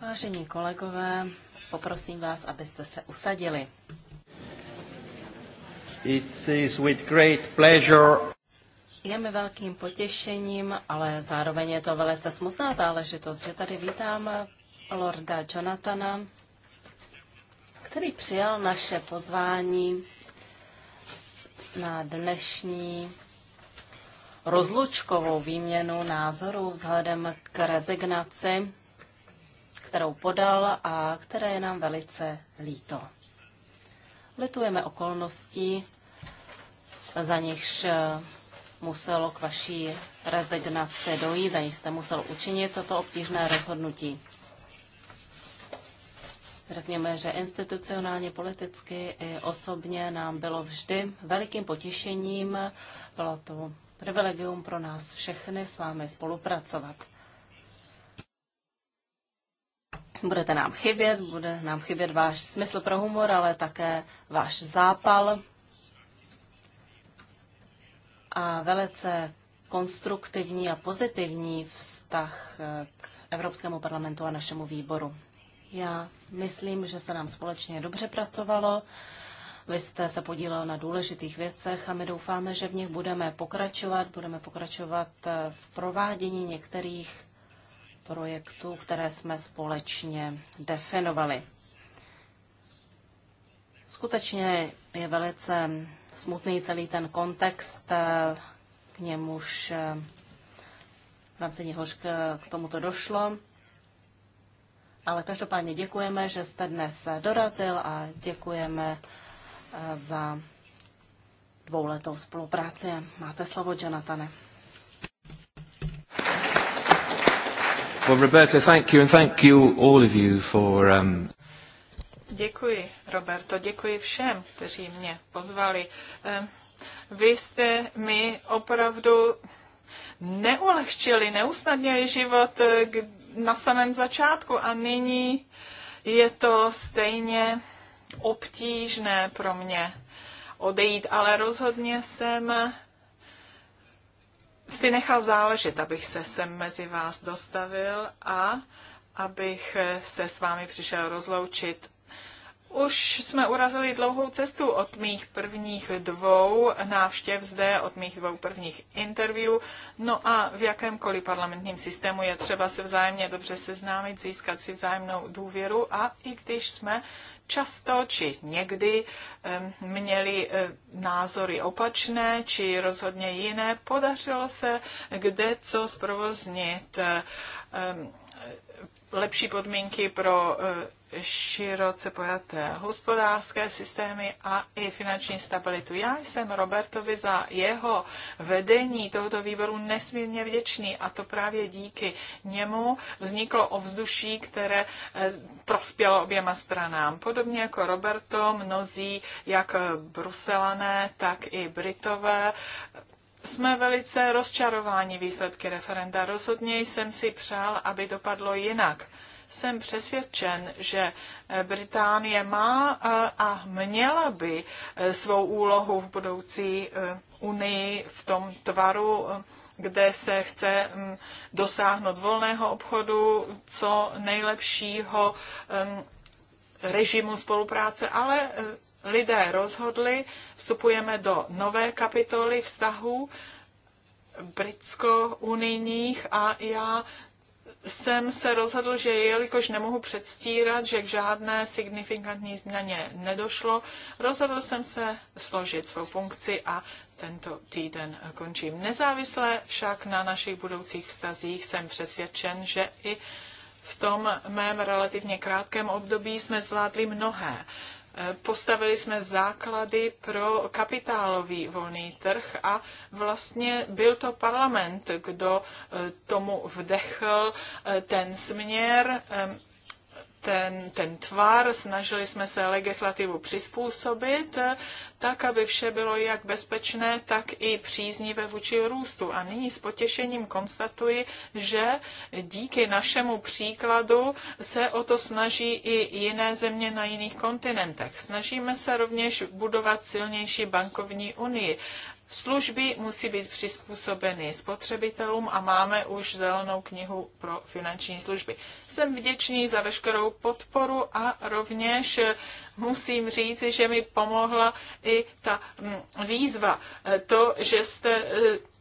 Vážení kolegové, poprosím vás, abyste se usadili. It is with great pleasure. Je mi velkým potěšením, ale zároveň je to velice smutná záležitost, že tady vítám Lorda Jonathana, který přijal naše pozvání na dnešní rozlučkovou výměnu názorů vzhledem k rezignaci, kterou podal a které je nám velice líto. Litujeme okolností, za nichž eh, muselo k vaší rezignaci dojít, za nichž jste musel učinit toto obtížné rozhodnutí. Řekněme, že institucionálně, politicky i osobně nám bylo vždy velikým potěšením. Bylo to privilegium pro nás všechny s vámi spolupracovat. Budete nám chybět, bude nám chybět váš smysl pro humor, ale také váš zápal a velice konstruktivní a pozitivní vztah k Evropskému parlamentu a našemu výboru. Já myslím, že se nám společně dobře pracovalo. Vy jste se podílel na důležitých věcech a my doufáme, že v nich budeme pokračovat. Budeme pokračovat eh, v provádění některých projektů, které jsme společně definovali. Skutečně je velice smutný celý ten kontext, eh, k němuž eh, v rámci něhož k, k tomuto došlo. Ale každopádně děkujeme, že jste dnes dorazil a děkujeme za dvouletou spolupráci. Máte slovo, Jonathane. Well, Roberto, thank you and thank you all of you for um... Děkuji, Roberto, děkuji všem, kteří mě pozvali. Ehm, vy jste mi opravdu neulehčili, neusnadnili život eh, na samém začátku a nyní je to stejně obtížné pro mě odejít, ale rozhodně jsem si nechal záležet, abych se sem mezi vás dostavil a abych se s vámi přišel rozloučit. Už jsme urazili dlouhou cestu od mých prvních dvou návštěv zde, od mých dvou prvních interview. No a v jakémkoliv parlamentním systému je třeba se vzájemně dobře seznámit, získat si vzájemnou důvěru a i když jsme často či někdy měli e, názory opačné či rozhodně jiné. Podařilo se kde co zprovoznit lepší podmínky pro e, široce pojaté hospodářské systémy a i finanční stabilitu. Já jsem Robertovi za jeho vedení tohoto výboru nesmírně vděčný a to právě díky němu vzniklo ovzduší, které eh, prospělo oběma stranám. Podobně jako Roberto, mnozí, jak Bruselané, tak i Britové, jsme velice rozčarováni výsledky referenda. Rozhodně jsem si přál, aby dopadlo jinak jsem přesvědčen, že Británie má eh, a měla by eh, svou úlohu v budoucí eh, unii v tom tvaru, kde se chce mm, dosáhnout volného obchodu, co nejlepšího mm, režimu spolupráce, ale lidé rozhodli, vstupujeme do nové kapitoly vztahů britsko-unijních a já jsem se rozhodl, že jelikož nemohu předstírat, že k žádné signifikantní změně nedošlo, rozhodl jsem se složit svou funkci a tento týden končím. Nezávisle však na našich budoucích vztazích jsem přesvědčen, že i v tom mém relativně krátkém období jsme zvládli mnohé. Postavili jsme základy pro kapitálový volný trh a vlastně byl to parlament, kdo eh, tomu vdechl eh, ten směr eh, ten, ten tvar, snažili jsme se legislativu přizpůsobit, eh, tak, aby vše bylo jak bezpečné, tak i příznivé vůči růstu. A nyní s potěšením konstatuji, že díky našemu příkladu se o to snaží i jiné země na jiných kontinentech. Snažíme se rovněž budovat silnější bankovní unii. Služby musí být přizpůsobeny spotřebitelům a máme už zelenou knihu pro finanční služby. Jsem vděčný za veškerou podporu a rovněž musím říct, že mi pomohla i ta mm, výzva, to, že jste e,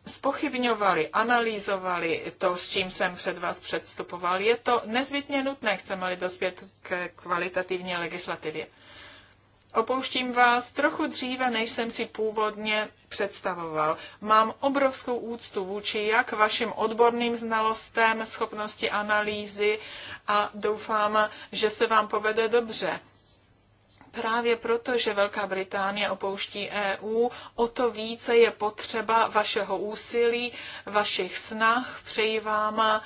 spochybňovali, analýzovali to, s čím jsem před vás předstupoval. Je to nezbytně nutné, chceme-li dospět k kvalitativní legislativě. Opouštím vás trochu dříve, než jsem si původně představoval. Mám obrovskou úctu vůči jak vašim odborným znalostem, schopnosti analýzy a doufám, že se vám povede dobře. Právě proto, že Velká Británie opouští EU, o to více je potřeba vašeho úsilí, vašich snah. Přeji vám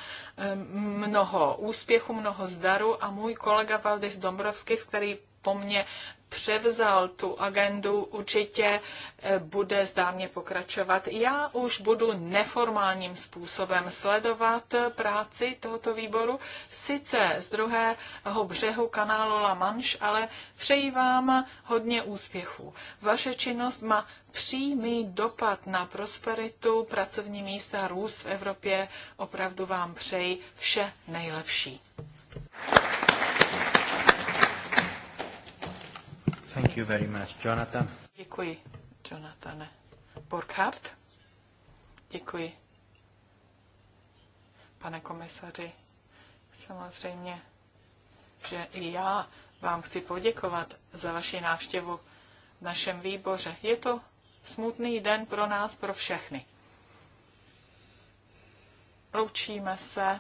mnoho úspěchu, mnoho zdaru a můj kolega Valdis Dombrovskis, který po mně převzal tu agendu, určitě eh, bude zdárně pokračovat. Já už budu neformálním způsobem sledovat eh, práci tohoto výboru, sice z druhého břehu kanálu La Manche, ale přeji vám hodně úspěchů. Vaše činnost má přímý dopad na prosperitu, pracovní místa, růst v Evropě. Opravdu vám přeji vše nejlepší. Thank you very much, Jonathan. Děkuji, Jonathan. Burkhardt? Děkuji. Pane komisaři, samozřejmě, že i já vám chci poděkovat za vaši návštěvu v našem výboře. Je to smutný den pro nás, pro všechny. Loučíme se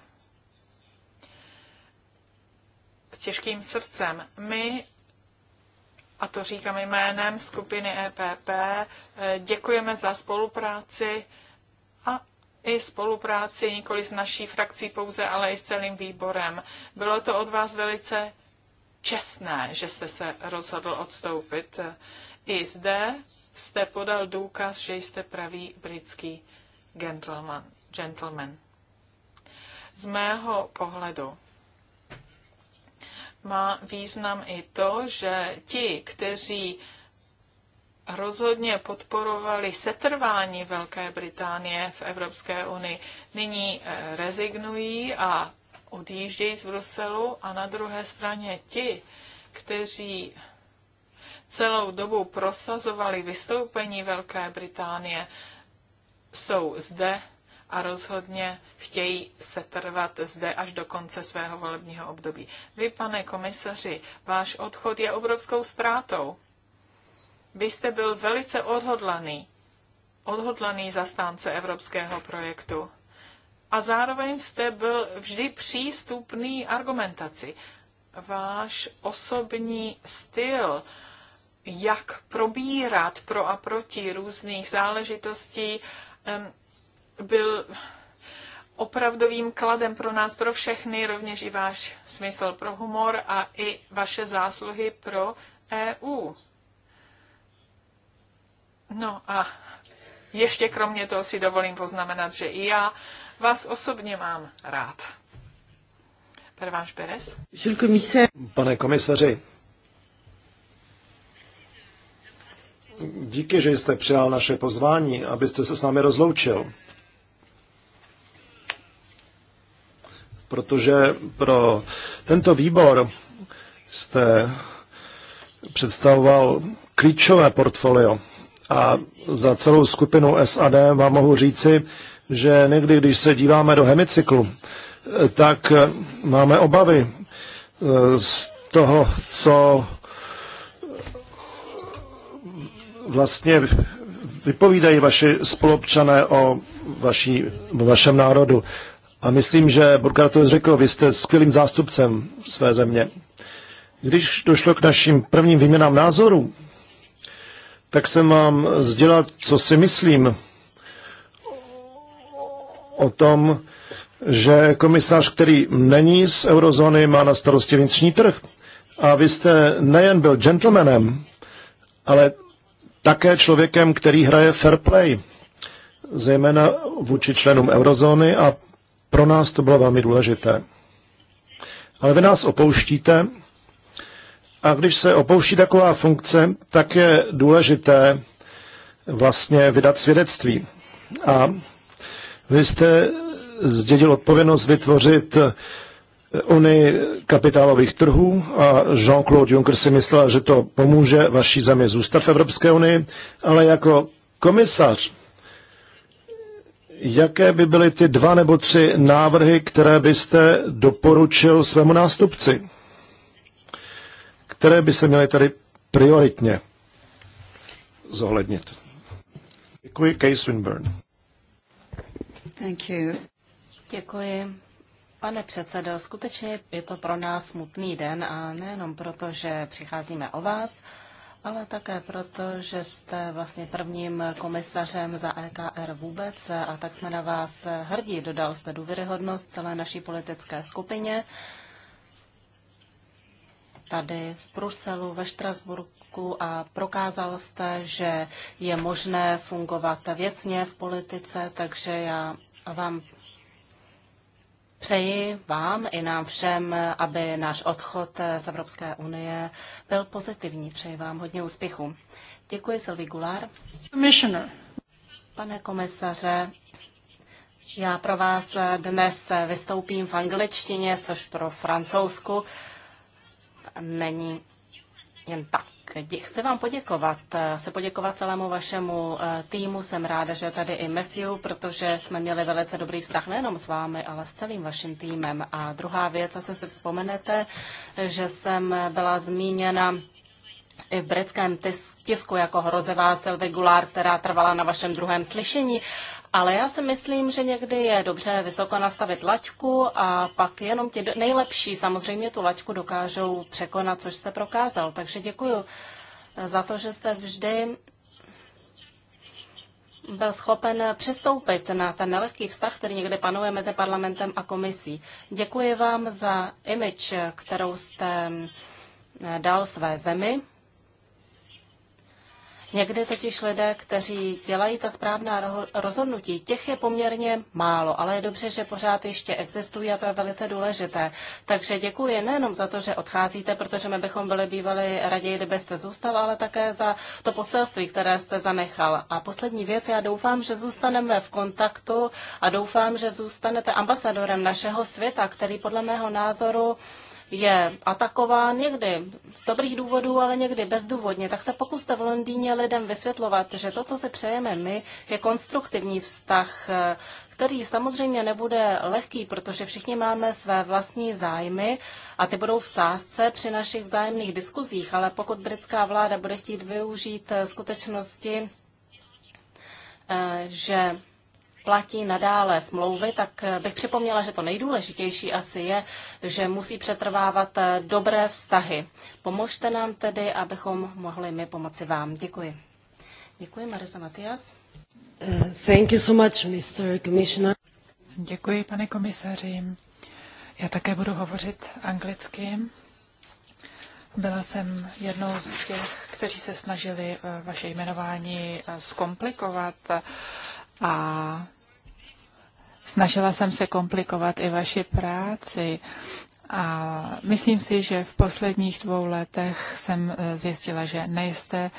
s těžkým srdcem. My a to říkám jménem skupiny EPP, děkujeme za spolupráci a i spolupráci nikoli s naší frakcí pouze, ale i s celým výborem. Bylo to od vás velice čestné, že jste se rozhodl odstoupit. I zde jste podal důkaz, že jste pravý britský gentleman. gentleman. Z mého pohledu má význam i to, že ti, kteří rozhodně podporovali setrvání Velké Británie v Evropské unii, nyní eh, rezignují a odjíždějí z Bruselu a na druhé straně ti, kteří celou dobu prosazovali vystoupení Velké Británie, jsou zde a rozhodně chtějí se trvat zde až do konce svého volebního období. Vy, pane komisaři, váš odchod je obrovskou ztrátou. Vy jste byl velice odhodlaný, odhodlaný zastánce evropského projektu. A zároveň jste byl vždy přístupný argumentaci. Váš osobní styl, jak probírat pro a proti různých záležitostí, byl opravdovým kladem pro nás, pro všechny, rovněž i váš smysl pro humor a i vaše zásluhy pro EU. No a ještě kromě toho si dovolím poznamenat, že i já vás osobně mám rád. Perváš Beres. Pane komisaři, díky, že jste přijal naše pozvání, abyste se s námi rozloučil. protože pro tento výbor jste představoval klíčové portfolio a za celou skupinu SAD vám mohu říci, že někdy, když se díváme do hemicyklu, tak máme obavy eh, z toho, co vlastně vypovídají vaši spolupčané o, vaší, o vašem národu. A myslím, že Burkhard to řekl, vy jste skvělým zástupcem své země. Když došlo k našim prvním výměnám názorů, tak jsem vám sdělal, co si myslím o tom, že komisař, který není z eurozóny, má na starosti vnitřní trh. A vy jste nejen byl gentlemanem, ale také člověkem, který hraje fair play, zejména vůči členům eurozóny a pro nás to bylo velmi důležité. Ale vy nás opouštíte a když se opouští taková funkce, tak je důležité vlastně vydat svědectví. A vy jste zdědil odpovědnost vytvořit Unii kapitálových trhů a Jean-Claude Juncker si myslel, že to pomůže vaší zemi zůstat v Evropské unii, ale jako komisař jaké by byly ty dva nebo tři návrhy, které byste doporučil svému nástupci? Které by se měly tady prioritně zohlednit? Děkuji, Kay Swinburne. Thank you. Děkuji. Pane předsedo, skutečně je to pro nás smutný den a nejenom proto, že přicházíme o vás, ale také proto, že jste vlastně prvním komisařem za EKR vůbec a tak jsme na vás hrdí. Dodal jste důvěryhodnost celé naší politické skupině tady v Bruselu, ve Štrasburku a prokázal jste, že je možné fungovat věcně v politice, takže já vám Přeji vám i nám všem, aby náš odchod z Evropské unie byl pozitivní. Přeji vám hodně úspěchu. Děkuji, Silvi Gular. Pane komisaře, já pro vás dnes vystoupím v angličtině, což pro francouzsku není jen tak Chci vám poděkovat. se poděkovat celému vašemu eh, týmu. Jsem ráda, že tady i Matthew, protože jsme měli velice dobrý vztah nejenom s vámi, ale s celým vaším týmem. A druhá věc, asi si vzpomenete, že jsem byla zmíněna i v britském tisku jako hrozivá Sylvie Goulart, která trvala na vašem druhém slyšení. Ale já si myslím, že někdy je dobře vysoko nastavit laťku a pak jenom ti nejlepší samozřejmě tu laťku dokážou překonat, což jste prokázal. Takže děkuji za to, že jste vždy byl schopen přistoupit na ten nelehký vztah, který někde panuje mezi parlamentem a komisí. Děkuji vám za image, kterou jste eh, dal své zemi. Někde totiž lidé, kteří dělají ta správná rozhodnutí, těch je poměrně málo, ale je dobře, že pořád ještě existují a to je velice důležité. Takže děkuji nejenom za to, že odcházíte, protože my bychom byli bývali raději, kdybyste zůstal, ale také za to poselství, které jste zanechal. A poslední věc, já doufám, že zůstaneme v kontaktu a doufám, že zůstanete ambasadorem našeho světa, který podle mého názoru je atakován někdy z dobrých důvodů, ale někdy bezdůvodně, tak se pokuste v Londýně lidem vysvětlovat, že to, co si přejeme my, je konstruktivní vztah, který samozřejmě nebude lehký, protože všichni máme své vlastní zájmy a ty budou v sázce při našich vzájemných diskuzích, ale pokud britská vláda bude chtít využít skutečnosti, eh, že platí nadále smlouvy, tak eh, bych připomněla, že to nejdůležitější asi je, že musí přetrvávat eh, dobré vztahy. Pomožte nám tedy, abychom mohli my pomoci vám. Děkuji. Děkuji, Marisa Matias. Eh, thank you so much, Mr. Commissioner. Děkuji, pane komisaři. Já také budu hovořit anglicky. Byla jsem jednou z těch, kteří se snažili vaše jmenování zkomplikovat a Snažila jsem se komplikovat i vaši práci. A myslím si, že v posledních dvou letech jsem eh, zjistila, že nejste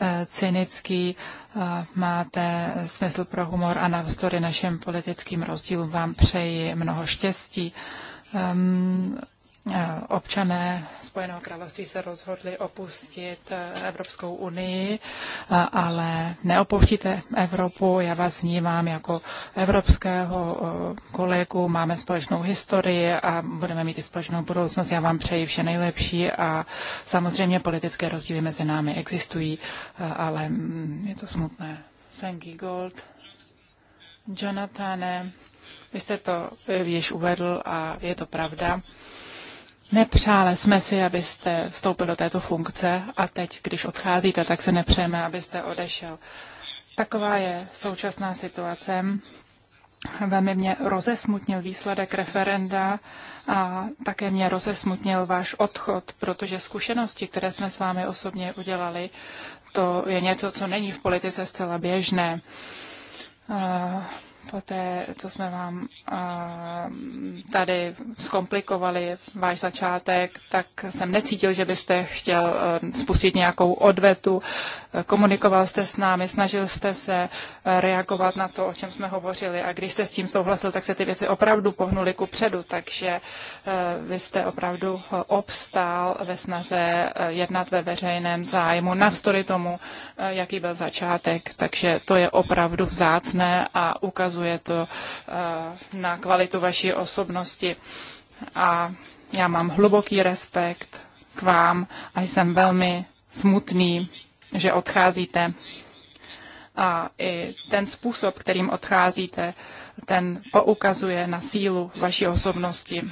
eh, cynický, eh, máte smysl pro humor a navzdory našim politickým rozdílům vám přeji mnoho štěstí. Ehm, Eh, občané Spojeného království se rozhodli opustit eh, Evropskou unii, eh, ale neopouštíte Evropu. Já vás vnímám jako evropského kolegu, máme společnou historii a budeme mít i společnou budoucnost. Já vám přeji vše nejlepší a samozřejmě politické rozdíly mezi námi existují, ale mm, je to smutné. Sengi Gold, Jonathane, vy jste to již uvedl a je to pravda. Nepřáli jsme si, abyste vstoupil do této funkce a teď, když odcházíte, tak se nepřejeme, abyste odešel. Taková je současná situace. Velmi mě rozesmutnil výsledek referenda a také mě rozesmutnil váš odchod, protože zkušenosti, které jsme s vámi osobně udělali, to je něco, co není v politice zcela běžné po té, co jsme vám eh, tady zkomplikovali váš začátek, tak jsem necítil, že byste chtěl eh, spustit nějakou odvetu. Komunikoval jste s námi, snažil jste se eh, reagovat na to, o čem jsme hovořili a když jste s tím souhlasil, tak se ty věci opravdu pohnuly ku předu, takže vy jste opravdu obstál ve snaze jednat ve veřejném zájmu, navzdory tomu, jaký byl začátek, takže to je opravdu vzácné a ukazuje ukazuje to eh, na kvalitu vaší osobnosti. A já mám hluboký respekt k vám a jsem velmi smutný, že odcházíte. A i ten způsob, kterým odcházíte, ten poukazuje na sílu vaší osobnosti.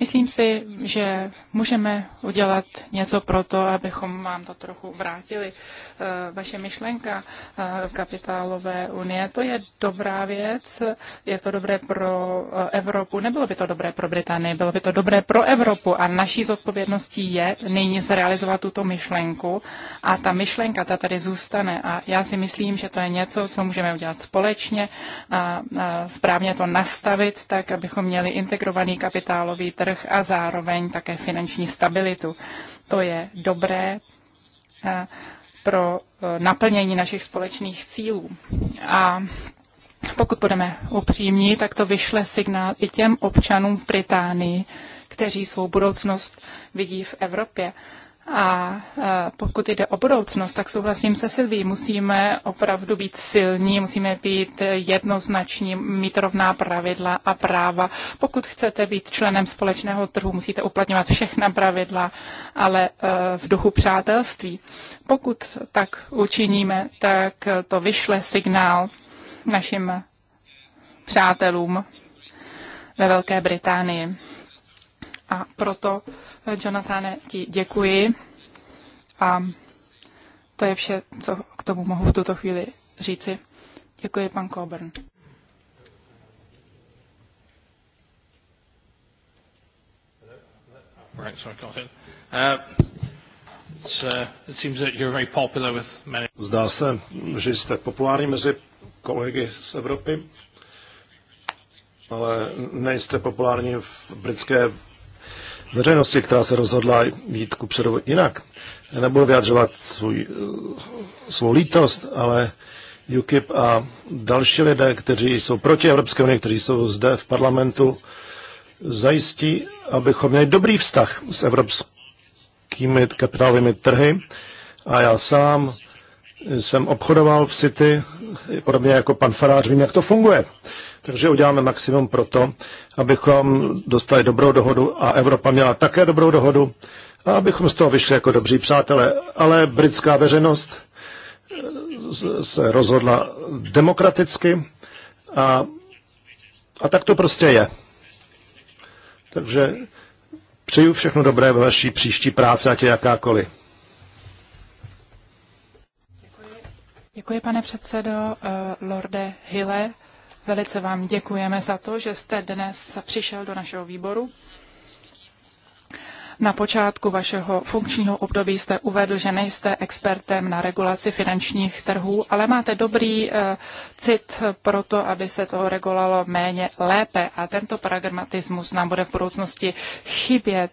Myslím si, že můžeme udělat něco pro to, abychom vám to trochu vrátili. Eh, vaše myšlenka eh, kapitálové unie, to je dobrá věc, je to dobré pro eh, Evropu, nebylo by to dobré pro Británii, bylo by to dobré pro Evropu a naší zodpovědností je nyní zrealizovat tuto myšlenku a ta myšlenka, ta tady zůstane a já si myslím, že to je něco, co můžeme udělat společně a správně to nastavit tak, abychom měli integrovaný kapitálový trh trh a zároveň také finanční stabilitu. To je dobré eh, pro eh, naplnění našich společných cílů. A pokud budeme upřímní, tak to vyšle signál i těm občanům v Británii, kteří svou budoucnost vidí v Evropě. A pokud jde o budoucnost, tak souhlasím se Silví, musíme opravdu být silní, musíme být jednoznační, mít rovná pravidla a práva. Pokud chcete být členem společného trhu, musíte uplatňovat všechna pravidla, ale e, v duchu přátelství. Pokud tak učiníme, tak to vyšle signál našim přátelům ve Velké Británii. A proto, eh, Jonathane, ti děkuji. A to je vše, co k tomu mohu v tuto chvíli říci. Děkuji, pan Coburn. Uh, uh, Zdá se, že jste populární mezi kolegy z Evropy, ale nejste populární v britské veřejnosti, která se rozhodla jít ku předu jinak. Já nebudu vyjadřovat svůj, eh, svou lítost, ale UKIP a další lidé, kteří jsou proti Evropské unii, kteří jsou zde v parlamentu, zajistí, abychom měli dobrý vztah s evropskými kapitálovými trhy. A já sám jsem obchodoval v City, podobně jako pan Farář, vím, jak to funguje. Takže uděláme maximum pro to, abychom dostali dobrou dohodu a Evropa měla také dobrou dohodu a abychom z toho vyšli jako dobří přátelé. Ale britská veřejnost eh, se rozhodla demokraticky a, a tak to prostě je. Takže přeju všechno dobré ve vaší příští práci, ať je jakákoliv. Děkuji, pane předsedo. Eh, lorde Hille, Velice vám děkujeme za to, že jste dnes přišel do našeho výboru. Na počátku vašeho funkčního období jste uvedl, že nejste expertem na regulaci finančních trhů, ale máte dobrý eh, cit pro to, aby se to regulovalo méně lépe a tento pragmatismus nám bude v budoucnosti chybět.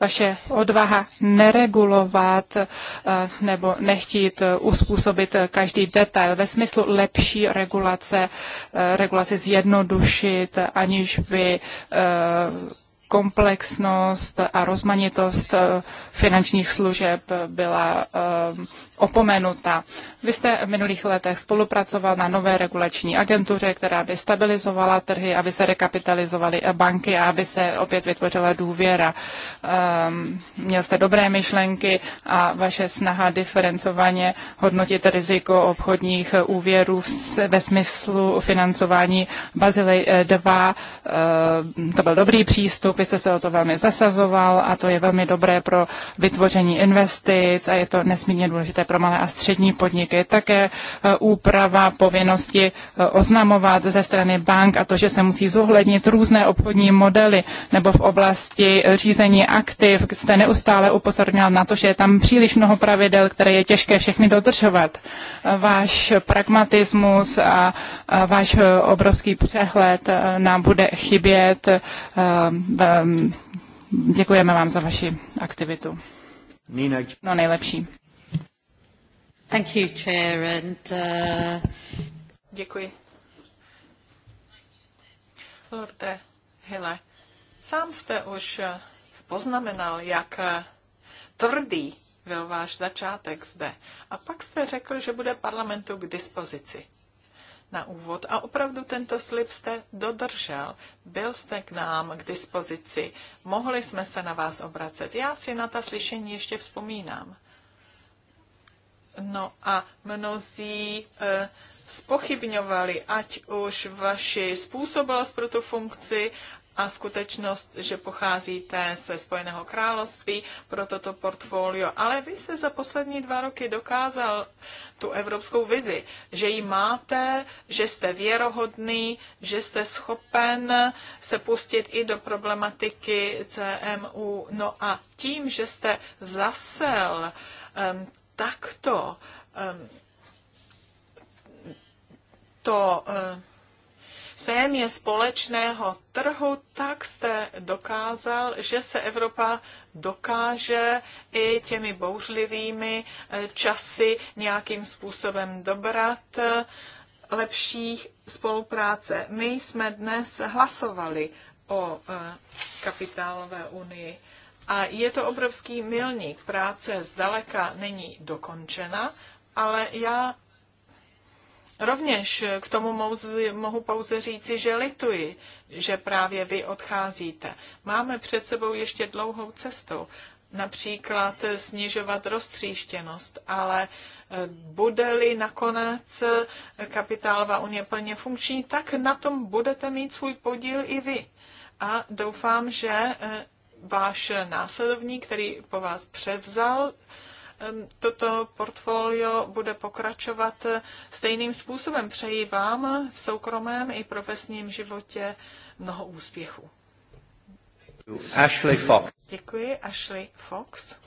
Vaše odvaha neregulovat eh, nebo nechtít eh, uspůsobit každý detail ve smyslu lepší regulace, regulaci zjednodušit, aniž by komplexnost a rozmanitost eh, finančních služeb byla eh, opomenuta. Vy jste v minulých letech spolupracoval na nové regulační agentuře, která by stabilizovala trhy, aby se rekapitalizovaly banky a aby se opět vytvořila důvěra. Ehm, měl jste dobré myšlenky a vaše snaha diferencovaně hodnotit riziko obchodních úvěrů ve smyslu financování Bazily 2, eh, to byl dobrý přístup, byste se o to velmi zasazoval a to je velmi dobré pro vytvoření investic a je to nesmírně důležité pro malé a střední podniky. Také e, úprava povinnosti e, oznamovat ze strany bank a to, že se musí zohlednit různé obchodní modely nebo v oblasti e, řízení aktiv, jste neustále upozorňoval na to, že je tam příliš mnoho pravidel, které je těžké všechny dodržovat. Váš pragmatismus a váš obrovský přehled nám bude chybět Ehm, děkujeme vám za vaši aktivitu. Nina. No nejlepší. Thank you, Chair, and, uh... Děkuji. Lorde Hille, sám jste už eh, poznamenal, jak eh, tvrdý byl váš začátek zde. A pak jste řekl, že bude parlamentu k dispozici na úvod a opravdu tento slib jste dodržel. Byl jste k nám k dispozici, mohli jsme se na vás obracet. Já si na ta slyšení ještě vzpomínám. No a mnozí e, spochybňovali, ať už vaši způsobilost pro tu funkci, a skutečnost, že pocházíte ze Spojeného království pro toto portfolio, ale vy jste za poslední dva roky dokázal tu evropskou vizi, že ji máte, že jste věrohodný, že jste schopen se pustit i do problematiky CMU. No a tím, že jste zasel um, takto um, to um, je společného trhu, tak jste dokázal, že se Evropa dokáže i těmi bouřlivými eh, časy nějakým způsobem dobrat eh, lepší spolupráce. My jsme dnes hlasovali o eh, kapitálové unii a je to obrovský milník. Práce zdaleka není dokončena, ale já Rovněž k tomu mohu pouze říci, že lituji, že právě vy odcházíte. Máme před sebou ještě dlouhou cestu, například snižovat roztříštěnost, ale eh, bude-li nakonec eh, kapitálová unie plně funkční, tak na tom budete mít svůj podíl i vy. A doufám, že eh, váš následovník, který po vás převzal toto portfolio bude pokračovat stejným způsobem. Přeji vám v soukromém i profesním životě mnoho úspěchů. Ashley Fox. Děkuji, Ashley Fox.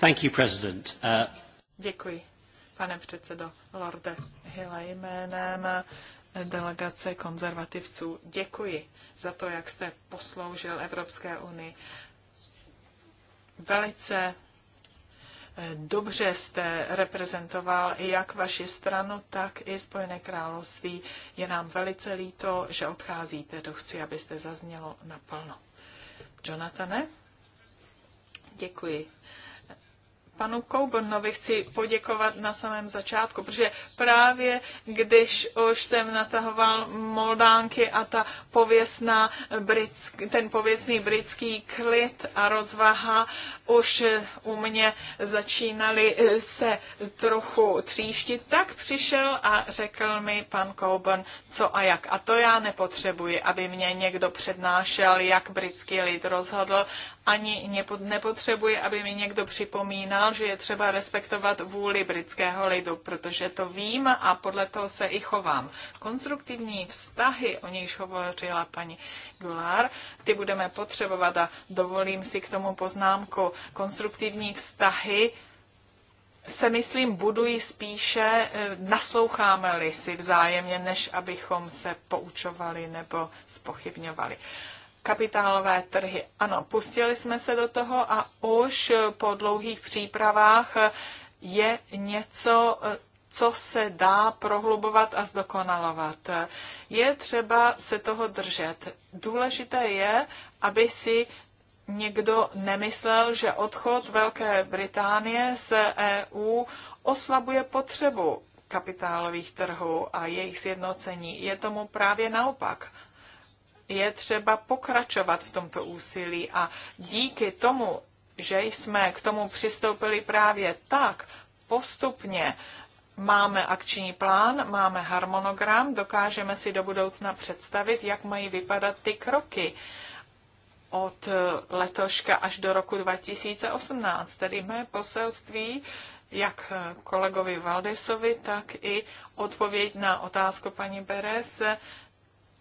Thank you, President. Uh... Děkuji, pane předsedo Lorde Hille jménem delegace konzervativců. Děkuji za to, jak jste posloužil Evropské unii. Velice eh, dobře jste reprezentoval jak vaši stranu, tak i Spojené království. Je nám velice líto, že odcházíte. To chci, abyste zaznělo naplno. Jonathane? Děkuji. Panu Koubornovi chci poděkovat na samém začátku, protože právě když už jsem natahoval Moldánky a ta pověsná britsk, ten pověstný britský klid a rozvaha už u mě začínali se trochu tříštit, tak přišel a řekl mi pan Coburn, co a jak. A to já nepotřebuji, aby mě někdo přednášel, jak britský lid rozhodl, ani nepotřebuji, aby mi někdo připomínal, že je třeba respektovat vůli britského lidu, protože to vím a podle toho se i chovám. Konstruktivní vztahy, o nichž hovořila paní Gular, ty budeme potřebovat a dovolím si k tomu poznámku konstruktivní vztahy se, myslím, budují spíše, e, nasloucháme-li si vzájemně, než abychom se poučovali nebo spochybňovali kapitálové trhy. Ano, pustili jsme se do toho a už e, po dlouhých přípravách e, je něco, co se dá prohlubovat a zdokonalovat. Je třeba se toho držet. Důležité je, aby si někdo nemyslel, že odchod Velké Británie z EU oslabuje potřebu kapitálových trhů a jejich sjednocení. Je tomu právě naopak. Je třeba pokračovat v tomto úsilí a díky tomu, že jsme k tomu přistoupili právě tak, postupně máme akční plán, máme harmonogram, dokážeme si do budoucna představit, jak mají vypadat ty kroky od letoška až do roku 2018. Tedy mé poselství jak kolegovi Valdesovi, tak i odpověď na otázku paní Beres,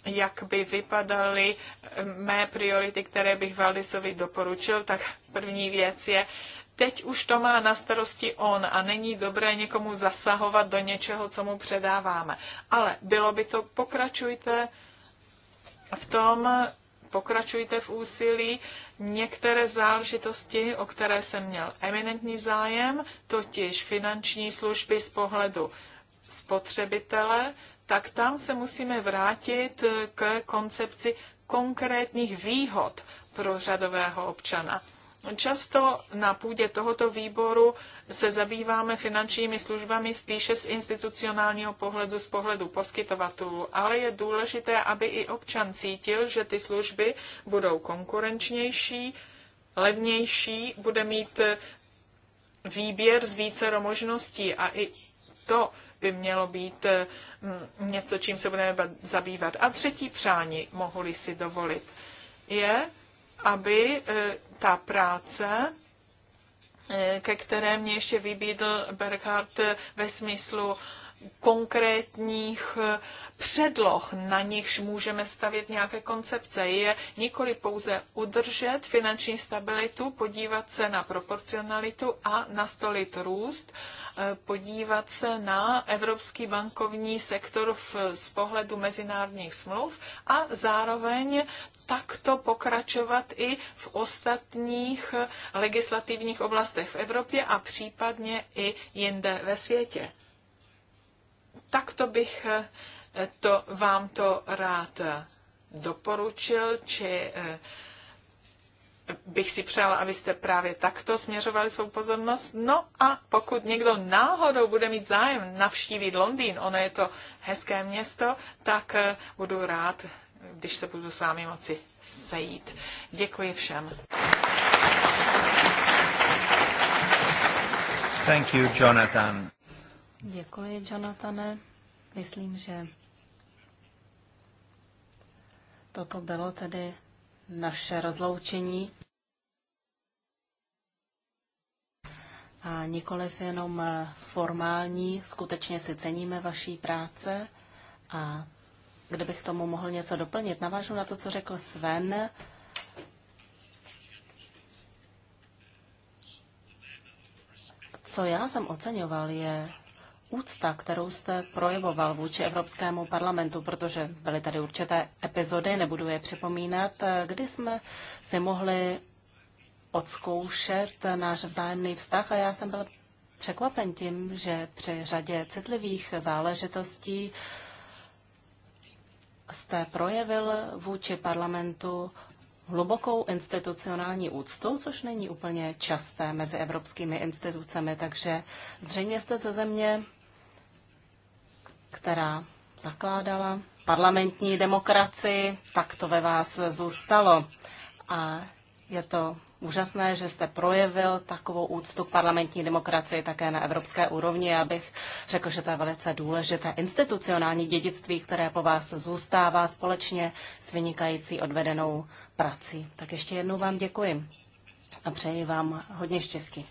jak by vypadaly mé priority, které bych Valdisovi doporučil, tak první věc je, teď už to má na starosti on a není dobré někomu zasahovat do něčeho, co mu předáváme. Ale bylo by to, pokračujte v tom, pokračujte v úsilí. Některé záležitosti, o které jsem měl eminentní zájem, totiž finanční služby z pohledu spotřebitele, tak tam se musíme vrátit k koncepci konkrétních výhod pro řadového občana. Často na půdě tohoto výboru se zabýváme finančními službami spíše z institucionálního pohledu, z pohledu poskytovatelů, ale je důležité, aby i občan cítil, že ty služby budou konkurenčnější, levnější, bude mít výběr z více možností a i to by mělo být mm, něco, čím se budeme zabývat. A třetí přání, mohli si dovolit, je, aby e, ta práce e, ke které mě ještě vybídl Berghard e, ve smyslu konkrétních eh, předloh, na nichž můžeme stavět nějaké koncepce. Je nikoli pouze udržet finanční stabilitu, podívat se na proporcionalitu a nastolit růst, eh, podívat se na evropský bankovní sektor v, z pohledu mezinárodních smluv a zároveň takto pokračovat i v ostatních eh, legislativních oblastech v Evropě a případně i jinde ve světě takto bych eh, to, vám to rád eh, doporučil, či eh, bych si přála, abyste právě takto směřovali svou pozornost. No a pokud někdo náhodou bude mít zájem navštívit Londýn, ono je to hezké město, tak budu rád, když se budu s vámi moci sejít. Děkuji všem. Thank you, Jonathan. Děkuji, Jonathane. Myslím, že toto bylo tedy naše rozloučení. A nikoliv jenom formální, skutečně si ceníme vaší práce a kdybych tomu mohl něco doplnit, navážu na to, co řekl Sven. Co já jsem oceňoval, je úcta, kterou jste projevoval vůči Evropskému parlamentu, protože byly tady určité epizody, nebudu je připomínat, kdy jsme si mohli odzkoušet náš vzájemný vztah a já jsem byl překvapen tím, že při řadě citlivých záležitostí jste projevil vůči parlamentu hlubokou institucionální úctu, což není úplně časté mezi evropskými institucemi, takže zřejmě jste ze země, která zakládala parlamentní demokracii, tak to ve vás zůstalo. A je to úžasné, že jste projevil takovou úctu k parlamentní demokracii také na evropské úrovni. Já bych řekl, že to je velice důležité institucionální dědictví, které po vás zůstává společně s vynikající odvedenou prací. Tak ještě jednou vám děkuji a přeji vám hodně štěstí.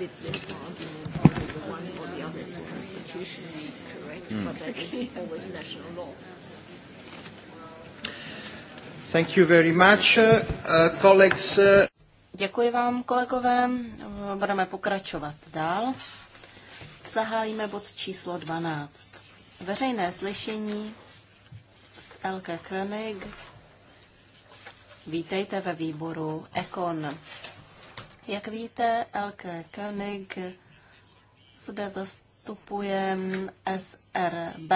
argument, the one or the other is constitutionally correct, mm. but that is national law. Thank you very much, uh, colleagues. Uh, Děkuji vám, kolegové. Budeme pokračovat dál. Zahájíme bod číslo 12. Veřejné slyšení s Elke König. Vítejte ve výboru Ekon. Jak víte, LK König zde zastupuje SRB,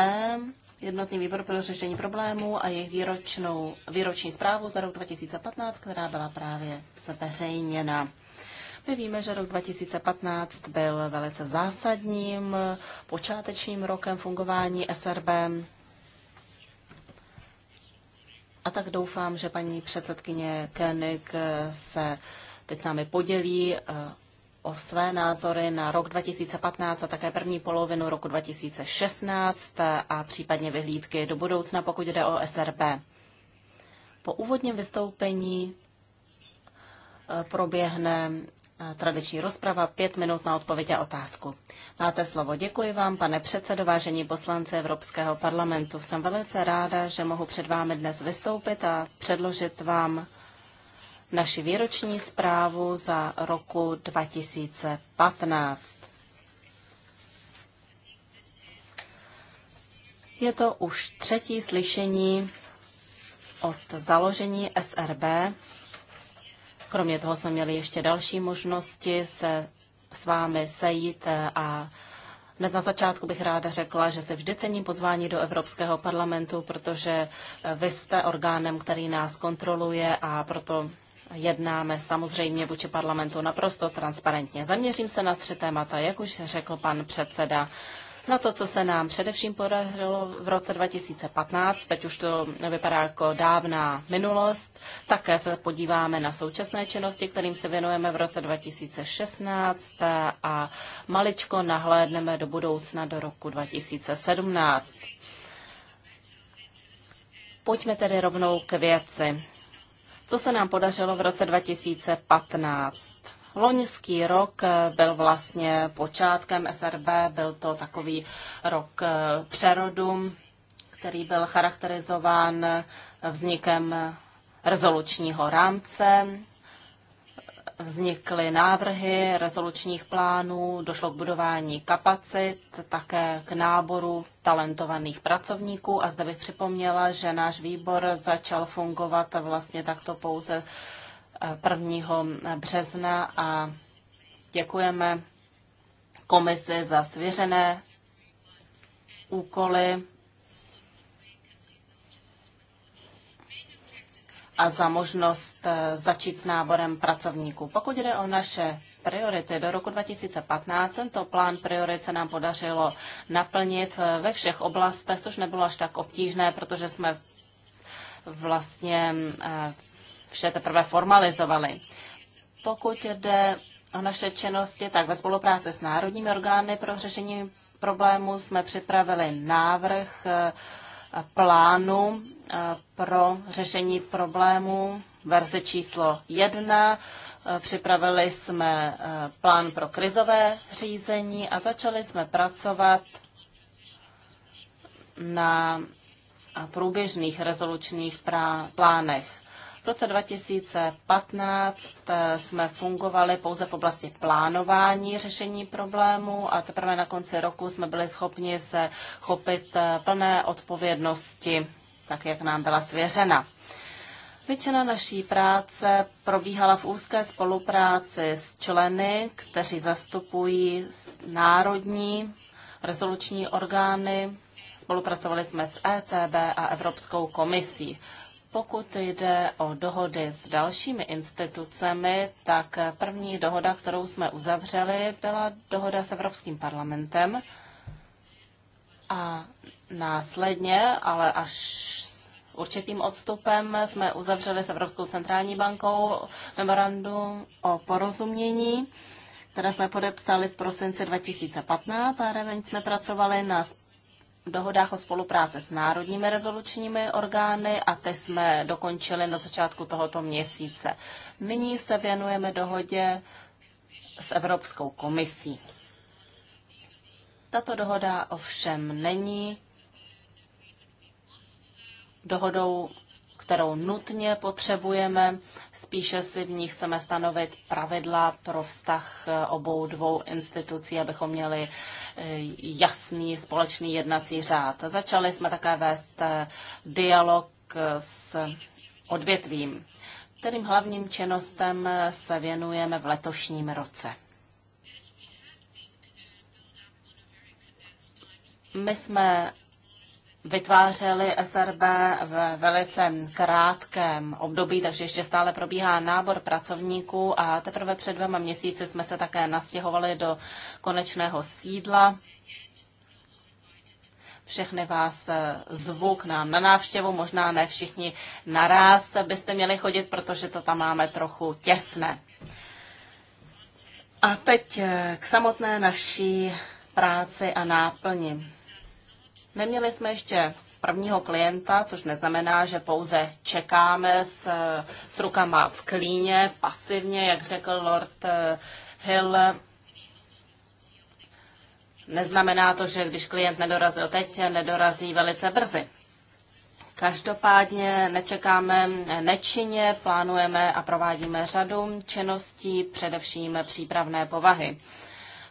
jednotný výbor pro řešení problémů a jejich výročnou, výroční zprávu za rok 2015, která byla právě zveřejněna. My víme, že rok 2015 byl velice zásadním počátečním rokem fungování SRB. A tak doufám, že paní předsedkyně König se teď s námi podělí eh, o své názory na rok 2015 a také první polovinu roku 2016 eh, a případně vyhlídky do budoucna, pokud jde o SRB. Po úvodním vystoupení eh, proběhne tradiční rozprava, pět minut na odpověď a otázku. Máte slovo. Děkuji vám, pane předsedo, vážení poslanci Evropského parlamentu. Jsem velice ráda, že mohu před vámi dnes vystoupit a předložit vám naši výroční zprávu za roku 2015. Je to už třetí slyšení od založení SRB. Kromě toho jsme měli ještě další možnosti se s vámi sejít a Hned na začátku bych ráda řekla, že se vždy cením pozvání do Evropského parlamentu, protože vy jste orgánem, který nás kontroluje a proto jednáme samozřejmě vůči parlamentu naprosto transparentně. Zaměřím se na tři témata, jak už řekl pan předseda na to, co se nám především podařilo v roce 2015, teď už to vypadá jako dávná minulost. Také se podíváme na současné činnosti, kterým se věnujeme v roce 2016 a maličko nahlédneme do budoucna do roku 2017. Pojďme tedy rovnou k věci co se nám podařilo v roce 2015. Loňský rok byl vlastně počátkem SRB, byl to takový rok eh, přerodu, který byl charakterizován vznikem rezolučního rámce, vznikly návrhy rezolučních plánů, došlo k budování kapacit, také k náboru talentovaných pracovníků a zde bych připomněla, že náš výbor začal fungovat vlastně takto pouze 1. Eh, března a děkujeme komisi za svěřené úkoly a za možnost eh, začít s náborem pracovníků. Pokud jde o naše priority do roku 2015, tento plán priorit se nám podařilo naplnit eh, ve všech oblastech, což nebylo až tak obtížné, protože jsme vlastně eh, vše teprve formalizovali. Pokud jde o naše činnosti, tak ve spolupráci s národními orgány pro řešení problému jsme připravili návrh plánu eh, pro řešení problémů verze číslo 1. Eh, připravili jsme eh, plán pro krizové řízení a začali jsme pracovat na průběžných rezolučních plánech roce 2015 eh, jsme fungovali pouze v oblasti plánování řešení problému a teprve na konci roku jsme byli schopni se chopit eh, plné odpovědnosti, tak jak nám byla svěřena. Většina naší práce probíhala v úzké spolupráci s členy, kteří zastupují národní rezoluční orgány. Spolupracovali jsme s ECB a Evropskou komisí. Pokud jde o dohody s dalšími institucemi, tak první dohoda, kterou jsme uzavřeli, byla dohoda s Evropským parlamentem. A následně, ale až s určitým odstupem, jsme uzavřeli s Evropskou centrální bankou memorandum o porozumění, které jsme podepsali v prosinci 2015. Zároveň jsme pracovali na dohodách o spolupráci s národními rezolučními orgány a ty jsme dokončili na začátku tohoto měsíce. Nyní se věnujeme dohodě s Evropskou komisí. Tato dohoda ovšem není dohodou kterou nutně potřebujeme. Spíše si v ní chceme stanovit pravidla pro vztah eh, obou dvou institucí, abychom měli eh, jasný společný jednací řád. Začali jsme také vést eh, dialog s odvětvím, kterým hlavním činnostem se věnujeme v letošním roce. My jsme Vytvářeli SRB v velice krátkém období, takže ještě stále probíhá nábor pracovníků a teprve před dvěma měsíci jsme se také nastěhovali do konečného sídla. Všechny vás eh, zvu k nám na návštěvu, možná ne všichni naraz byste měli chodit, protože to tam máme trochu těsné. A teď eh, k samotné naší práci a náplni. Neměli jsme ještě prvního klienta, což neznamená, že pouze čekáme s, s rukama v klíně, pasivně, jak řekl Lord eh, Hill. Neznamená to, že když klient nedorazil teď, nedorazí velice brzy. Každopádně nečekáme nečinně, plánujeme a provádíme řadu činností, především přípravné povahy.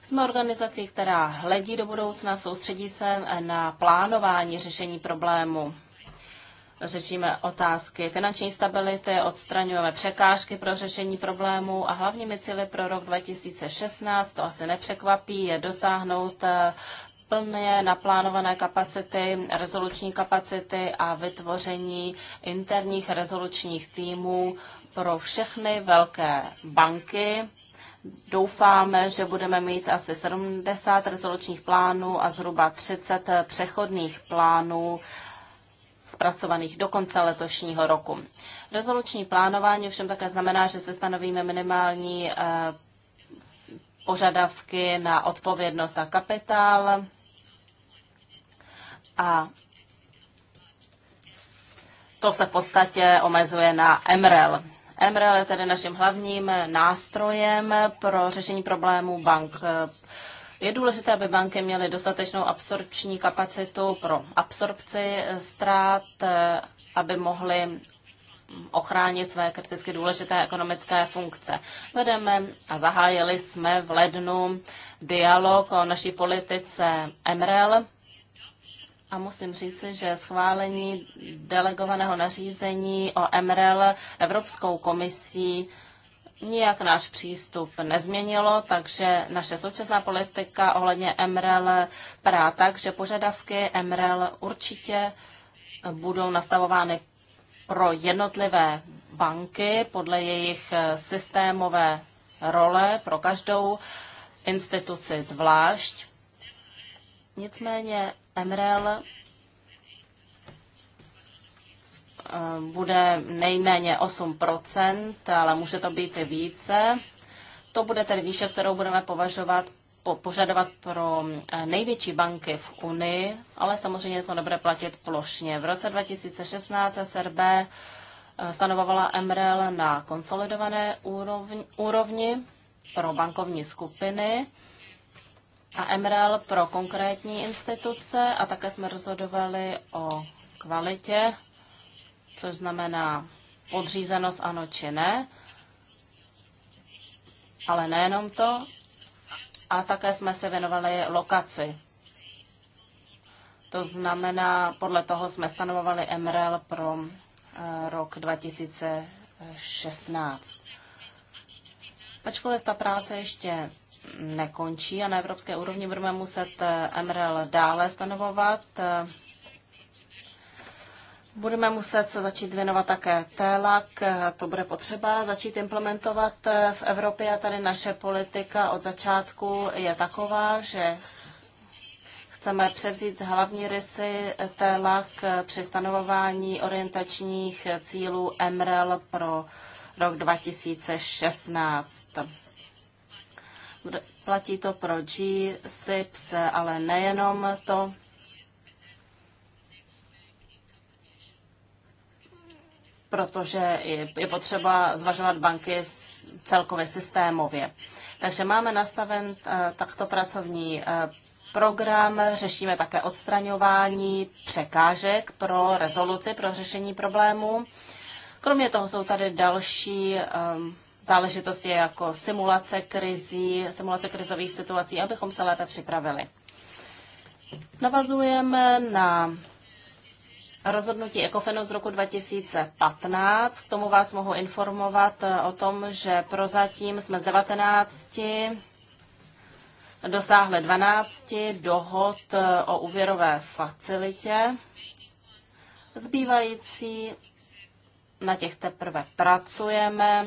Jsme organizací, která hledí do budoucna, soustředí se na plánování řešení problému. Řešíme otázky finanční stability, odstraňujeme překážky pro řešení problémů a hlavními cíly pro rok 2016, to asi nepřekvapí, je dosáhnout eh, plně naplánované kapacity, rezoluční kapacity a vytvoření interních rezolučních týmů pro všechny velké banky, Doufáme, že budeme mít asi 70 rezolučních plánů a zhruba 30 přechodných plánů zpracovaných do konce letošního roku. Rezoluční plánování ovšem také znamená, že se stanovíme minimální eh, požadavky na odpovědnost a kapitál a to se v podstatě omezuje na MREL. MREL je tedy naším hlavním nástrojem pro řešení problémů bank. Je důležité, aby banky měly dostatečnou absorpční kapacitu pro absorpci ztrát, aby mohly ochránit své kriticky důležité ekonomické funkce. Vedeme a zahájili jsme v lednu dialog o naší politice MREL a musím říci, že schválení delegovaného nařízení o MRL Evropskou komisí nijak náš přístup nezměnilo, takže naše současná politika ohledně MRL prá tak, že požadavky MRL určitě budou nastavovány pro jednotlivé banky podle jejich systémové role pro každou instituci zvlášť. Nicméně MREL eh, bude nejméně 8%, ale může to být i více. To bude tedy výše, kterou budeme považovat požadovat pro eh, největší banky v Unii, ale samozřejmě to nebude platit plošně. V roce 2016 SRB eh, stanovovala MREL na konsolidované úrovni, úrovni pro bankovní skupiny a MREL pro konkrétní instituce a také jsme rozhodovali o kvalitě, což znamená podřízenost ano či ne, ale nejenom to, a také jsme se věnovali lokaci. To znamená, podle toho jsme stanovovali MREL pro eh, rok 2016. Ačkoliv ta práce ještě nekončí a na evropské úrovni budeme muset eh, MRL dále stanovovat. Eh, budeme muset se začít věnovat také TELAC, eh, to bude potřeba začít implementovat v Evropě a tady naše politika od začátku je taková, že chceme převzít hlavní rysy TELAC při stanovování orientačních cílů MREL pro rok 2016 platí to pro G, SIPS, ale nejenom to. protože je potřeba zvažovat banky celkově systémově. Takže máme nastaven eh, takto pracovní eh, program, řešíme také odstraňování překážek pro rezoluci, pro řešení problémů. Kromě toho jsou tady další ehm, záležitosti jako simulace krizí, simulace krizových situací, abychom se lépe připravili. Navazujeme na rozhodnutí Ekofenu z roku 2015. K tomu vás mohu informovat eh, o tom, že prozatím jsme z 19 dosáhli 12 dohod eh, o úvěrové facilitě. Zbývající na těch teprve pracujeme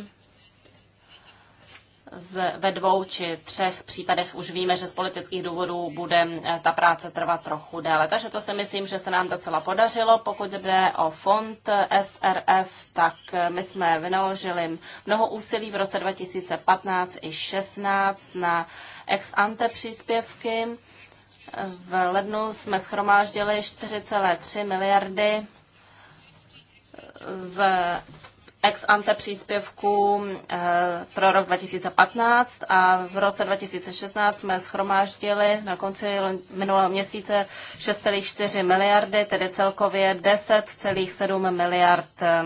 z, ve dvou či třech případech už víme, že z politických důvodů bude eh, ta práce trvat trochu déle. Takže to si myslím, že se nám docela podařilo. Pokud jde o fond eh, SRF, tak eh, my jsme vynaložili mnoho úsilí v roce 2015 i 16 na ex ante příspěvky. V lednu jsme schromáždili 4,3 miliardy z ex ante příspěvku eh, pro rok 2015 a v roce 2016 jsme schromáždili na konci minulého měsíce 6,4 miliardy, tedy celkově 10,7 miliard eh,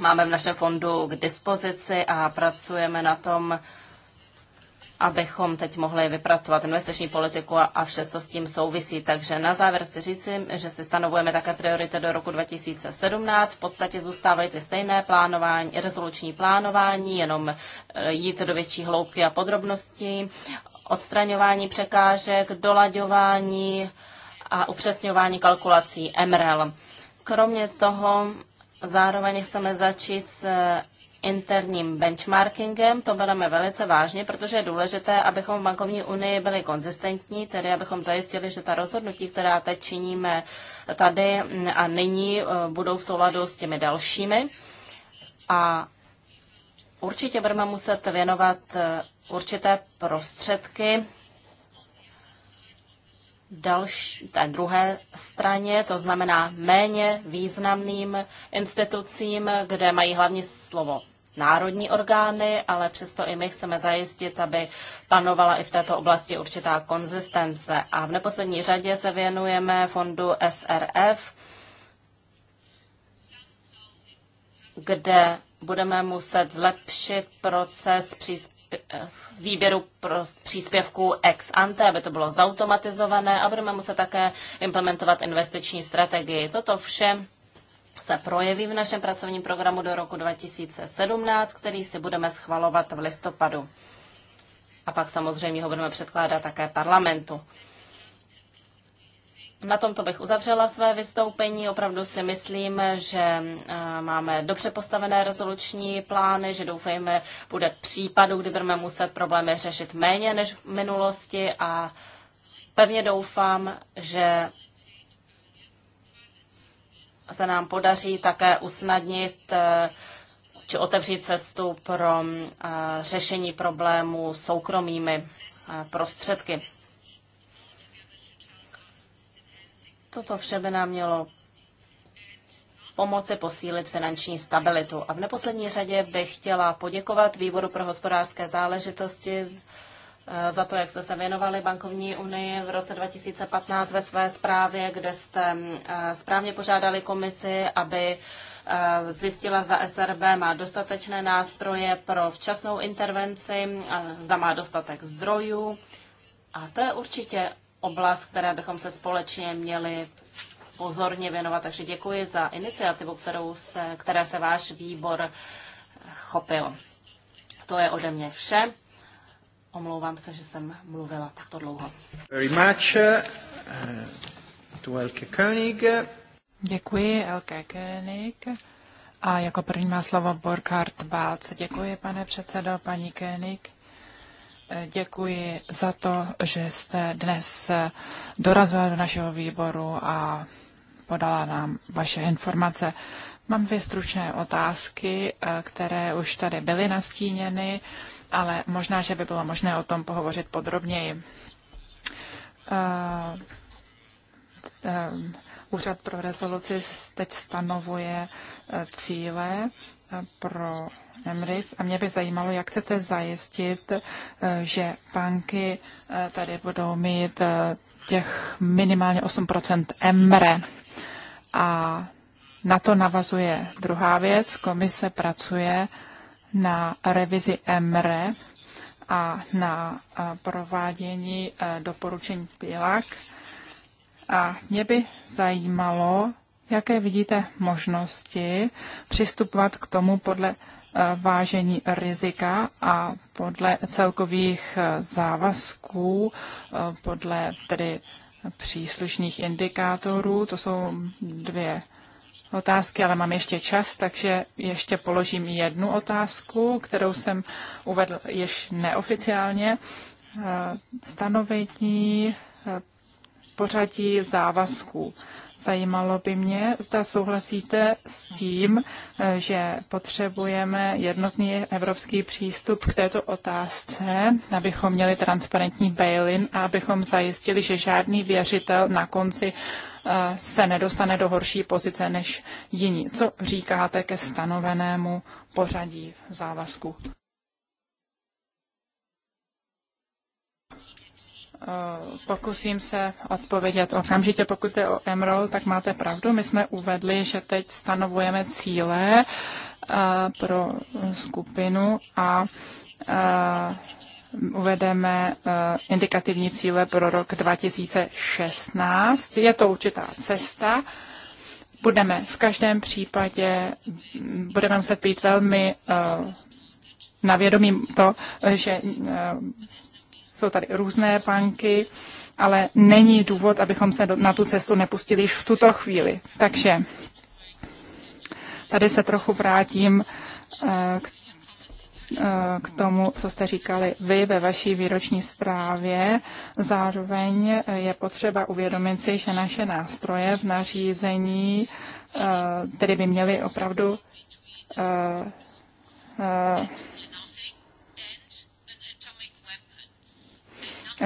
máme v našem fondu k dispozici a pracujeme na tom, abychom teď mohli vypracovat investiční politiku a vše, co s tím souvisí. Takže na závěr chci říci, že si stanovujeme také priority do roku 2017. V podstatě zůstávají ty stejné plánování, rezoluční plánování, jenom eh, jít do větší hloubky a podrobností, odstraňování překážek, dolaďování a upřesňování kalkulací MREL. Kromě toho zároveň chceme začít s interním benchmarkingem. To bereme velice vážně, protože je důležité, abychom v bankovní unii byli konzistentní, tedy abychom zajistili, že ta rozhodnutí, která teď činíme tady a nyní, eh, budou v souladu s těmi dalšími. A určitě budeme muset věnovat eh, určité prostředky další, té druhé straně, to znamená méně významným institucím, kde mají hlavně slovo národní orgány, ale přesto i my chceme zajistit, aby panovala i v této oblasti určitá konzistence. A v neposlední řadě se věnujeme fondu SRF, kde budeme muset zlepšit proces příspěvku z výběru příspěvků ex ante, aby to bylo zautomatizované a budeme muset také implementovat investiční strategii. Toto vše se projeví v našem pracovním programu do roku 2017, který si budeme schvalovat v listopadu. A pak samozřejmě ho budeme předkládat také parlamentu. Na tomto bych uzavřela své vystoupení. Opravdu si myslím, že eh, máme dobře postavené rezoluční plány, že doufejme, bude případu, kdy budeme muset problémy řešit méně než v minulosti a pevně doufám, že se nám podaří také usnadnit eh, či otevřít cestu pro eh, řešení problémů soukromými eh, prostředky. Toto vše by nám mělo pomoci posílit finanční stabilitu. A v neposlední řadě bych chtěla poděkovat Výboru pro hospodářské záležitosti Eh, za to, jak jste se věnovali bankovní unii v roce 2015 ve své zprávě, kde jste eh, správně požádali komisi, aby eh, zjistila, zda SRB má dostatečné nástroje pro včasnou intervenci, zda má dostatek zdrojů. A to je určitě oblast, které bychom se společně měli pozorně věnovat. Takže děkuji za iniciativu, kterou se, které se váš výbor chopil. To je ode mě vše. Omlouvám se, že jsem mluvila takto dlouho. Very much, uh, to Elke König. Děkuji, Elke König. A jako první má slovo Borkhard Balc. Děkuji, pane předsedo, paní König. Děkuji za to, že jste dnes dorazila do našeho výboru a podala nám vaše informace. Mám dvě stručné otázky, eh, které už tady byly nastíněny ale možná, že by bylo možné o tom pohovořit podrobněji. Uh, um, Úřad pro rezoluci teď stanovuje eh, cíle pro MRIS a mě by zajímalo, jak chcete zajistit, že banky tady budou mít těch minimálně 8% MRE. A na to navazuje druhá věc. Komise pracuje na revizi MRE a na provádění e, doporučení PILAK. A mě by zajímalo, jaké vidíte možnosti přistupovat k tomu podle e, vážení rizika a podle celkových e, závazků, podle tedy příslušných indikátorů. To jsou dvě otázky, ale mám ještě čas, takže ještě položím jednu otázku, kterou jsem uvedl již neoficiálně. Eh, stanovení eh, pořadí závazků. Zajímalo by mě, zda souhlasíte s tím, eh, že potřebujeme jednotný evropský přístup k této otázce, abychom měli transparentní bail-in a abychom zajistili, že žádný věřitel na konci eh, se nedostane do horší pozice než jiní. Co říkáte ke stanovenému pořadí závazku? Pokusím se odpovědět okamžitě. Pokud je o Emerald, tak máte pravdu. My jsme uvedli, že teď stanovujeme cíle eh, pro skupinu a eh, uvedeme eh, indikativní cíle pro rok 2016. Je to určitá cesta. Budeme v každém případě, budeme muset být velmi na vědomí to, že jsou tady různé banky, ale není důvod, abychom se na tu cestu nepustili již v tuto chvíli. Takže tady se trochu vrátím eh, k eh, k tomu, co jste říkali vy ve vaší výroční zprávě. Zároveň eh, je potřeba uvědomit si, že naše nástroje v nařízení tedy by měly opravdu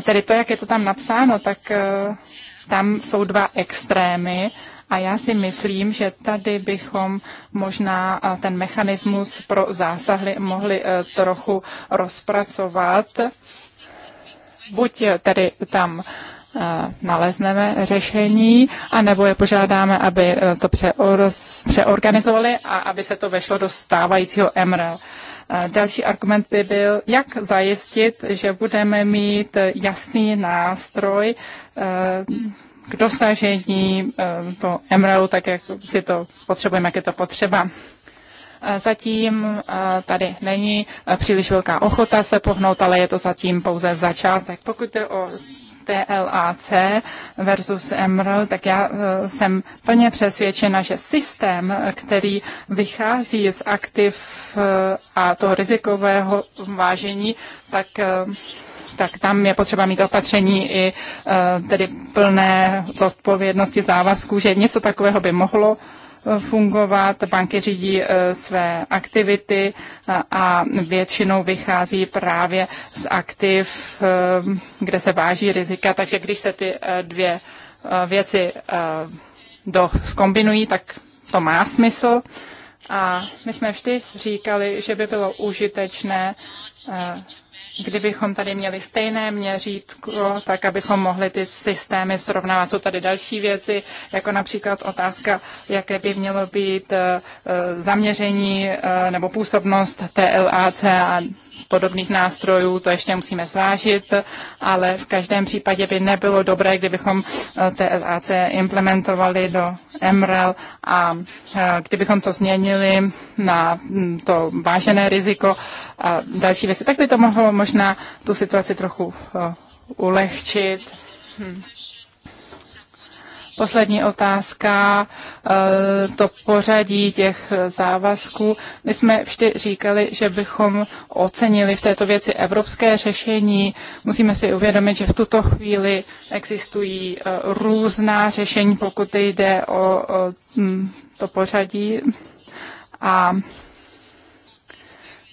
tedy to, jak je to tam napsáno, tak eh, tam jsou dva extrémy a já si myslím, že tady bychom možná eh, ten mechanismus pro zásahy mohli eh, trochu rozpracovat. Buď tedy tam nalezneme řešení, anebo je požádáme, aby to přeorganizovali a aby se to vešlo do stávajícího MRL. Další argument by byl, jak zajistit, že budeme mít jasný nástroj eh, k dosažení eh, to MRL, tak jak si to potřebujeme, jak je to potřeba. Zatím eh, tady není příliš velká ochota se pohnout, ale je to zatím pouze začátek. Pokud jde o TLAC versus MRL, tak já eh, jsem plně přesvědčena, že systém, eh, který vychází z aktiv eh, a toho rizikového vážení, tak tak tam je potřeba mít opatření i tedy plné zodpovědnosti závazků, že něco takového by mohlo fungovat, banky řídí eh, své aktivity eh, a většinou vychází právě z aktiv, eh, kde se váží rizika, takže když se ty dvě věci do, skombinují, tak to má smysl. A my jsme vždy říkali, že by bylo užitečné kdybychom tady měli stejné měřítko, tak abychom mohli ty systémy srovnávat. Jsou tady další věci, jako například otázka, jaké by mělo být eh, zaměření eh, nebo působnost TLAC a podobných nástrojů, to ještě musíme zvážit, ale v každém případě by nebylo dobré, kdybychom eh, TLAC implementovali do MREL a eh, kdybychom to změnili na mm, to vážené riziko a další věci, tak by to mohlo možná tu situaci trochu eh, ulehčit. Hmm. Poslední otázka, eh, to pořadí těch závazků. My jsme vždy říkali, že bychom ocenili v této věci evropské řešení. Musíme si uvědomit, že v tuto chvíli existují eh, různá řešení, pokud jde o mm, to pořadí. A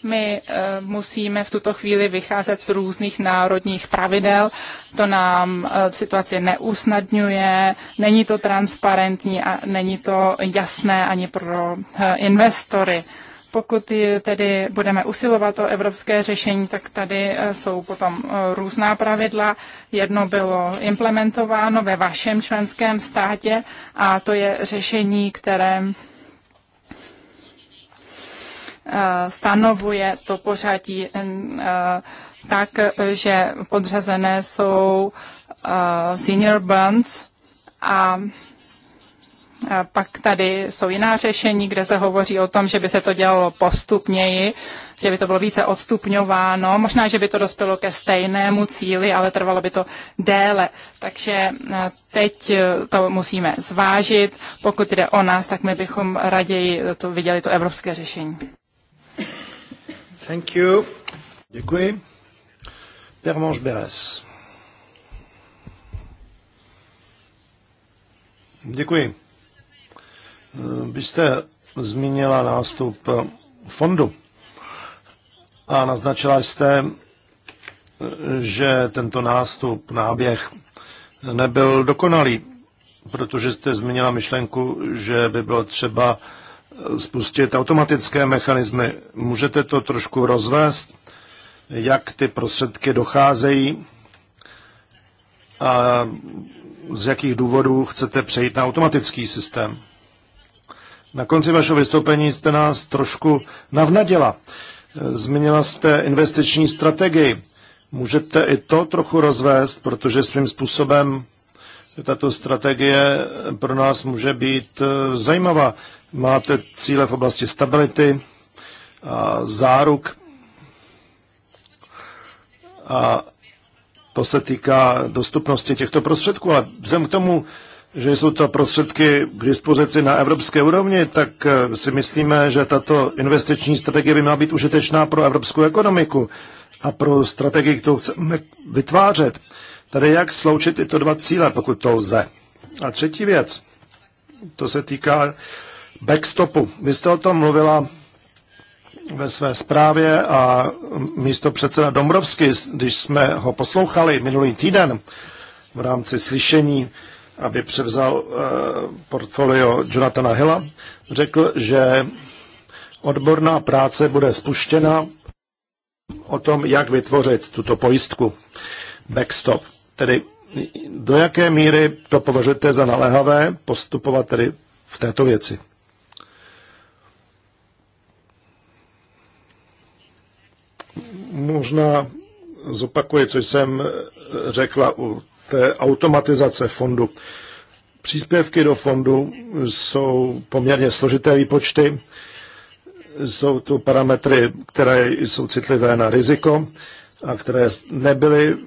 my eh, musíme v tuto chvíli vycházet z různých národních pravidel. To nám eh, situaci neusnadňuje, není to transparentní a není to jasné ani pro eh, investory pokud tedy budeme usilovat o evropské řešení, tak tady jsou potom různá pravidla. Jedno bylo implementováno ve vašem členském státě a to je řešení, které Eh, stanovuje to pořadí eh, tak, že podřazené jsou eh, senior bonds a pak tady jsou jiná řešení, kde se hovoří o tom, že by se to dělalo postupněji, že by to bylo více odstupňováno. Možná, že by to dospělo ke stejnému cíli, ale trvalo by to déle. Takže teď to musíme zvážit. Pokud jde o nás, tak my bychom raději to viděli to evropské řešení. Thank you. Děkuji. Permanche Beres. Děkuji. Vy jste zmínila nástup fondu a naznačila jste, že tento nástup, náběh nebyl dokonalý, protože jste zmínila myšlenku, že by bylo třeba spustit automatické mechanismy. Můžete to trošku rozvést, jak ty prostředky docházejí a z jakých důvodů chcete přejít na automatický systém. Na konci vašeho vystoupení jste nás trošku navnadila. Zmínila jste investiční strategii. Můžete i to trochu rozvést, protože svým způsobem tato strategie pro nás může být eh, zajímavá. Máte cíle v oblasti stability, a záruk a to se týká dostupnosti těchto prostředků, ale vzhledem k tomu, že jsou to prostředky k dispozici na evropské úrovni, tak eh, si myslíme, že tato investiční strategie by měla být užitečná pro evropskou ekonomiku a pro strategii, kterou chceme vytvářet. Tady jak sloučit tyto dva cíle, pokud to lze. A třetí věc, to se týká backstopu. Vy jste o tom mluvila ve své zprávě a místo předseda Dombrovsky, když jsme ho poslouchali minulý týden v rámci slyšení, aby převzal eh, portfolio Jonathana Hilla, řekl, že odborná práce bude spuštěna o tom, jak vytvořit tuto pojistku backstop. Tedy do jaké míry to považujete za naléhavé postupovat tedy v této věci? Možná zopakuji, co jsem řekla u té automatizace fondu. Příspěvky do fondu jsou poměrně složité výpočty. Jsou tu parametry, které jsou citlivé na riziko a které nebyly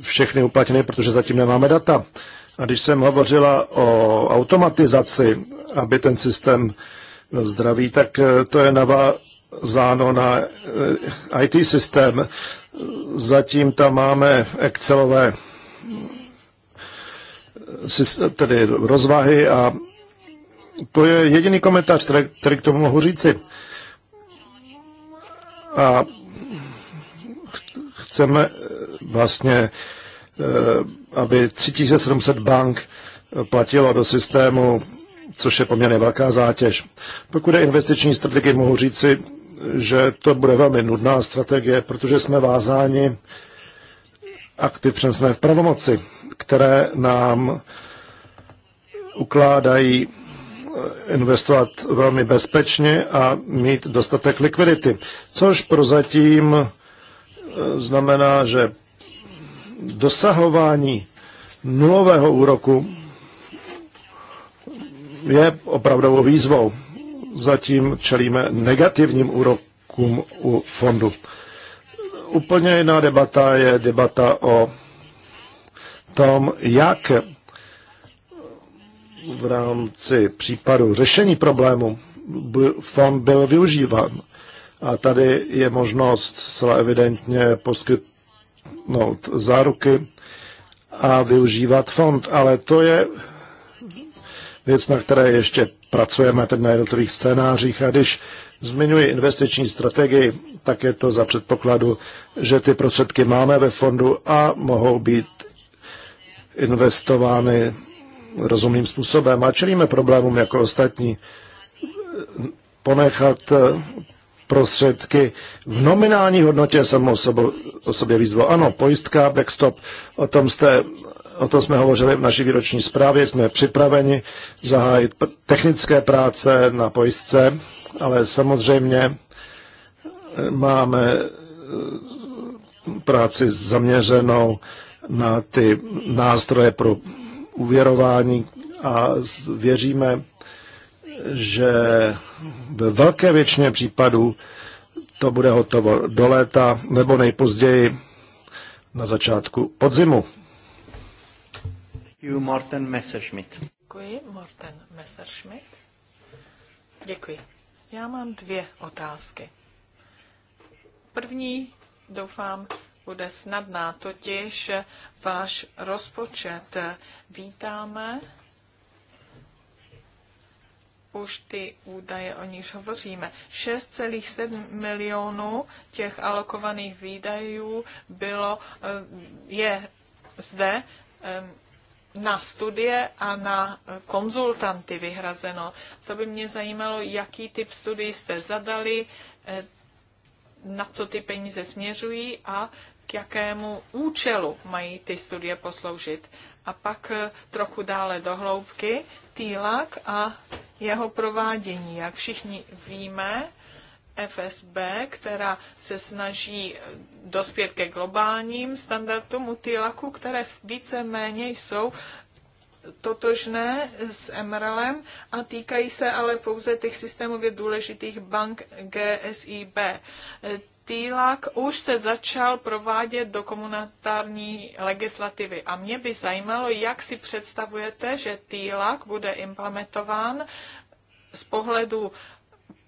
všechny uplatněny, protože zatím nemáme data. A když jsem hovořila o automatizaci, aby ten systém byl zdravý, tak to je na záno na eh, IT systém. Zatím tam máme Excelové eh, tedy rozvahy a to je jediný komentář, který, který k tomu mohu říci. A chceme eh, vlastně, aby 3700 bank platilo do systému, což je poměrně velká zátěž. Pokud je investiční strategie, mohu říci, že to bude velmi nudná strategie, protože jsme vázáni aktiv přenesené v pravomoci, které nám ukládají eh, investovat velmi bezpečně a mít dostatek likvidity. Což prozatím eh, znamená, že dosahování nulového úroku je opravdovou výzvou zatím čelíme negativním úrokům u fondu. Úplně jiná debata je debata o tom, jak v rámci případu řešení problému fond byl využíván. A tady je možnost zcela evidentně poskytnout záruky a využívat fond, ale to je věc, na které ještě pracujeme teď na jednotlivých scénářích. A když zmiňuji investiční strategii, tak je to za předpokladu, že ty prostředky máme ve fondu a mohou být investovány rozumným způsobem. A čelíme problémům jako ostatní ponechat prostředky v nominální hodnotě samo o sobě výzvu. Ano, pojistka, backstop, o tom jste o tom jsme hovořili v naší výroční zprávě, jsme připraveni zahájit technické práce na pojistce, ale samozřejmě eh, máme eh, práci zaměřenou na ty nástroje pro uvěrování a věříme, že ve velké většině případů to bude hotovo do léta nebo nejpozději na začátku podzimu you, Martin Messerschmidt. Děkuji, Morten Messerschmidt. Děkuji. Já mám dvě otázky. První, doufám, bude snadná, totiž váš rozpočet. Vítáme už ty údaje, o níž hovoříme. 6,7 milionů těch alokovaných výdajů bylo, eh, je zde na studie a na konzultanty vyhrazeno. To by mě zajímalo, jaký typ studií jste zadali, eh, na co ty peníze směřují a k jakému účelu mají ty studie posloužit. A pak eh, trochu dále do hloubky, týlak a jeho provádění. Jak všichni víme, FSB, která se snaží dospět ke globálním standardům utilaku, které víceméně jsou totožné s MRLem a týkají se ale pouze těch systémově důležitých bank GSIB. Týlak už se začal provádět do komunitární legislativy a mě by zajímalo, jak si představujete, že Týlak bude implementován z pohledu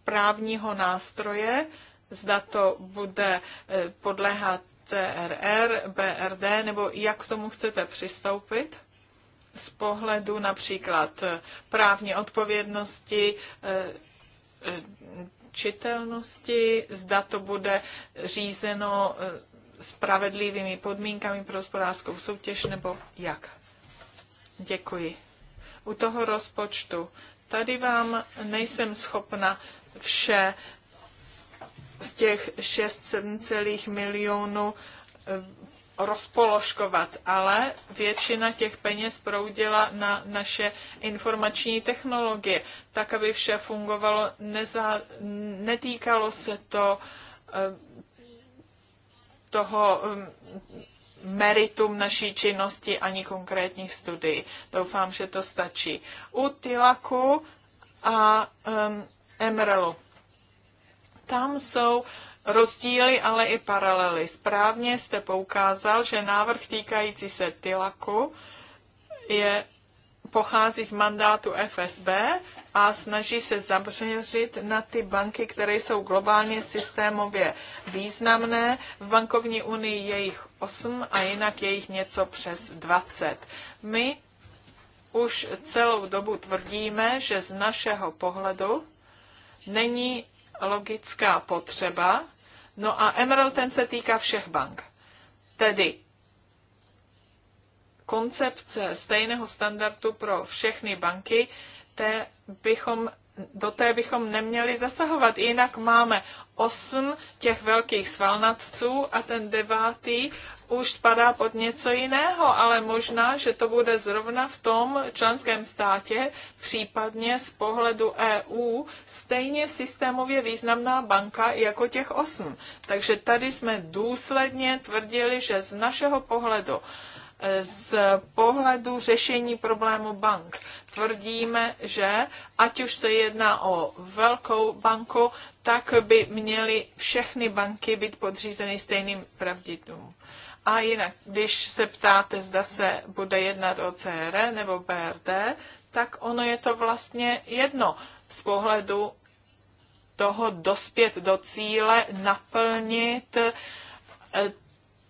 právního nástroje, zda to bude e, podléhat CRR, BRD, nebo jak k tomu chcete přistoupit? Z pohledu například e, právní odpovědnosti, e, čitelnosti, zda to bude řízeno spravedlivými podmínkami pro hospodářskou soutěž, nebo jak? Děkuji. U toho rozpočtu tady vám nejsem schopna vše z těch 6-7 milionů eh, rozpoložkovat, ale většina těch peněz proudila na naše informační technologie, tak, aby vše fungovalo, neza, netýkalo se to eh, toho mm, meritum naší činnosti ani konkrétních studií. Doufám, že to stačí. U Tilaku a um, Emrelu. Tam jsou rozdíly, ale i paralely. Správně jste poukázal, že návrh týkající se Tilaku je, pochází z mandátu FSB a snaží se zaměřit na ty banky, které jsou globálně systémově významné. V bankovní unii je jich 8 a jinak je jich něco přes 20. My už celou dobu tvrdíme, že z našeho pohledu není logická potřeba. No a Emerald ten se týká všech bank. Tedy koncepce stejného standardu pro všechny banky, té bychom do té bychom neměli zasahovat. Jinak máme osm těch velkých svalnatců a ten devátý už spadá pod něco jiného, ale možná, že to bude zrovna v tom členském státě, případně z pohledu EU, stejně systémově významná banka jako těch osm. Takže tady jsme důsledně tvrdili, že z našeho pohledu z pohledu řešení problému bank. Tvrdíme, že ať už se jedná o velkou banku, tak by měly všechny banky být podřízeny stejným pravditům. A jinak, když se ptáte, zda se bude jednat o CR nebo BRD, tak ono je to vlastně jedno z pohledu toho dospět do cíle, naplnit eh,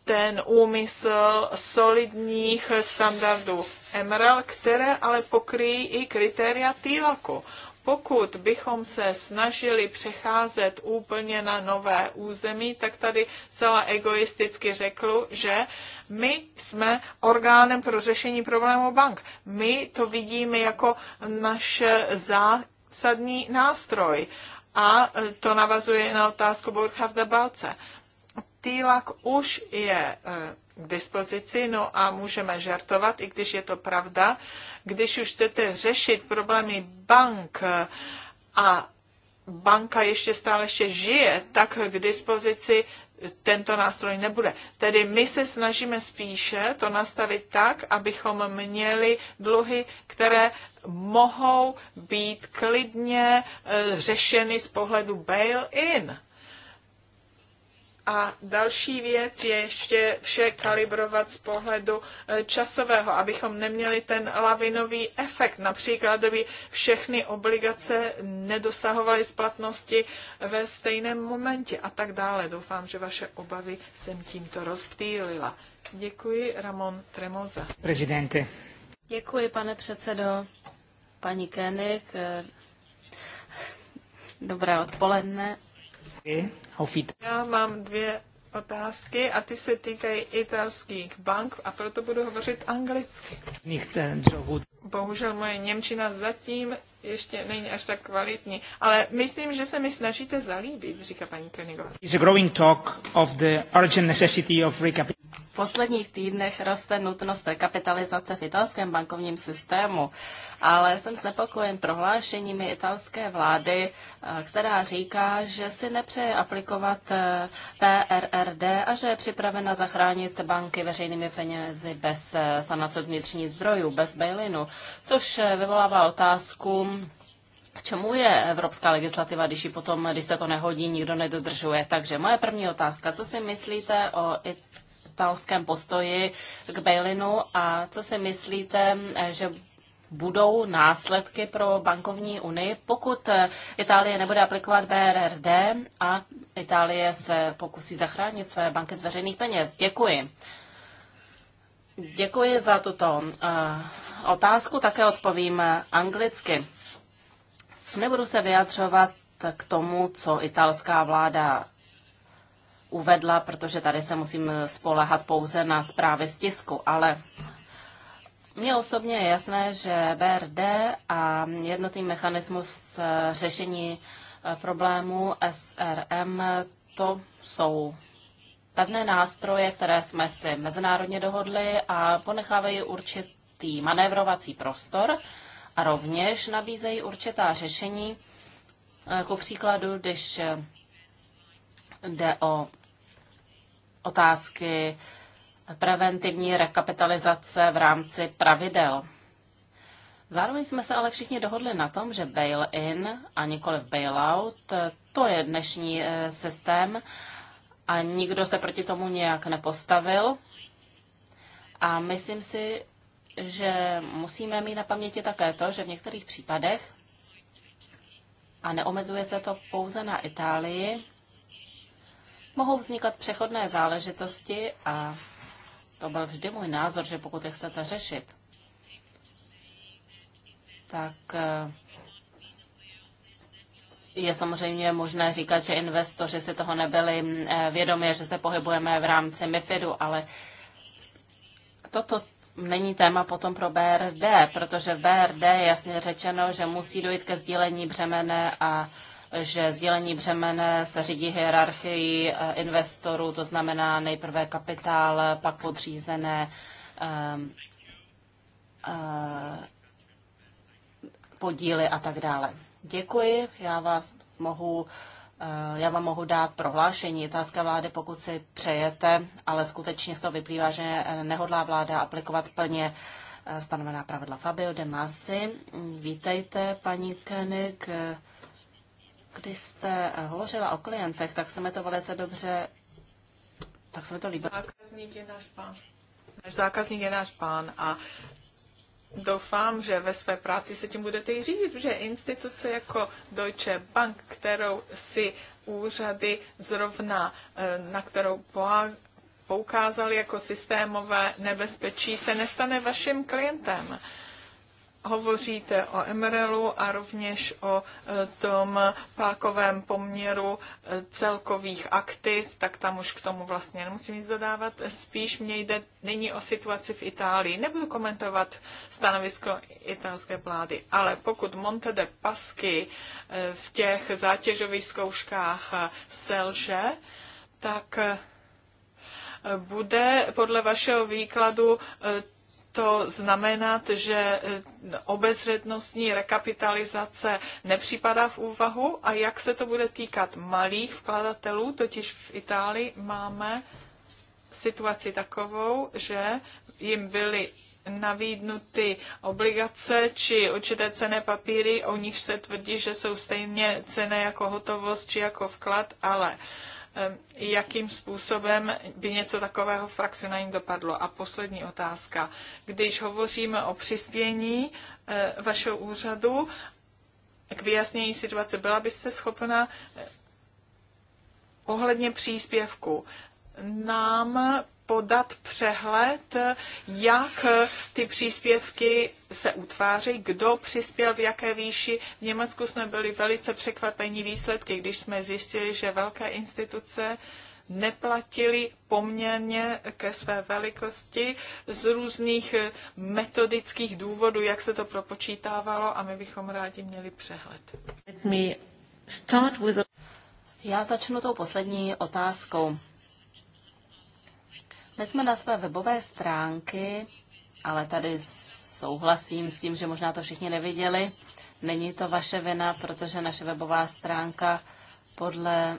ten úmysl solidních standardů MRL, které ale pokryjí i kritéria TILACO. Pokud bychom se snažili přecházet úplně na nové území, tak tady celá egoisticky řekl, že my jsme orgánem pro řešení problémů bank. My to vidíme jako naš zásadní nástroj. A to navazuje na otázku Burkharda Balce Týlak už je k e, dispozici, no a můžeme žartovat, i když je to pravda. Když už chcete řešit problémy bank e, a banka ještě stále ještě žije, tak k dispozici tento nástroj nebude. Tedy my se snažíme spíše to nastavit tak, abychom měli dluhy, které mohou být klidně e, řešeny z pohledu bail-in a další věc je ještě vše kalibrovat z pohledu eh, časového, abychom neměli ten lavinový efekt. Například, aby všechny obligace nedosahovaly splatnosti ve stejném momentě a tak dále. Doufám, že vaše obavy jsem tímto rozptýlila. Děkuji, Ramon Tremoza. Prezidente. Děkuji, pane předsedo. Paní Kénik, eh, dobré odpoledne. Já mám dvě otázky a ty se týkají italských bank a proto budu hovořit anglicky. Bohužel moje Němčina zatím ještě není až tak kvalitní. Ale myslím, že se mi snažíte zalíbit, říká paní Königová. V posledních týdnech roste nutnost rekapitalizace v italském bankovním systému, ale jsem znepokojen prohlášeními italské vlády, eh, která říká, že si nepřeje aplikovat eh, PRRD a že je připravena zachránit banky veřejnými penězi bez eh, sanace z vnitřních zdrojů, bez bailinu, což vyvolává otázku, k čemu je evropská legislativa, když ji potom, když se to nehodí, nikdo nedodržuje. Takže moje první otázka, co si myslíte o italském postoji k bailinu a co si myslíte, že budou následky pro bankovní unii, pokud Itálie nebude aplikovat BRRD a Itálie se pokusí zachránit své banky z veřejných peněz. Děkuji. Děkuji za tuto uh, otázku, také odpovím anglicky. Nebudu se vyjadřovat k tomu, co italská vláda uvedla, protože tady se musím spolehat pouze na zprávy z tisku, ale mně osobně je jasné, že BRD a jednotný mechanismus řešení eh, problémů SRM to jsou pevné nástroje, které jsme si mezinárodně dohodli a ponechávají určitý manévrovací prostor a rovněž nabízejí určitá řešení. Eh, ku příkladu, když eh, jde o otázky preventivní rekapitalizace v rámci pravidel. Zároveň jsme se ale všichni dohodli na tom, že bail-in a nikoli bail-out, eh, to je dnešní systém a nikdo se proti tomu nějak nepostavil. A myslím si, že musíme mít na paměti také to, že v některých případech, a neomezuje se to pouze na Itálii, mohou vznikat přechodné záležitosti a to byl vždy můj názor, že pokud je chcete řešit, tak eh, je samozřejmě možné říkat, že investoři si toho nebyli eh, vědomi, že se pohybujeme v rámci MIFIDu, ale toto není téma potom pro BRD, protože v BRD je jasně řečeno, že musí dojít ke sdílení břemene a že sdílení břemene se řídí hierarchii eh, investorů, to znamená nejprve kapitál, pak podřízené um, uh, podíly a tak dále. Děkuji, já vás mohu Eh, já vám mohu dát prohlášení italské vlády, pokud si přejete, ale skutečně z toho vyplývá, že nehodlá vláda aplikovat plně eh, stanovená pravidla. Fabio De Masi, vítejte, paní Kenik. Když jste eh, hovořila o klientech, tak se mi to velice dobře, tak se mi to líbilo. Zákazník je náš pán. Náš zákazník je náš pán a doufám, že ve své práci se tím budete i řídit, že instituce jako Deutsche Bank, kterou si úřady zrovna, eh, na kterou poukázali jako systémové nebezpečí, se nestane vaším klientem hovoříte o MRLu a rovněž o e, tom pákovém poměru e, celkových aktiv, tak tam už k tomu vlastně nemusím nic dodávat. Spíš mě jde nyní o situaci v Itálii. Nebudu komentovat stanovisko italské vlády, ale pokud Monte de Pasky e, v těch zátěžových zkouškách selže, tak bude podle vašeho výkladu to znamenat, že eh, obezřetnostní rekapitalizace nepřipadá v úvahu a jak se to bude týkat malých vkladatelů, totiž v Itálii máme situaci takovou, že jim byly navídnuty obligace či určité cené papíry, o nich se tvrdí, že jsou stejně cené jako hotovost či jako vklad, ale uh, jakým způsobem by něco takového v praxi na ní dopadlo. A poslední otázka. Když hovoříme o přispění eh, vašeho úřadu k vyjasnění situace, byla byste schopna eh, ohledně příspěvku nám podat přehled, jak ty příspěvky se utváří, kdo přispěl v jaké výši. V Německu jsme byli velice překvapení výsledky, když jsme zjistili, že velké instituce neplatili poměrně ke své velikosti z různých metodických důvodů, jak se to propočítávalo a my bychom rádi měli přehled. Já začnu tou poslední otázkou. My jsme na své webové stránky, ale tady souhlasím s tím, že možná to všichni neviděli. Není to vaše vina, protože naše webová stránka podle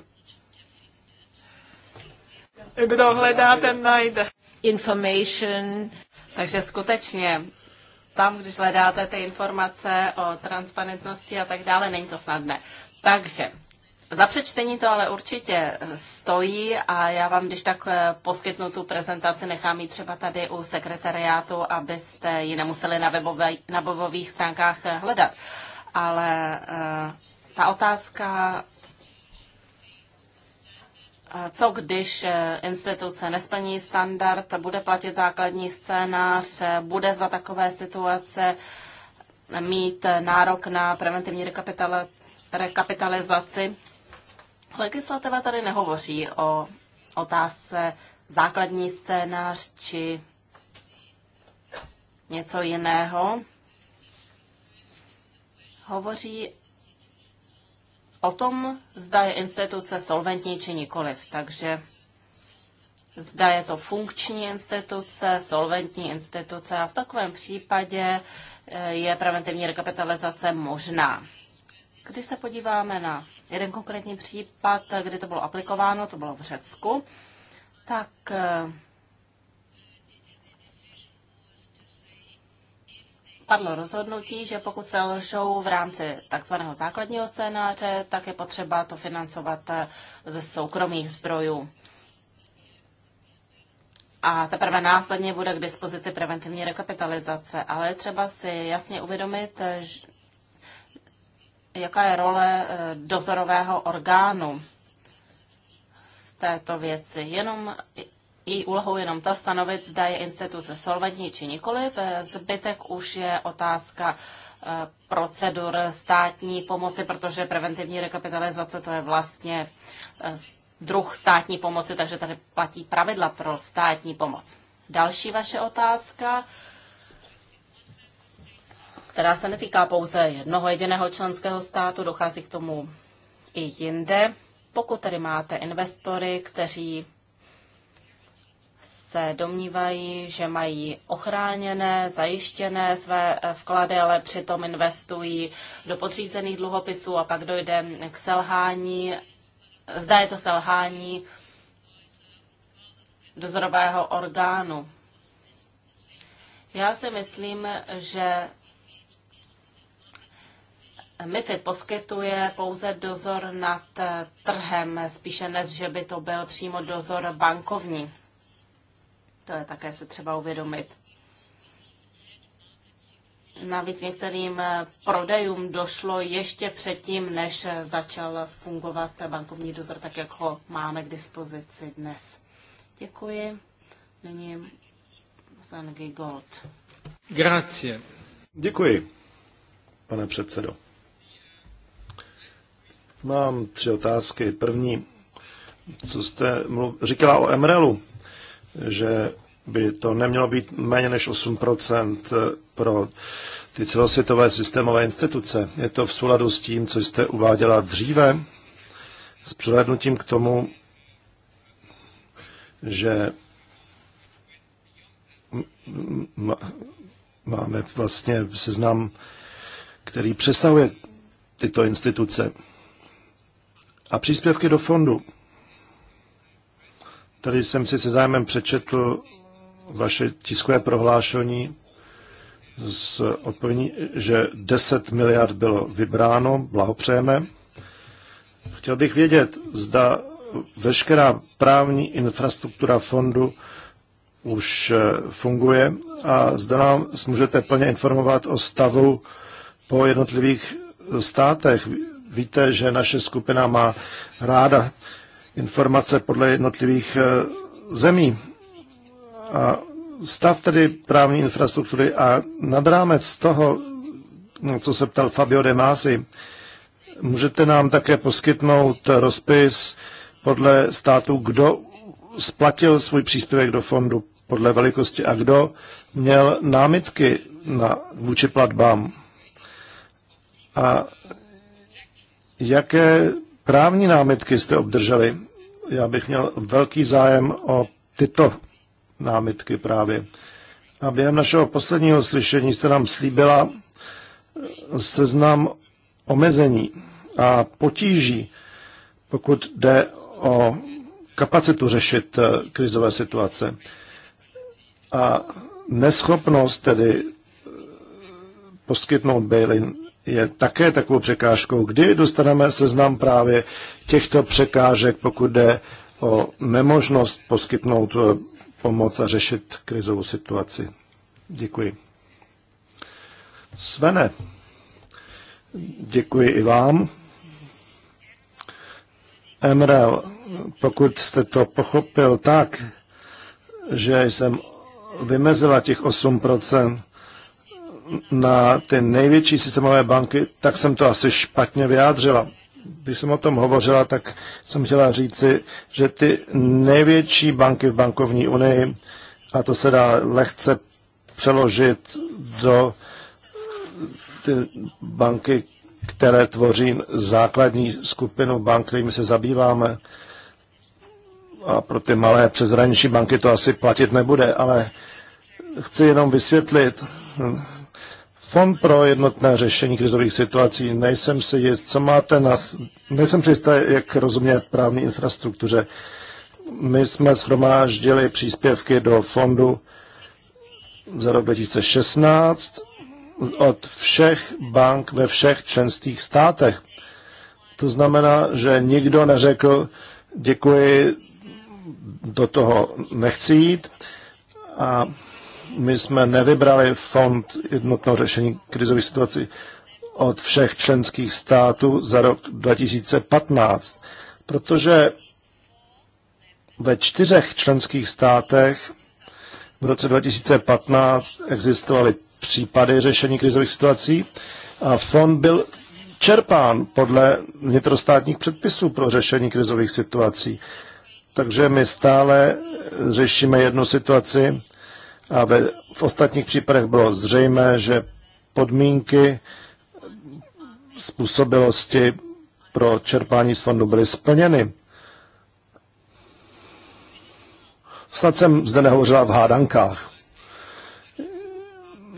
kdo hledá, ten najde. Information. Takže skutečně, tam, když hledáte ty informace o transparentnosti a tak dále, není to snadné. Takže za přečtení to ale určitě eh, stojí a já vám, když tak eh, poskytnu tu prezentaci, nechám ji třeba tady u sekretariátu, abyste ji nemuseli na, webové, na webových stránkách eh, hledat. Ale ta otázka, co když instituce nesplní standard, bude platit základní scénář, bude za takové situace mít nárok na preventivní rekapitalizaci, Legislativa tady nehovoří o otázce základní scénář či něco jiného. Hovoří o tom, zda je instituce solventní či nikoliv. Takže zda je to funkční instituce, solventní instituce a v takovém případě eh, je preventivní rekapitalizace možná. Když se podíváme na jeden konkrétní případ, kdy to bylo aplikováno, to bylo v Řecku, tak eh, padlo rozhodnutí, že pokud se lžou v rámci takzvaného základního scénáře, tak je potřeba to financovat eh, ze soukromých zdrojů. A teprve následně bude k dispozici preventivní rekapitalizace. Ale třeba si jasně uvědomit, eh, jaká je role eh, dozorového orgánu v této věci. Jenom její úlohou jenom to stanovit, zda je instituce solventní či nikoliv. Eh, zbytek už je otázka eh, procedur státní pomoci, protože preventivní rekapitalizace to je vlastně druh státní pomoci, takže tady platí pravidla pro státní pomoc. Další vaše otázka která se netýká pouze jednoho jediného členského státu, dochází k tomu i jinde. Pokud tedy máte investory, kteří se domnívají, že mají ochráněné, zajištěné své eh, vklady, ale přitom investují do podřízených dluhopisů a pak dojde k selhání. Zda je to selhání dozorového orgánu. Já si myslím, že MIFID poskytuje pouze dozor nad eh, trhem, spíše než, že by to byl přímo dozor bankovní. To je také se třeba uvědomit. Navíc některým eh, prodejům došlo ještě předtím, než eh, začal fungovat bankovní dozor, tak jak ho máme k dispozici dnes. Děkuji. Nyní Zangy Gold. Grazie. Děkuji, pane předsedo. Mám tři otázky. První, co jste mluv... říkala o MRLu, že by to nemělo být méně než 8% pro ty celosvětové systémové instituce. Je to v souladu s tím, co jste uváděla dříve, s přihlednutím k tomu, že máme vlastně seznam, který přesahuje tyto instituce. A příspěvky do fondu. Tady jsem si se zájmem přečetl vaše tiskové prohlášení s odpovědí, že 10 miliard bylo vybráno, blahopřejeme. Chtěl bych vědět, zda veškerá právní infrastruktura fondu už eh, funguje a zda nám můžete plně informovat o stavu po jednotlivých státech. Víte, že naše skupina má ráda informace podle jednotlivých eh, zemí. A stav tedy právní infrastruktury a nad rámec toho, no, co se ptal Fabio De Masi, můžete nám také poskytnout rozpis podle státu, kdo splatil svůj příspěvek do fondu podle velikosti a kdo měl námitky na, vůči platbám. A Jaké právní námitky jste obdrželi? Já bych měl velký zájem o tyto námitky právě. A během našeho posledního slyšení jste nám slíbila eh, seznam omezení a potíží, pokud jde o kapacitu řešit eh, krizové situace. A neschopnost tedy eh, poskytnout bail je také takovou překážkou. Kdy dostaneme seznam právě těchto překážek, pokud jde o nemožnost poskytnout eh, pomoc a řešit krizovou situaci? Děkuji. Svene, děkuji i vám. Emrel, pokud jste to pochopil tak, že jsem vymezila těch 8%, na ty největší systémové banky, tak jsem to asi špatně vyjádřila. Když jsem o tom hovořila, tak jsem chtěla říci, že ty největší banky v bankovní unii, a to se dá lehce přeložit do ty banky, které tvoří základní skupinu bank, kterými se zabýváme. A pro ty malé přezraniční banky to asi platit nebude, ale chci jenom vysvětlit Fond pro jednotné řešení krizových situací, nejsem si jist, co máte na, nejsem si jistý, jak rozumět právní infrastruktuře. My jsme shromáždili příspěvky do fondu za rok 2016 od všech bank ve všech členských státech. To znamená, že nikdo neřekl, děkuji, do toho nechci jít. A my jsme nevybrali fond jednotného řešení krizových situací od všech členských států za rok 2015, protože ve čtyřech členských státech v roce 2015 existovaly případy řešení krizových situací a fond byl čerpán podle vnitrostátních předpisů pro řešení krizových situací. Takže my stále řešíme jednu situaci a ve, v ostatních případech bylo zřejmé, že podmínky způsobilosti pro čerpání z fondu byly splněny. Snad jsem zde nehovořila v hádankách.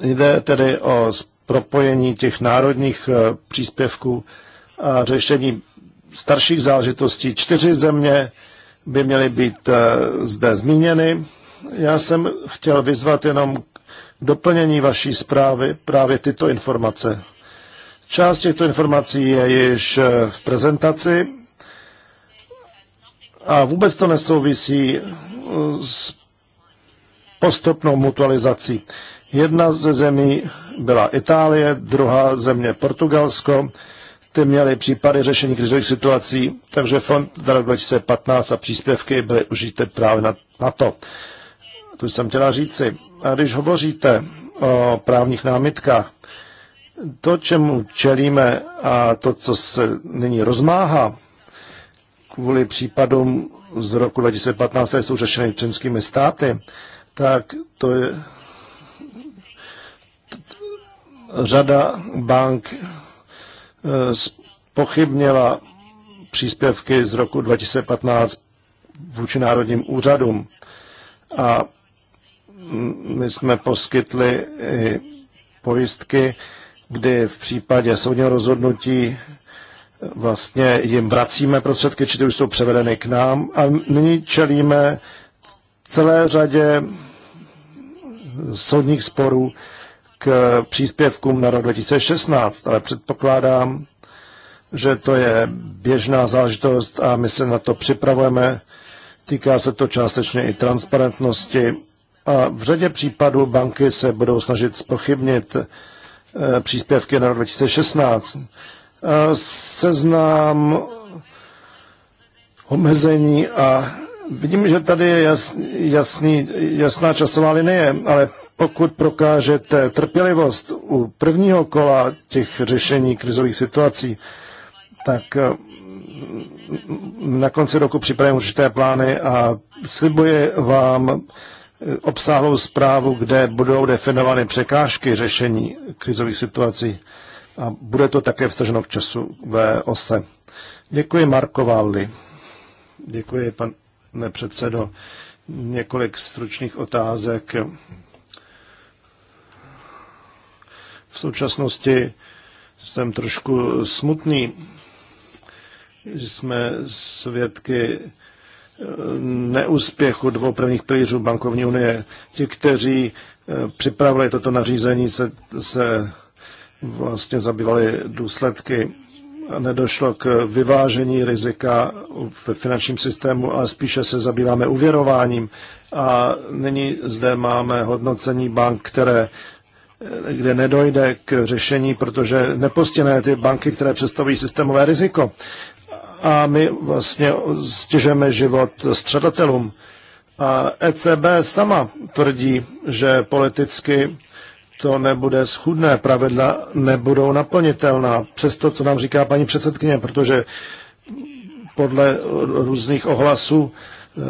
Jde tedy o propojení těch národních eh, příspěvků a řešení starších záležitostí. Čtyři země by měly být eh, zde zmíněny. Já jsem chtěl vyzvat jenom k doplnění vaší zprávy právě tyto informace. Část těchto informací je již eh, v prezentaci a vůbec to nesouvisí eh, s postupnou mutualizací. Jedna ze zemí byla Itálie, druhá země Portugalsko. Ty měly případy řešení krizových situací, takže fond na rok 2015 a příspěvky byly užité právě na, na to. To jsem chtěla říci. A když hovoříte o právních námitkách, to, čemu čelíme a to, co se nyní rozmáhá kvůli případům z roku 2015, které jsou řešeny členskými státy, tak to je řada bank eh, pochybnila příspěvky z roku 2015 vůči národním úřadům. A my jsme poskytli pojistky, kdy v případě soudního rozhodnutí vlastně jim vracíme prostředky, či ty už jsou převedeny k nám a nyní čelíme celé řadě soudních sporů k příspěvkům na rok 2016, ale předpokládám, že to je běžná záležitost a my se na to připravujeme. Týká se to částečně i transparentnosti a v řadě případů banky se budou snažit spochybnit eh, příspěvky na rok 2016. Eh, seznám omezení a vidím, že tady je jasný, jasný, jasná časová linie, ale pokud prokážete trpělivost u prvního kola těch řešení krizových situací, tak eh, na konci roku připravím určité plány a slibuji vám obsáhlou zprávu, kde budou definovány překážky řešení krizových situací a bude to také vstaženo k času v ose. Děkuji Marko Valli. Děkuji, pane předsedo. Několik stručných otázek. V současnosti jsem trošku smutný, že jsme svědky neúspěchu dvou prvních pilířů bankovní unie. Ti, kteří eh, připravili toto nařízení, se, se vlastně zabývali důsledky nedošlo k vyvážení rizika ve finančním systému, ale spíše se zabýváme uvěrováním. A nyní zde máme hodnocení bank, které eh, kde nedojde k řešení, protože nepostěné ty banky, které představují systémové riziko a my vlastně stěžujeme život středatelům. A ECB sama tvrdí, že politicky to nebude schudné, pravidla nebudou naplnitelná. Přesto, co nám říká paní předsedkyně, protože podle různých ohlasů eh,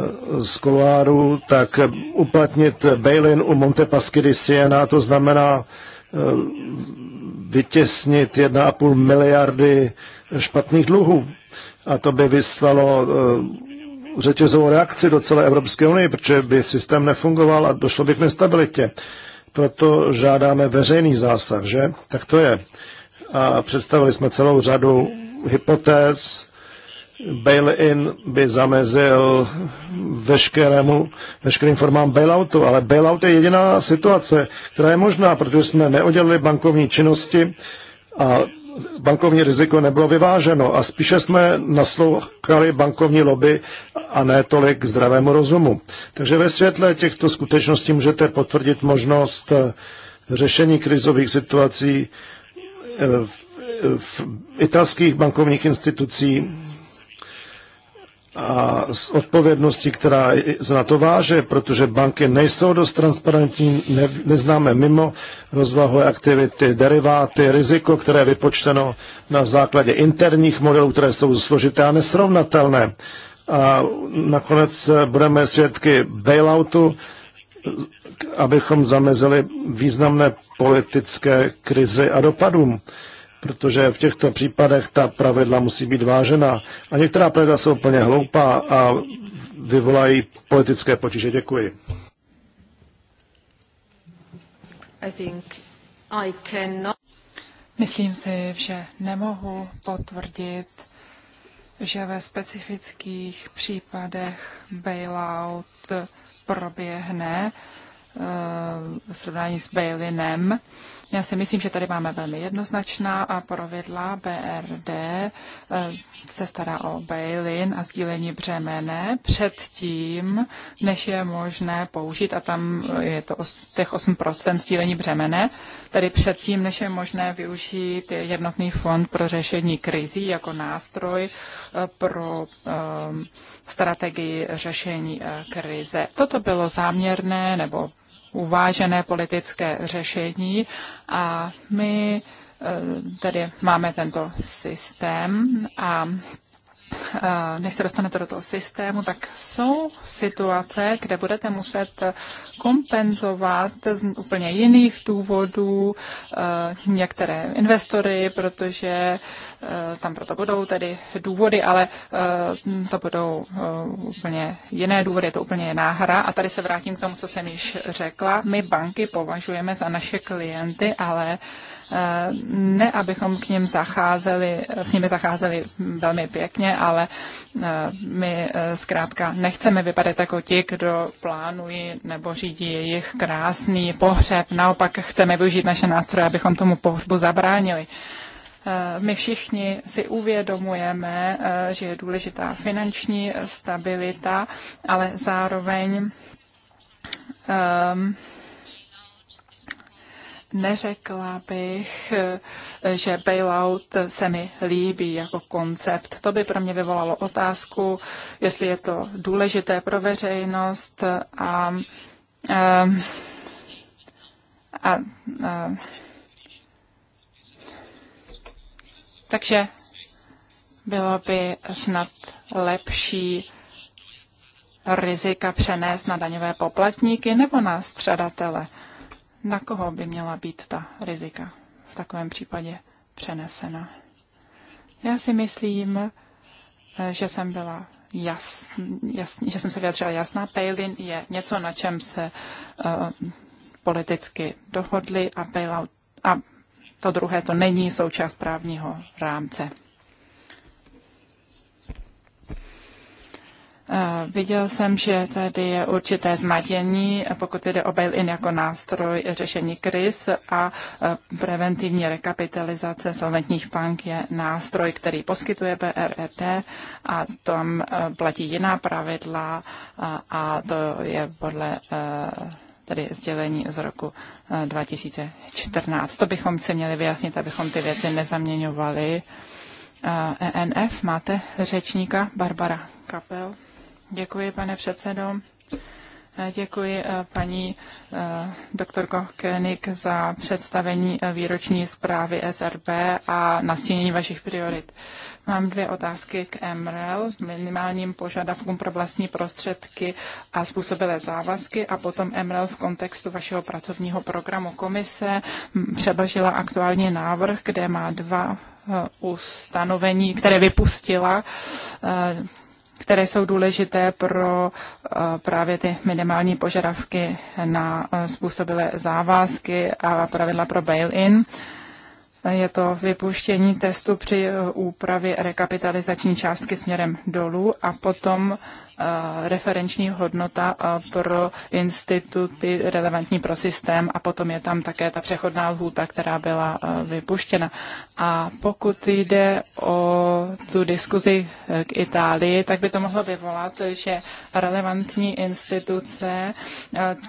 z Koloáru, tak uplatnit bail-in u Montepasky di Siena, to znamená eh, vytěsnit 1,5 miliardy špatných dluhů. A to by vyslalo eh, řetězovou reakci do celé Evropské unie, protože by systém nefungoval a došlo by k nestabilitě. Proto žádáme veřejný zásah, že? Tak to je. A představili jsme celou řadu hypotéz. Bail-in by zamezil veškerému, veškerým formám bailoutu, ale bailout je jediná situace, která je možná, protože jsme neodělili bankovní činnosti a bankovní riziko nebylo vyváženo a spíše jsme naslouchali bankovní lobby a ne tolik zdravému rozumu. Takže ve světle těchto skutečností můžete potvrdit možnost eh, řešení krizových situací eh, eh, v italských bankovních institucí a z odpovědnosti, která se na to váže, protože banky nejsou dost transparentní, ne, neznáme mimo rozvahové aktivity, deriváty, riziko, které je vypočteno na základě interních modelů, které jsou složité a nesrovnatelné. A nakonec budeme svědky bailoutu, abychom zamezili významné politické krizi a dopadům protože v těchto případech ta pravidla musí být vážena. A některá pravidla jsou úplně hloupá a vyvolají politické potíže. Děkuji. I think I cannot... Myslím si, že nemohu potvrdit, že ve specifických případech bailout proběhne eh, v srovnání s bailinem. Já si myslím, že tady máme velmi jednoznačná a provedla BRD eh, se stará o bail-in a sdílení břemene předtím, než je možné použít, a tam je to těch 8% sdílení břemene, tedy předtím, než je možné využít jednotný fond pro řešení krizí jako nástroj eh, pro um, strategii řešení krize. Toto bylo záměrné nebo uvážené politické řešení a my eh, tady máme tento systém a Eh, než se dostanete do toho systému, tak jsou situace, kde budete muset kompenzovat z úplně jiných důvodů eh, některé investory, protože eh, tam proto budou tedy důvody, ale to budou úplně jiné důvody, je to úplně jiná hra. A tady se vrátím k tomu, co jsem již řekla. My banky považujeme za naše klienty, ale Eh, ne abychom k ním zacházeli, s nimi zacházeli velmi pěkně, ale eh, my eh, zkrátka nechceme vypadat jako ti, kdo plánují nebo řídí jejich krásný pohřeb. Naopak chceme využít naše nástroje, abychom tomu pohřbu zabránili. My všichni si uvědomujeme, že je důležitá finanční stabilita, ale zároveň um, Neřekla bych, eh, že bailout se mi líbí jako koncept. To by pro mě vyvolalo otázku, jestli je to důležité pro veřejnost a, eh, a, a, eh, a takže bylo by snad lepší rizika přenést na daňové poplatníky nebo na střadatele na koho by měla být ta rizika v takovém případě přenesena. Já si myslím, že jsem byla jas, jas, že jsem se vyjadřila jasná. Bail-in je něco, na čem se uh, politicky dohodli a bailout a to druhé to není součást právního rámce. Eh, viděl jsem, že tady je určité zmatění, pokud jde o bail-in jako nástroj řešení kriz a eh, preventivní rekapitalizace solventních bank je nástroj, který poskytuje BRRD e a tam eh, platí jiná pravidla a, a to je podle tedy sdělení z roku 2014. To bychom si měli vyjasnit, abychom ty věci nezaměňovali. ENF, e máte řečníka Barbara Kapel? Děkuji, pane předsedo. Eh, děkuji eh, paní eh, doktorko Koenig za představení výroční zprávy SRB a nastínění vašich priorit. Mám dvě otázky k MREL, minimálním požadavkům pro vlastní prostředky a způsobilé závazky a potom MREL v kontextu vašeho pracovního programu komise hm, předložila aktuální návrh, kde má dva ustanovení, které vypustila které jsou důležité pro eh, právě ty minimální požadavky na eh, způsobilé závazky a pravidla pro bail-in. Je to vypuštění testu při eh, úpravě rekapitalizační částky směrem dolů a potom referenční hodnota pro instituty relevantní pro systém a potom je tam také ta přechodná lhůta, která byla vypuštěna. A pokud jde o tu diskuzi e, k Itálii, tak by to mohlo vyvolat, že relevantní instituce e,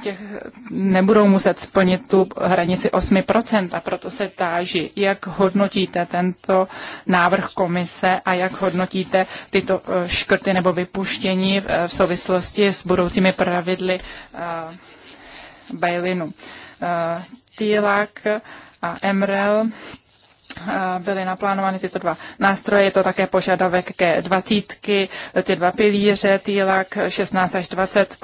těch nebudou muset splnit tu hranici 8% a proto se táží, jak hodnotíte tento návrh komise a jak hodnotíte tyto e, škrty nebo vypuštění změny eh, v souvislosti s budoucími pravidly eh, bailinu. Eh, TILAC a MREL Eh, byly naplánovány tyto dva nástroje. Je to také požadavek ke dvacítky, ty dva pilíře, týlak 16 až 20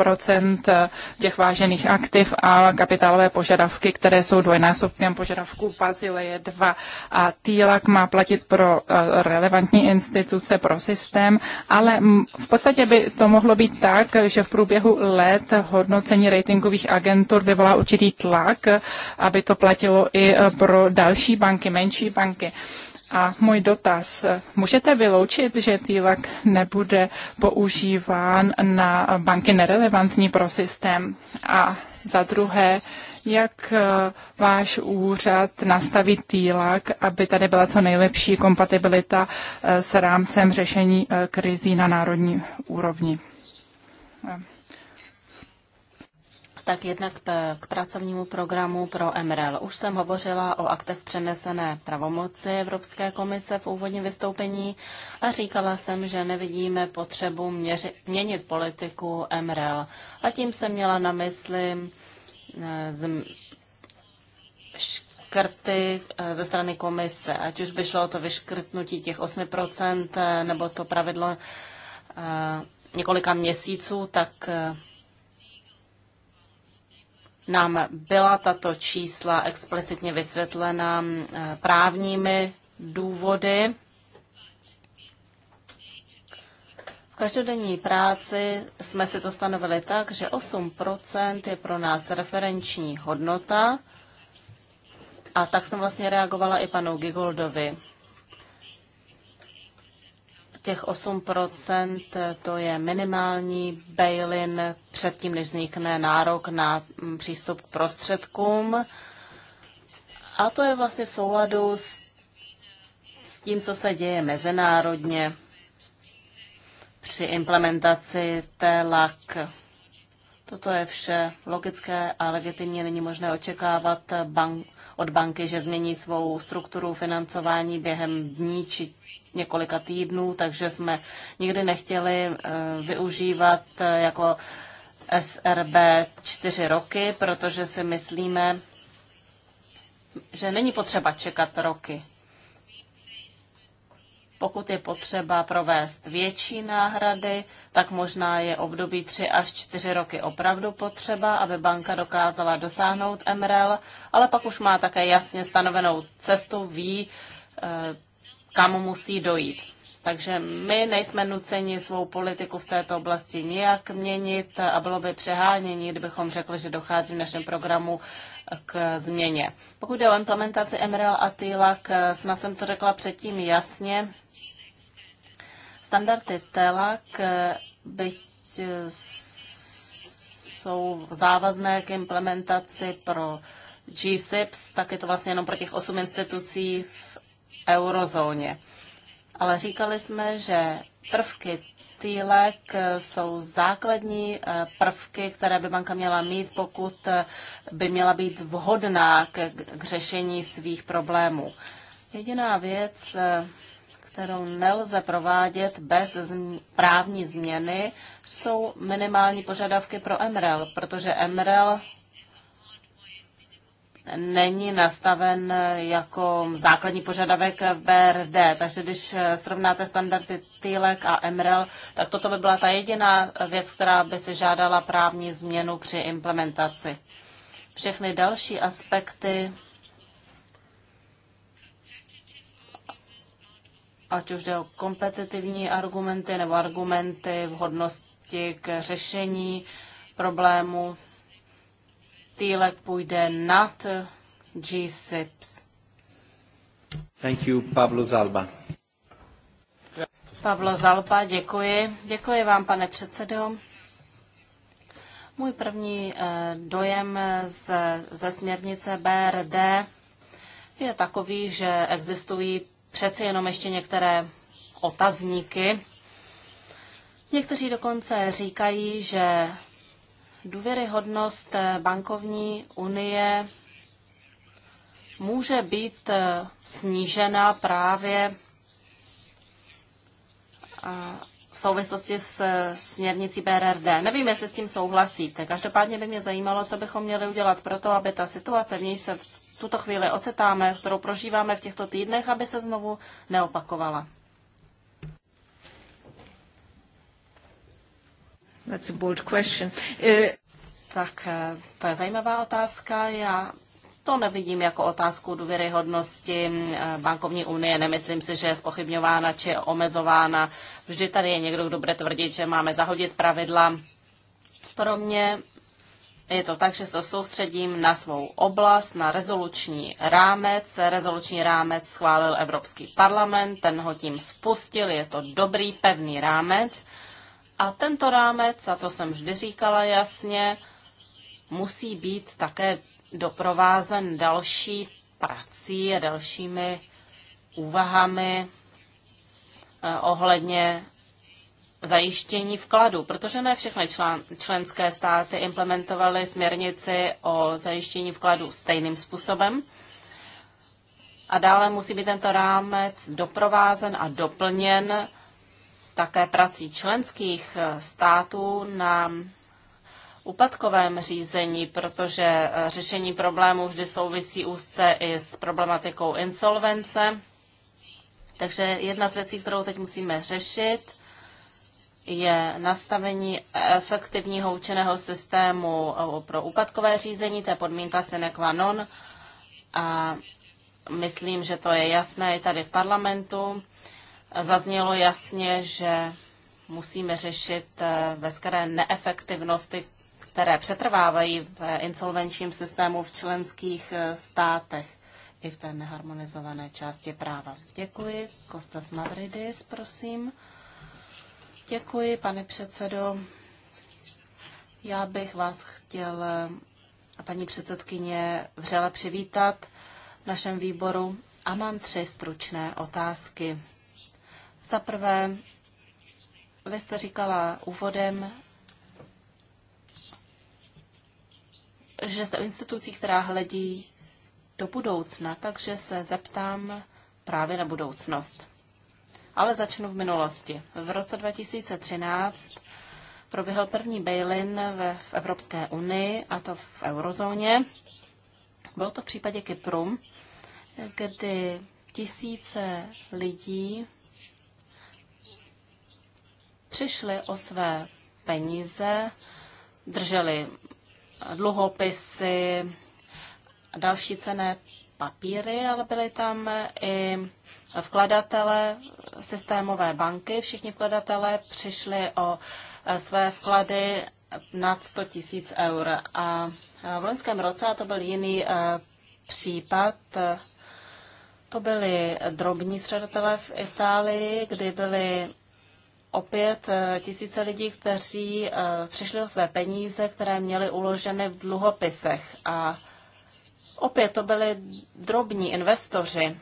eh, těch vážených aktiv a kapitálové požadavky, které jsou dvojnásobkem požadavků je 2. A týlak má platit pro eh, relevantní instituce, pro systém, ale v podstatě by to mohlo být tak, že v průběhu let hodnocení ratingových agentur vyvolá určitý tlak, aby to platilo i pro další banky, menší banky. A můj dotaz, můžete vyloučit, že TILAK nebude používán na banky nerelevantní pro systém? A za druhé, jak eh, váš úřad nastaví týlak, aby tady byla co nejlepší kompatibilita eh, s rámcem řešení eh, krizí na národní úrovni? tak jednak k pracovnímu programu pro MRL. Už jsem hovořila o aktech přenesené pravomoci Evropské komise v úvodním vystoupení a říkala jsem, že nevidíme potřebu měři, měnit politiku MRL. A tím jsem měla na mysli eh, z, škrty eh, ze strany komise, ať už by šlo o to vyškrtnutí těch 8% eh, nebo to pravidlo několika měsíců, tak nám byla tato čísla explicitně vysvětlena mm, eh, právními důvody. V každodenní práci jsme si to stanovili tak, že 8% je pro nás referenční hodnota a tak jsem vlastně reagovala i panu Gigoldovi. Těch 8% to je minimální bail-in předtím, než vznikne nárok na mm, přístup k prostředkům. A to je vlastně v souladu s tím, co se děje mezinárodně při implementaci té LAK. Toto je vše logické a legitimně není možné očekávat bank, od banky, že změní svou strukturu financování během dní či několika týdnů, takže jsme nikdy nechtěli eh, využívat eh, jako SRB čtyři roky, protože si myslíme, že není potřeba čekat roky. Pokud je potřeba provést větší náhrady, tak možná je období 3 až 4 roky opravdu potřeba, aby banka dokázala dosáhnout MREL, ale pak už má také jasně stanovenou cestu, ví, eh, kam musí dojít. Takže my nejsme nuceni svou politiku v této oblasti nijak měnit a bylo by přehánění, kdybychom řekli, že dochází v našem programu k změně. Pokud jde o implementaci MRL a TILAC, snad jsem to řekla předtím jasně, standardy TELAC, byť jsou závazné k implementaci pro GSIPS, tak je to vlastně jenom pro těch osm institucí v eurozóně. Ale říkali jsme, že prvky týlek jsou základní eh, prvky, které by banka měla mít, pokud eh, by měla být vhodná k, k řešení svých problémů. Jediná věc, eh, kterou nelze provádět bez právní změny, jsou minimální požadavky pro MREL, protože MREL není nastaven jako základní požadavek BRD. Takže když srovnáte standardy TILEK a MREL, tak toto by byla ta jediná věc, která by si žádala právní změnu při implementaci. Všechny další aspekty, ať už jde o kompetitivní argumenty nebo argumenty vhodnosti k řešení problému, cíle půjde nad G-SIPS. Thank you, Pablo Zalba. Pablo Zalba, děkuji. Děkuji vám, pane předsedo. Můj první eh, dojem z, ze směrnice BRD je takový, že existují přeci jenom ještě některé otazníky. Někteří dokonce říkají, že Důvěryhodnost eh, bankovní unie může být eh, snížena právě eh, v souvislosti s směrnicí BRRD. Nevím, jestli s tím souhlasíte. Každopádně by mě zajímalo, co bychom měli udělat pro to, aby ta situace, v níž se v tuto chvíli ocitáme, kterou prožíváme v těchto týdnech, aby se znovu neopakovala. That's a bold question. Eh, tak eh, to je zajímavá otázka. Já to nevidím jako otázku důvěryhodnosti mm, eh, bankovní unie. Nemyslím si, že je spochybňována či omezována. Vždy tady je někdo, kdo bude tvrdit, že máme zahodit pravidla. Pro mě je to tak, že se soustředím na svou oblast, na rezoluční rámec. Rezoluční rámec schválil Evropský parlament, ten ho tím spustil, je to dobrý, pevný rámec. A tento rámec, a to jsem vždy říkala jasně, musí být také doprovázen další prací a dalšími úvahami eh, ohledně zajištění vkladu, protože ne všechny členské státy implementovaly směrnici o zajištění vkladu stejným způsobem. A dále musí být tento rámec doprovázen a doplněn také prací členských eh, států na úpadkovém řízení, protože eh, řešení problémů vždy souvisí úzce i s problematikou insolvence. Takže jedna z věcí, kterou teď musíme řešit, je nastavení efektivního účinného systému eh, pro úpadkové řízení, to je podmínka sine qua non. A myslím, že to je jasné i tady v parlamentu zaznělo jasně, že musíme řešit eh, veškeré neefektivnosti, které přetrvávají v insolvenčním systému v členských eh, státech i v té neharmonizované části práva. Děkuji. Kostas Mavridis, prosím. Děkuji, pane předsedo. Já bych vás chtěl, eh, paní předsedkyně, vřele přivítat v našem výboru a mám tři stručné otázky. Za prvé, vy jste říkala úvodem, že jste institucí, která hledí do budoucna, takže se zeptám právě na budoucnost. Ale začnu v minulosti. V roce 2013 proběhl první bail-in v, v Evropské unii, a to v eurozóně. Bylo to v případě Kypru, kdy tisíce lidí přišli o své peníze, drželi dluhopisy, další cené papíry, ale byly tam i vkladatele systémové banky. Všichni vkladatelé přišli o své vklady nad 100 tisíc eur. A v loňském roce, a to byl jiný eh, případ, eh, to byli drobní středatelé v Itálii, kdy byli opět eh, tisíce lidí, kteří eh, přišli o své peníze, které měli uloženy v dluhopisech. A opět to byli drobní investoři.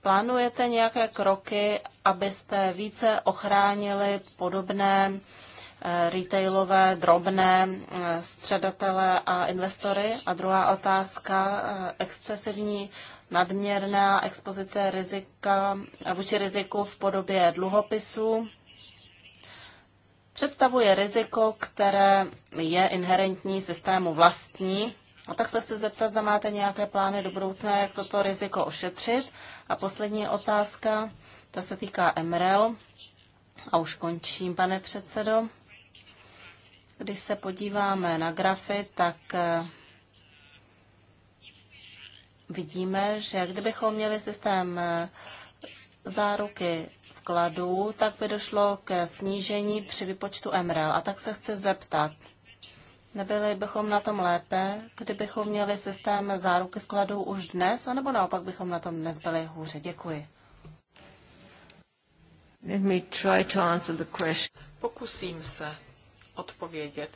Plánujete nějaké kroky, abyste více ochránili podobné eh, retailové, drobné středatele a investory? A druhá otázka, excesivní nadměrná expozice rizika, vůči riziku v podobě dluhopisů představuje riziko, které je inherentní systému vlastní. A tak se chci zeptat, zda máte nějaké plány do budoucna, jak toto riziko ošetřit. A poslední otázka, ta se týká MREL. A už končím, pane předsedo. Když se podíváme na grafy, tak eh, vidíme, že kdybychom měli systém eh, záruky vkladů, tak by došlo k snížení při vypočtu MREL. A tak se chci zeptat, nebyli bychom na tom lépe, kdybychom měli systém záruky vkladů už dnes, anebo naopak bychom na tom dnes byli hůře? Děkuji. Let me try to answer the question. Pokusím se odpovědět.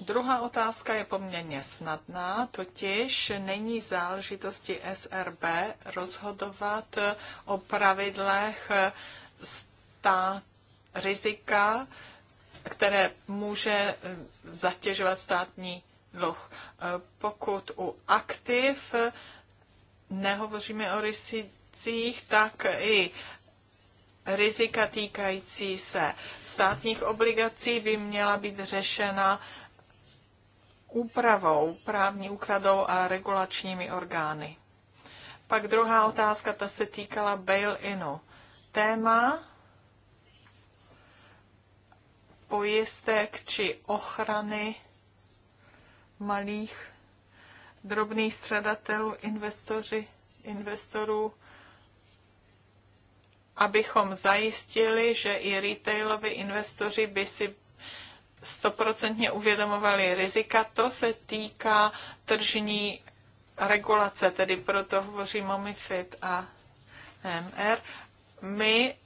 Druhá otázka je poměrně snadná, totiž není záležitosti SRB rozhodovat o pravidlech ta rizika, které může eh, zatěžovat státní dluh. Eh, pokud u aktiv nehovoříme o rizicích, tak i rizika týkající se státních obligací by měla být řešena úpravou, právní úkradou a regulačními orgány. Pak druhá otázka, ta se týkala bail-inu. Téma pojistek či ochrany malých drobných středatelů, investoři, investorů, abychom zajistili, že i retailoví investoři by si stoprocentně uvědomovali rizika. To se týká tržní regulace, tedy proto hovořím o MIFID a MR. My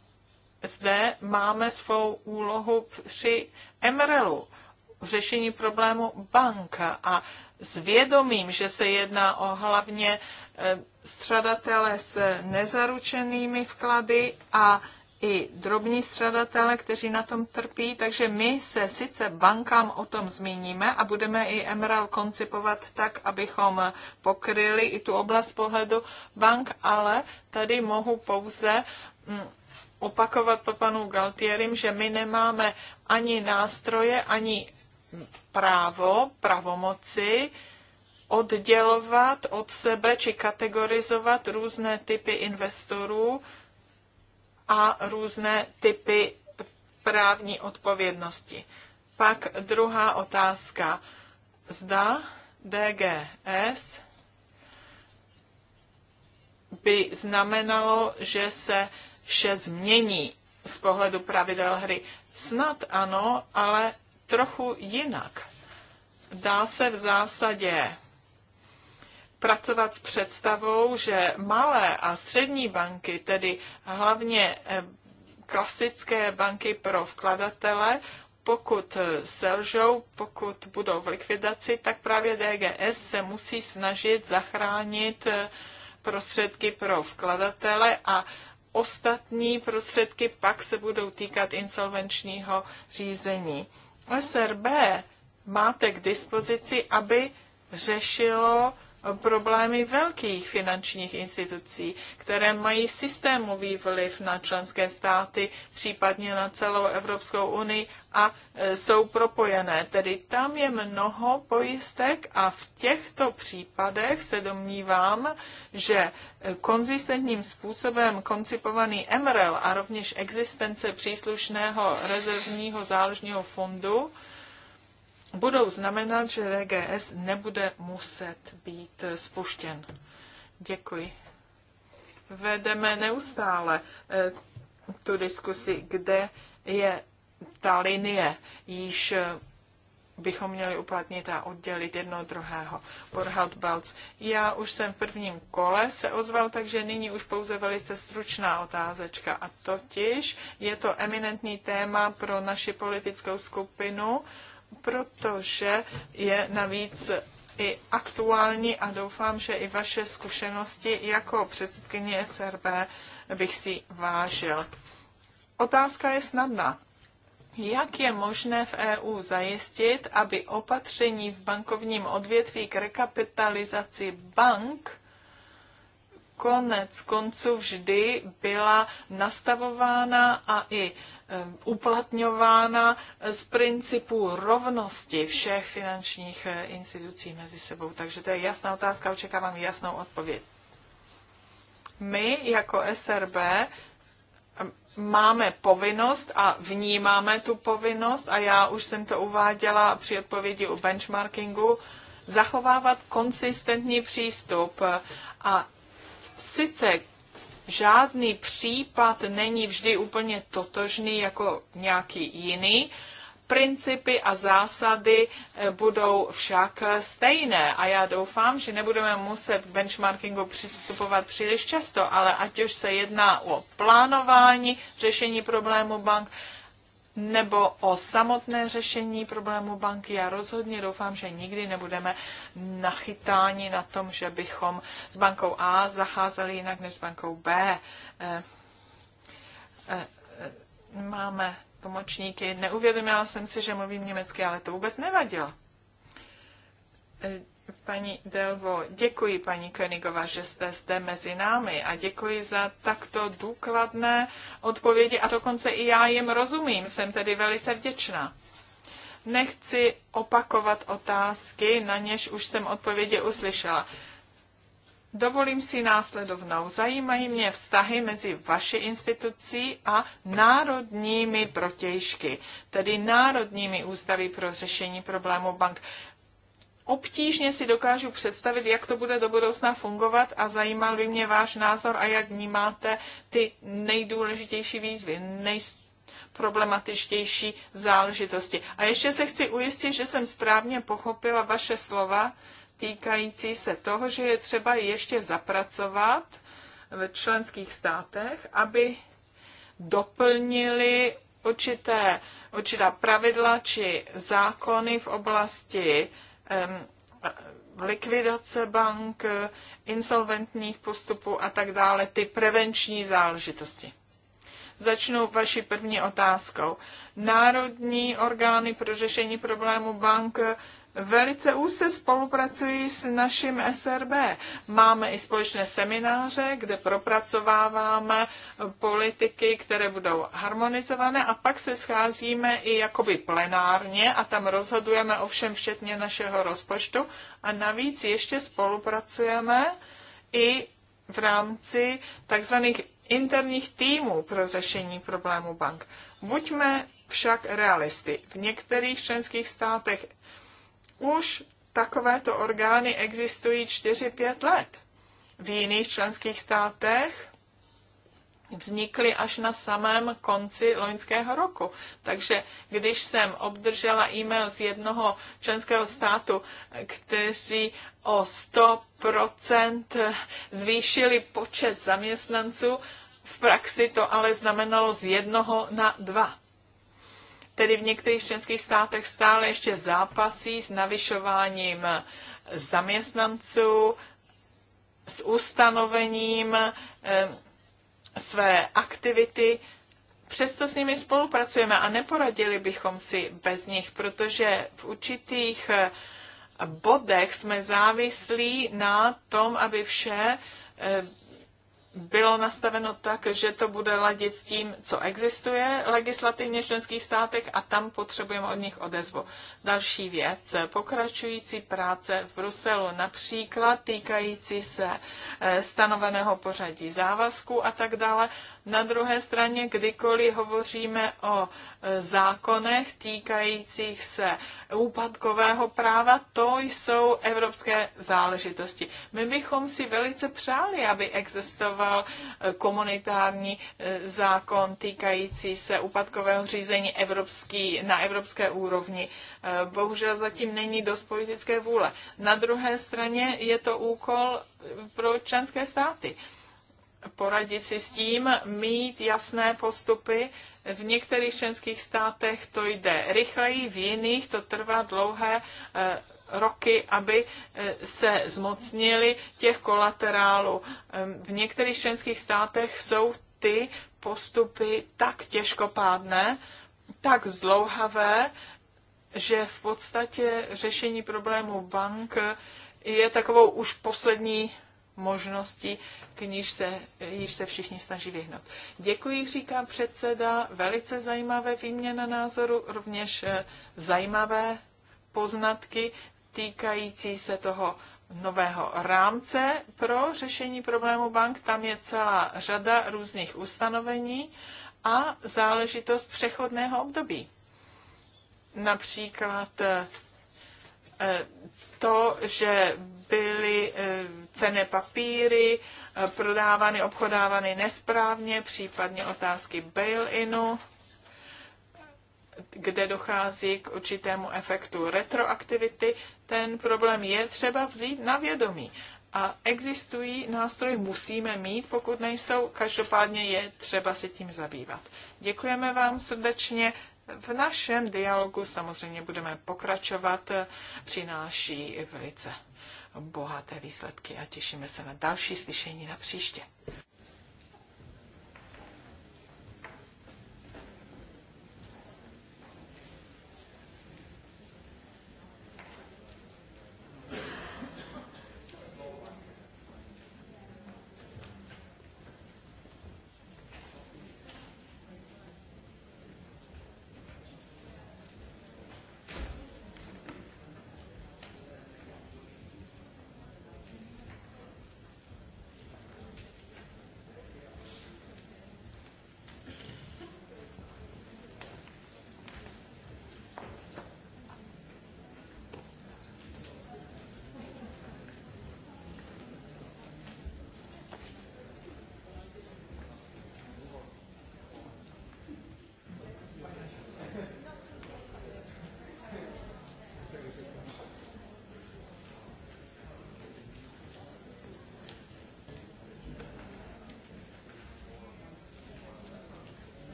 zde máme svou úlohu při MRLu, řešení problému banka a s vědomím, že se jedná o hlavně eh, střadatele s nezaručenými vklady a i drobní střadatele, kteří na tom trpí, takže my se sice bankám o tom zmíníme a budeme i MRL koncipovat tak, abychom pokryli i tu oblast pohledu bank, ale tady mohu pouze mm, opakovat po panu Galtierim, že my nemáme ani nástroje, ani právo, pravomoci, oddělovat od sebe či kategorizovat různé typy investorů, a různé typy právní odpovědnosti. Pak druhá otázka. Zda DGS by znamenalo, že se vše změní z pohledu pravidel hry. Snad ano, ale trochu jinak. Dá se v zásadě pracovat s představou, že malé a střední banky, tedy hlavně eh, klasické banky pro vkladatele, pokud eh, selžou, pokud budou v likvidaci, tak právě DGS se musí snažit zachránit eh, prostředky pro vkladatele a ostatní prostředky pak se budou týkat insolvenčního řízení. SRB máte k dispozici, aby řešilo problémy velkých finančních institucí, které mají systémový vliv na členské státy, případně na celou Evropskou unii a e, jsou propojené. Tedy tam je mnoho pojistek a v těchto případech se domnívám, že e, konzistentním způsobem koncipovaný MREL a rovněž existence příslušného rezervního záložního fondu budou znamenat, že VGS nebude muset být spuštěn. Děkuji. Vedeme neustále eh, tu diskusi, kde je ta linie, již eh, bychom měli uplatnit a oddělit jedno od druhého. Borhout Belc. Já už jsem v prvním kole se ozval, takže nyní už pouze velice stručná otázečka. A totiž je to eminentní téma pro naši politickou skupinu. Uh, protože je navíc i aktuální a doufám, že i vaše zkušenosti jako předsedkyně SRB bych si vážil. Otázka je snadná. Jak je možné v EU zajistit, aby opatření v bankovním odvětví k rekapitalizaci bank konec konců vždy byla nastavována a i e, uplatňována z principu rovnosti všech finančních e, institucí mezi sebou. Takže to je jasná otázka, očekávám jasnou odpověď. My jako SRB e, máme povinnost a vnímáme tu povinnost, a já už jsem to uváděla při odpovědi u benchmarkingu, zachovávat konsistentní přístup a sice žádný případ není vždy úplně totožný jako nějaký jiný, principy a zásady eh, budou však stejné a já doufám, že nebudeme muset k benchmarkingu přistupovat příliš často, ale ať už se jedná o plánování, řešení problému bank, nebo o samotné řešení problému banky. Já rozhodně doufám, že nikdy nebudeme nachytáni na tom, že bychom s bankou A zacházeli jinak než s bankou B. Eh, eh, eh, máme tlumočníky. Neuvědomila jsem si, že mluvím německy, ale to vůbec nevadilo. Paní Delvo, děkuji paní Königová, že jste zde mezi námi a děkuji za takto důkladné odpovědi a dokonce i já jim rozumím, jsem tedy velice vděčná. Nechci opakovat otázky, na něž už jsem odpovědi uslyšela. Dovolím si následovnou. Zajímají mě vztahy mezi vaší institucí a národními protějšky, tedy národními ústavy pro řešení problému bank obtížně si dokážu představit, jak to bude do budoucna fungovat a zajímal by mě váš názor a jak vnímáte ty nejdůležitější výzvy, nejproblematičtější záležitosti. A ještě se chci ujistit, že jsem správně pochopila vaše slova týkající se toho, že je třeba ještě zapracovat v členských státech, aby doplnili určité, určitá pravidla či zákony v oblasti Eh, likvidace bank, eh, insolventních postupů a tak dále, ty prevenční záležitosti. Začnu vaší první otázkou. Národní orgány pro řešení problému bank velice úzce spolupracují s naším SRB. Máme i společné semináře, kde propracováváme politiky, které budou harmonizované a pak se scházíme i jakoby plenárně a tam rozhodujeme o všem včetně našeho rozpočtu a navíc ještě spolupracujeme i v rámci takzvaných interních týmů pro řešení problému bank. Buďme však realisty. V některých členských státech už takovéto orgány existují 4-5 let. V jiných členských státech vznikly až na samém konci loňského roku. Takže když jsem obdržela e-mail z jednoho členského státu, kteří o 100% zvýšili počet zaměstnanců, v praxi to ale znamenalo z jednoho na dva tedy v některých členských státech stále ještě zápasí s navyšováním zaměstnanců, s ustanovením eh, své aktivity, Přesto s nimi spolupracujeme a neporadili bychom si bez nich, protože v určitých eh, bodech jsme závislí na tom, aby vše eh, bylo nastaveno tak, že to bude ladit s tím, co existuje legislativně v členských státech a tam potřebujeme od nich odezvu. Další věc, pokračující práce v Bruselu, například týkající se eh, stanoveného pořadí závazků a tak dále. Na druhé straně, kdykoliv hovoříme o e, zákonech týkajících se úpadkového práva, to jsou evropské záležitosti. My bychom si velice přáli, aby existoval e, komunitární e, zákon týkající se úpadkového řízení evropský, na evropské úrovni. Bohužel zatím není dost politické vůle. Na druhé straně je to úkol pro členské státy poradit si s tím, mít jasné postupy. V některých členských státech to jde rychleji, v jiných to trvá dlouhé eh, roky, aby eh, se zmocnili těch kolaterálů. Ehm, v některých členských státech jsou ty postupy tak těžkopádné, tak zlouhavé, že v podstatě řešení problému bank je takovou už poslední možnosti, k níž se, níž se všichni snaží vyhnout. Děkuji, říká předseda, velice zajímavé výměna názoru, rovněž eh, zajímavé poznatky týkající se toho nového rámce pro řešení problému bank. Tam je celá řada různých ustanovení a záležitost přechodného období. Například eh, Eh, to, že byly eh, cené papíry eh, prodávány, obchodávány nesprávně, případně otázky bail-inu, kde dochází k určitému efektu retroaktivity, ten problém je třeba vzít na vědomí. A existují nástroje, musíme mít, pokud nejsou, každopádně je třeba se tím zabývat. Děkujeme vám srdečně v našem dialogu samozřejmě budeme pokračovat, přináší velice bohaté výsledky a těšíme se na další slyšení na příště.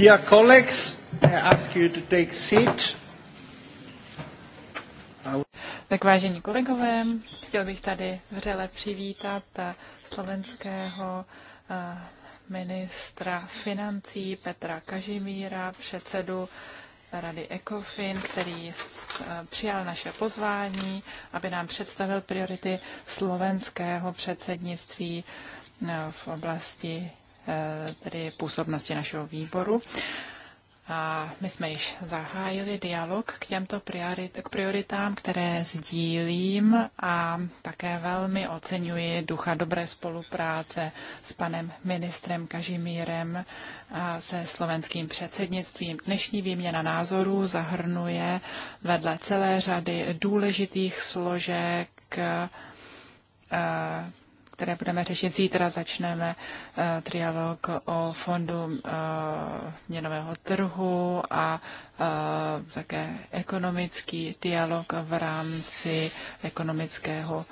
Dear colleagues, I ask you to take seat. Tak vážení kolegové, chtěl bych tady vřele přivítat eh, slovenského eh, ministra financí Petra Kažimíra, předsedu Rady ECOFIN, který eh, přijal naše pozvání, aby nám představil priority slovenského předsednictví v oblasti Eh, tedy působnosti našeho výboru. A my jsme již zahájili dialog k těmto priorit, k prioritám, které sdílím a také velmi oceňuji ducha dobré spolupráce s panem ministrem Kažimírem a se slovenským předsednictvím. Dnešní výměna názorů zahrnuje vedle celé řady důležitých složek eh, které budeme řešit. Zítra začneme uh, trialog o fondu uh, měnového trhu a uh, také ekonomický dialog v rámci ekonomického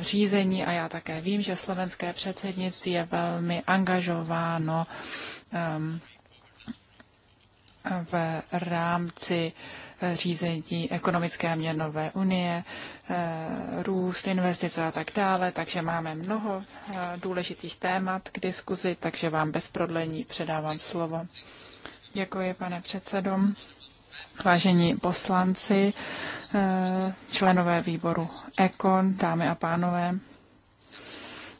řízení. A já také vím, že slovenské předsednictví je velmi angažováno um, v rámci uh, řízení ekonomické a měnové unie, eh, růst, investice a tak dále. Takže máme mnoho eh, důležitých témat k diskuzi, takže vám bez prodlení předávám slovo. Děkuji, pane předsedo. Vážení poslanci, eh, členové výboru EKON, dámy a pánové,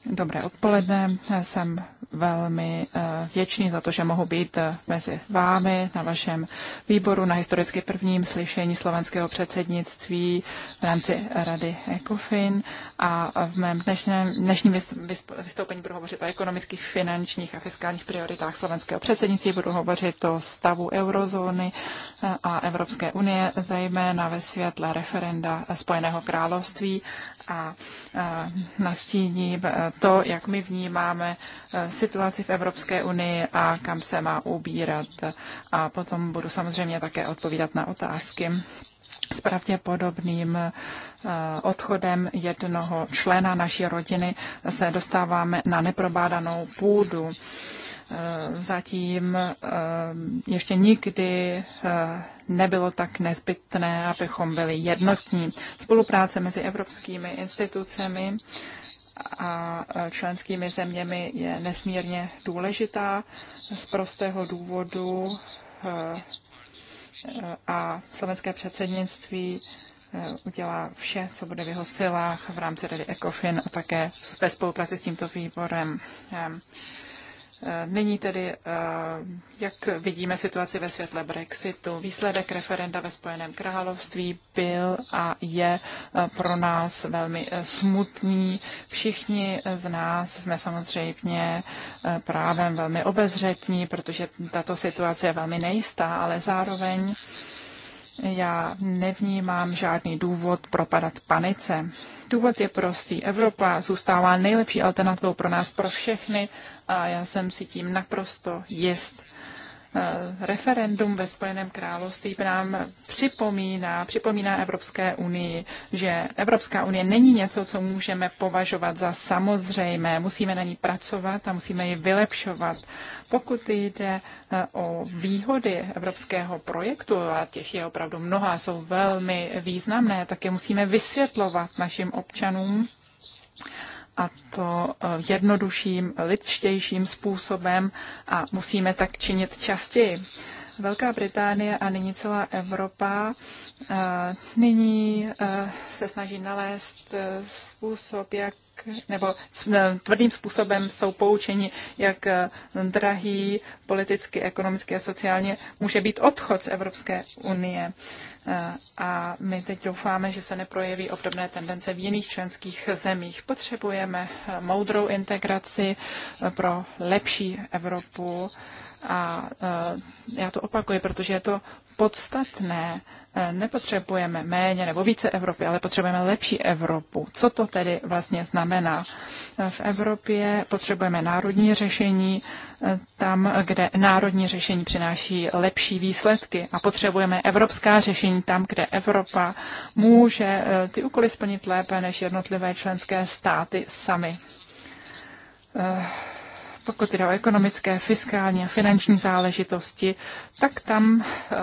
Dobré odpoledne. Jsem velmi eh, vděčný za to, že mohu být eh, mezi vámi na vašem výboru na historicky prvním slyšení slovenského předsednictví v rámci Rady ECOFIN a v mém dnešním, dnešním vystoupení budu hovořit o ekonomických, finančních a fiskálních prioritách slovenského předsednictví. Budu hovořit o stavu eurozóny eh, a Evropské unie, zejména ve světle referenda Spojeného království a nastíní to, jak my vnímáme e, situaci v Evropské unii a kam se má ubírat. A potom budu samozřejmě také odpovídat na otázky s pravděpodobným e, odchodem jednoho člena naší rodiny se dostáváme na neprobádanou půdu. E, zatím ještě nikdy nebylo tak nezbytné, abychom byli jednotní. Spolupráce mezi evropskými institucemi a členskými zeměmi je nesmírně důležitá z prostého důvodu eh, a slovenské předsednictví eh, udělá vše, co bude v jeho silách v rámci tedy ECOFIN a také ve spolupráci s tímto výborem. Eh, nyní tedy, eh, jak vidíme situaci ve světle Brexitu, výsledek referenda ve Spojeném království byl a je eh, pro nás velmi smutný. Všichni z nás jsme samozřejmě právem velmi obezřetní, protože tato situace je velmi nejistá, ale zároveň já nevnímám žádný důvod propadat panice. Důvod je prostý. Evropa zůstává nejlepší alternativou pro nás, pro všechny a já jsem si tím naprosto jist. Eh, referendum ve Spojeném království nám připomíná, připomíná Evropské unii, že Evropská unie není něco, co můžeme považovat za samozřejmé. Musíme na ní pracovat a musíme ji vylepšovat. Pokud jde eh, o výhody evropského projektu, a těch je opravdu mnoha, jsou velmi významné, tak je musíme vysvětlovat našim občanům a to eh, jednodušším, lidštějším způsobem a musíme tak činit častěji. Velká Británie a nyní celá Evropa eh, nyní eh, se snaží nalézt způsob, jak nebo tvrdým způsobem jsou poučeni, jak eh, drahý politicky, ekonomicky a sociálně může být odchod z Evropské unie. Eh, a my teď doufáme, že se neprojeví obdobné tendence v jiných členských zemích. Potřebujeme eh, moudrou integraci pro lepší Evropu. A já to opakuji, protože je to podstatné Eh, nepotřebujeme méně nebo více Evropy, ale potřebujeme lepší Evropu. Co to tedy vlastně znamená? Eh, v Evropě potřebujeme národní řešení eh, tam, kde národní řešení přináší lepší výsledky a potřebujeme evropská řešení tam, kde Evropa může ty úkoly splnit lépe než jednotlivé členské státy sami pokud jde o ekonomické, fiskální a finanční záležitosti, tak tam eh,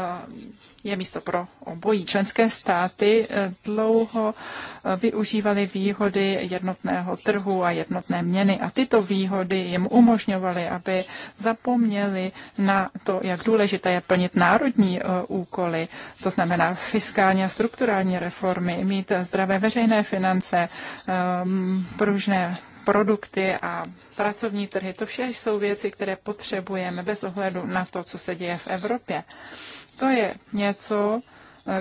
je místo pro obojí. Členské státy eh, dlouho eh, využívaly výhody jednotného trhu a jednotné měny a tyto výhody jim umožňovaly, aby zapomněli na to, jak důležité je plnit národní úkoly, to znamená fiskální a strukturální reformy, mít zdravé veřejné finance, pružné produkty a pracovní trhy. To vše jsou věci, které potřebujeme bez ohledu na to, co se děje v Evropě. To je něco,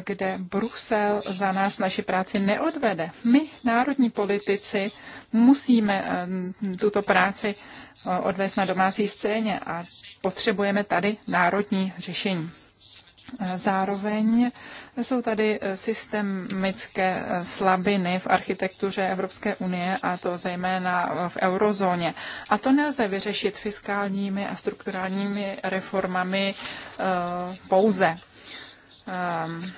kde Brusel za nás naši práci neodvede. My, národní politici, musíme eh, tuto práci eh, odvést na domácí scéně a potřebujeme tady národní řešení. Zároveň jsou tady systemické slabiny v architektuře Evropské unie, a to zejména v eurozóně. A to nelze vyřešit fiskálními a strukturálními reformami eh, pouze. Ehm,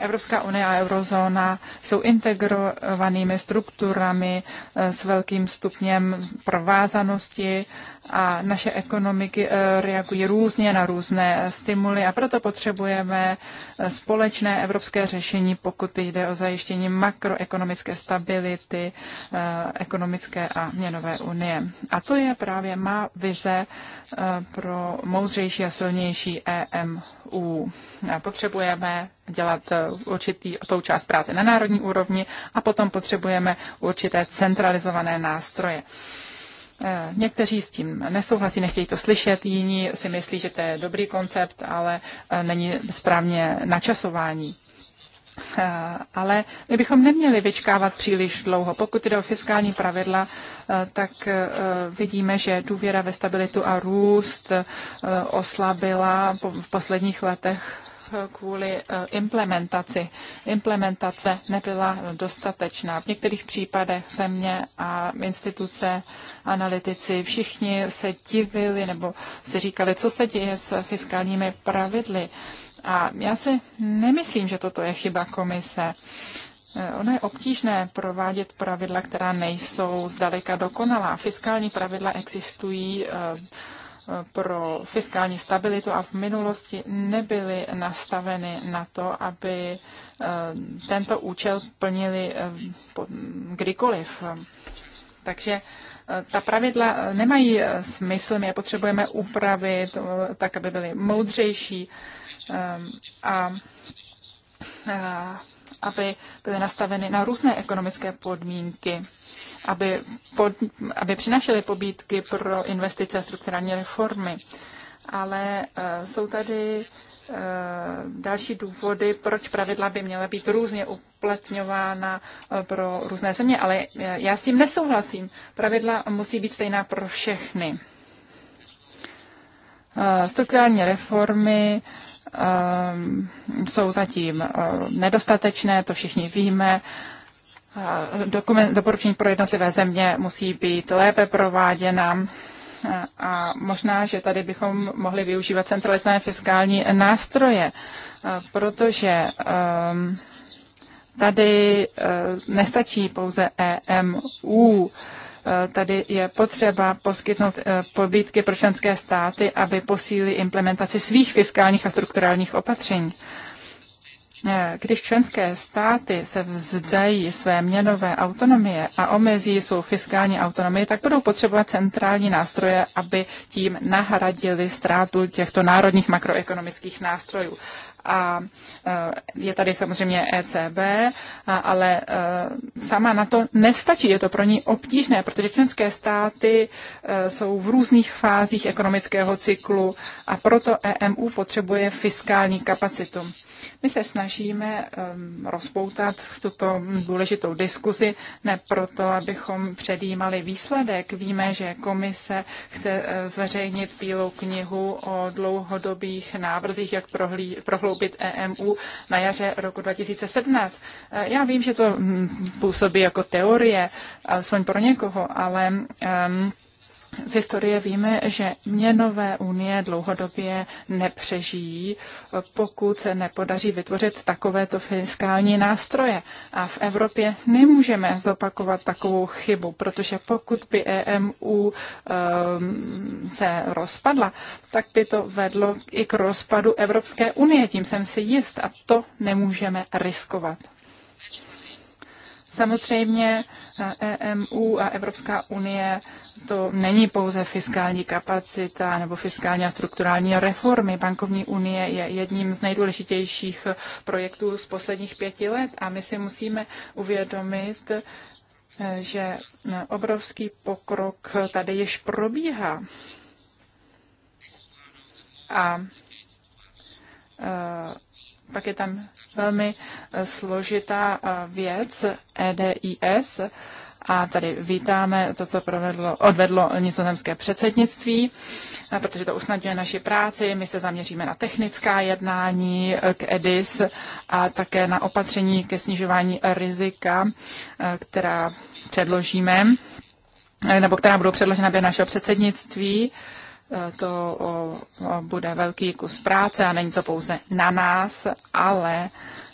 Evropská unie a eurozóna jsou integrovanými strukturami eh, s velkým stupněm provázanosti a naše ekonomiky eh, reagují různě na různé stimuly a proto potřebujeme eh, společné evropské řešení, pokud jde o zajištění makroekonomické stability, ekonomické a měnové unie. A to je právě má vize pro moudřejší a silnější EMU. Potřebujeme dělat eh, určitý tou část práce na národní úrovni a potom potřebujeme určité centralizované nástroje. Eh, někteří s tím nesouhlasí, nechtějí to slyšet, jiní si myslí, že to je dobrý koncept, ale eh, není správně načasování. Ale my bychom neměli vyčkávat příliš dlouho. Pokud jde o fiskální pravidla, tak vidíme, že důvěra ve stabilitu a růst oslabila v posledních letech kvůli eh, implementaci. Implementace nebyla dostatečná. V některých případech se mě a instituce, analytici, všichni se divili nebo si říkali, co se děje s fiskálními pravidly. A já si nemyslím, že toto je chyba komise. Eh, ono je obtížné provádět pravidla, která nejsou zdaleka dokonalá. Fiskální pravidla existují eh, pro fiskální stabilitu a v minulosti nebyly nastaveny na to, aby eh, tento účel plnili eh, kdykoliv. Takže eh, ta pravidla nemají smysl, my je potřebujeme upravit tak, aby byly moudřejší a aby byly nastaveny na různé ekonomické podmínky aby, pod, aby přinašely pobídky pro investice a strukturální reformy. Ale uh, jsou tady uh, další důvody, proč pravidla by měla být různě uplatňována uh, pro různé země, ale uh, já s tím nesouhlasím. Pravidla musí být stejná pro všechny. Uh, strukturální reformy jsou zatím nedostatečné, to všichni víme, dokument, doporučení pro jednotlivé země musí být lépe prováděna a možná, že tady bychom mohli využívat centralizované fiskální nástroje, protože ehm, tady e, nestačí pouze EMU, e, tady je potřeba poskytnout e, pobídky pro členské státy, aby posílili implementaci svých fiskálních a strukturálních opatření. Eh, když členské státy se vzdají své měnové autonomie a omezí svou fiskální autonomii, tak budou potřebovat centrální nástroje, aby tím nahradili ztrátu těchto národních makroekonomických nástrojů. A eh, je tady samozřejmě ECB, ale eh, sama na to nestačí. Je to pro ní obtížné, protože členské státy jsou v různých fázích ekonomického cyklu a proto EMU potřebuje fiskální kapacitu. My se snažíme rozpoutat tuto důležitou diskuzi, ne proto, abychom předjímali výsledek. Víme, že komise chce eh, zveřejnit bílou knihu o dlouhodobých návrzích, jak prohlí, prohloubit EMU na jaře roku 2017. Eh, já vím, že to hm, působí jako teorie, alespoň pro někoho, ale um, z historie víme, že měnové unie dlouhodobě nepřežijí, pokud se nepodaří vytvořit takovéto fiskální nástroje. A v Evropě nemůžeme zopakovat takovou chybu, protože pokud by EMU um, se rozpadla, tak by to vedlo i k rozpadu Evropské unie. Tím jsem si jist a to nemůžeme riskovat. Samozřejmě EMU eh, e a Evropská unie to není pouze fiskální kapacita nebo fiskální a strukturální reformy. Bankovní unie je jedním z nejdůležitějších projektů z posledních pěti let a my si musíme uvědomit, eh, že eh, obrovský pokrok tady již probíhá. A pak je tam velmi eh, složitá eh, věc EDIS a tady vítáme to, co provedlo, odvedlo nizozemské předsednictví, eh, protože to usnadňuje naši práci. My se zaměříme na technická jednání k EDIS a také na opatření ke snižování rizika, která předložíme nebo která budou předložena během našeho předsednictví to bude velký kus práce a není to pouze na nás, ale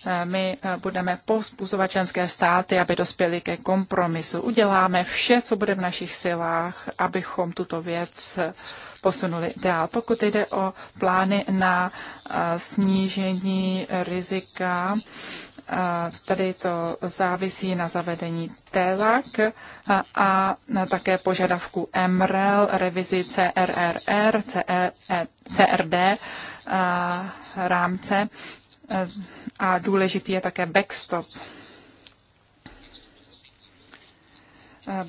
e, my e, budeme povzbuzovat členské státy, aby dospěli ke kompromisu. Uděláme vše, co bude v našich silách, abychom tuto věc posunuli dál. Pokud jde o plány na e, snížení rizika, Tady to závisí na zavedení TELAC a, a také požadavku MREL, revizi CRRR, CR, e e, CRD a rámce a důležitý je také backstop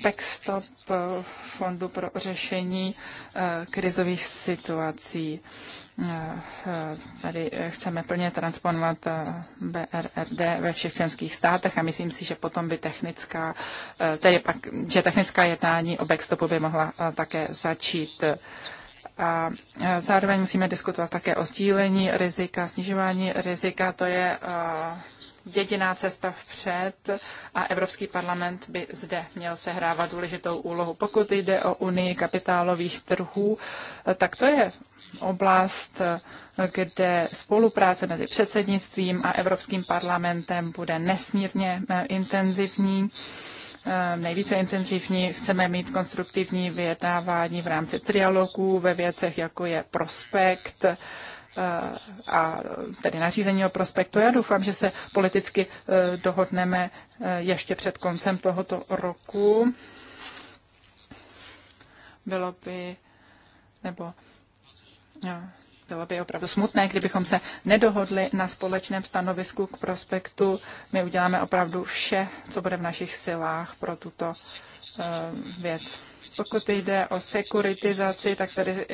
backstop eh, fondu pro řešení eh, krizových situací. Eh, tady chceme plně transponovat BRRD ve všech členských státech a myslím si, že potom by technická, tedy pak, že technická jednání o backstopu by mohla také začít. A zároveň musíme diskutovat také o sdílení rizika, snižování rizika, to je jediná cesta vpřed a Evropský parlament by zde měl sehrávat důležitou úlohu. Pokud jde o unii kapitálových trhů, tak to je oblast, kde spolupráce mezi předsednictvím a Evropským parlamentem bude nesmírně eh, intenzivní eh, nejvíce intenzivní. Chceme mít konstruktivní vyjednávání v rámci trialogů ve věcech, jako je prospekt a tedy nařízení o prospektu. Já doufám, že se politicky eh, dohodneme eh, ještě před koncem tohoto roku. Bylo by, nebo no, bylo by opravdu smutné, kdybychom se nedohodli na společném stanovisku k prospektu. My uděláme opravdu vše, co bude v našich silách pro tuto eh, věc. Pokud jde o sekuritizaci, tak tady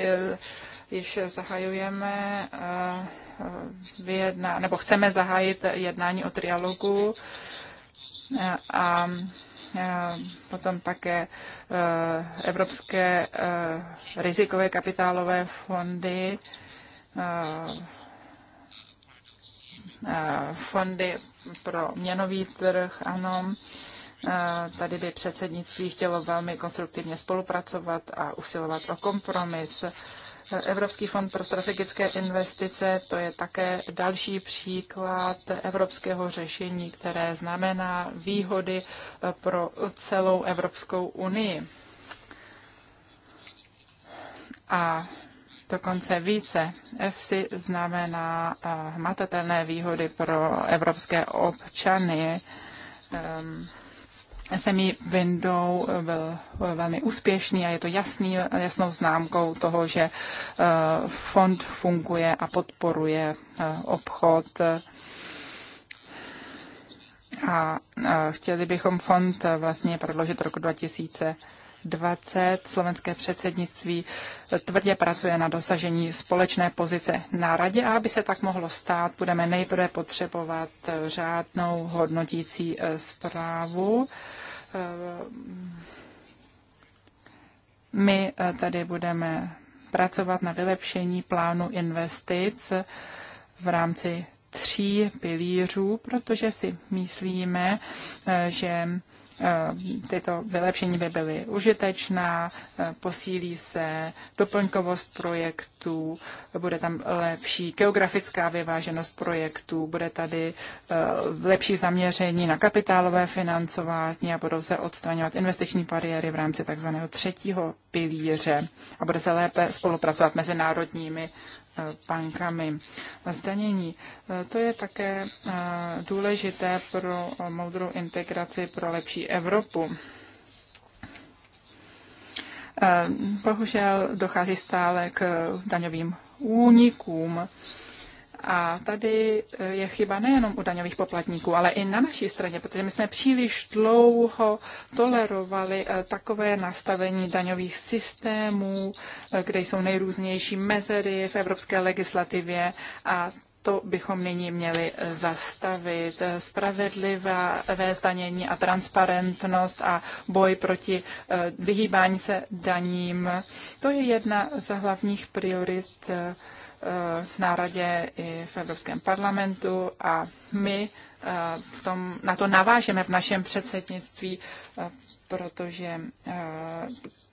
již zahajujeme eh, vyjedná, nebo chceme zahájit jednání o trialogu eh, a eh, potom také evropské rizikové kapitálové fondy, fondy pro měnový trh, ano. Tady by předsednictví chtělo velmi konstruktivně spolupracovat a usilovat o kompromis. Evropský fond pro strategické investice, to je také další příklad evropského řešení, které znamená výhody eh, pro celou Evropskou unii. A dokonce více. EFSI znamená eh, hmatatelné výhody pro evropské občany. Um, Semi Window byl eh, velmi úspěšný a je to jasný, jasnou známkou toho, že eh, fond funguje a podporuje eh, obchod. A chtěli bychom fond vlastně prodloužit roku 2000 2020 slovenské předsednictví tvrdě pracuje na dosažení společné pozice na radě a aby se tak mohlo stát, budeme nejprve potřebovat řádnou hodnotící eh, zprávu. Eh, my eh, tady budeme pracovat na vylepšení plánu investic v rámci tří pilířů, protože si myslíme, že Eh, tyto vylepšení by byly užitečná, eh, posílí se doplňkovost projektů, bude tam lepší geografická vyváženost projektů, bude tady eh, lepší zaměření na kapitálové financování a budou se odstraňovat investiční bariéry v rámci takzvaného třetího pilíře a bude se lépe spolupracovat mezi národními bankami. Zdanění. To je také eh, důležité pro moudrou integraci, pro lepší Evropu. Eh, bohužel dochází stále k daňovým únikům a tady eh, je chyba nejenom u daňových poplatníků, ale i na naší straně, protože my jsme příliš dlouho tolerovali eh, takové nastavení daňových systémů, eh, kde jsou nejrůznější mezery v evropské legislativě a to bychom nyní měli zastavit. Spravedlivé zdanění a transparentnost a boj proti vyhýbání se daním, to je jedna z hlavních priorit Eh, na radě i v Evropském parlamentu a my eh, v tom, na to navážeme v našem předsednictví, eh, protože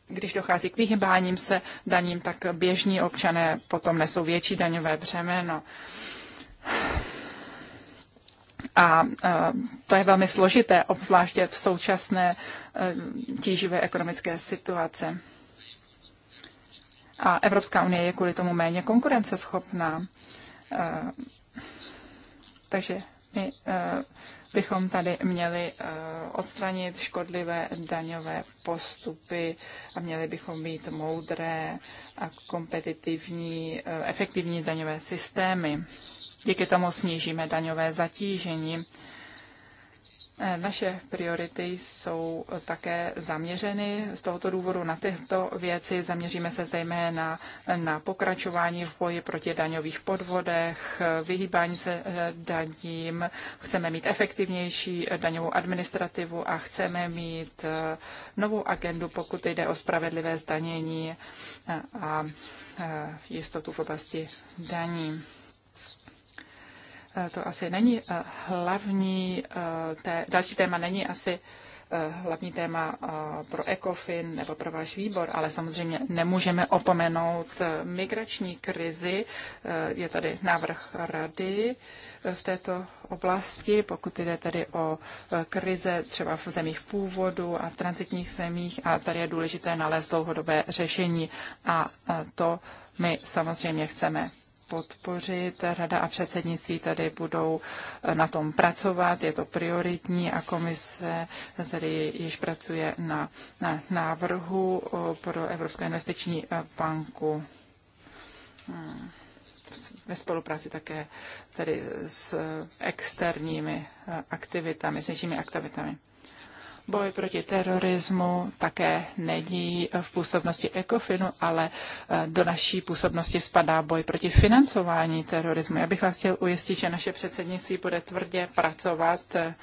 když dochází k vyhybáním se daním, tak běžní občané potom nesou větší daňové břemeno. A to je velmi složité, obzvláště v současné tíživé ekonomické situace a Evropská unie je kvůli tomu méně konkurenceschopná. Eh, takže my eh, bychom tady měli eh, odstranit škodlivé daňové postupy a měli bychom mít moudré a kompetitivní, efektivní daňové systémy. Díky tomu snížíme daňové zatížení. Eh, naše priority jsou eh, také zaměřeny z tohoto důvodu na tyto věci. Zaměříme se zejména na pokračování v boji proti daňových podvodech, eh, vyhýbání se daním. Chceme mít efektivnější daňovou administrativu a chceme mít novou agendu, pokud jde o spravedlivé zdanění a jistotu v oblasti daní. Eh, to asi není eh, hlavní, eh, té, další téma není asi hlavní téma pro ECOFIN nebo pro váš výbor, ale samozřejmě nemůžeme opomenout migrační krizi. Je tady návrh rady v této oblasti, pokud jde tedy o krize třeba v zemích původu a v transitních zemích a tady je důležité nalézt dlouhodobé řešení a to my samozřejmě chceme podpořit. Rada a předsednictví tady budou eh, na tom pracovat, je to prioritní a komise tady již pracuje na, na návrhu eh, pro Evropskou investiční eh, banku hmm. ve spolupráci také tedy s externími aktivitami, s nižšími aktivitami. Boj proti terorismu také není v působnosti ECOFINu, ale eh, do naší působnosti spadá boj proti financování terorismu. Já bych vás chtěl ujistit, že naše předsednictví bude tvrdě pracovat eh,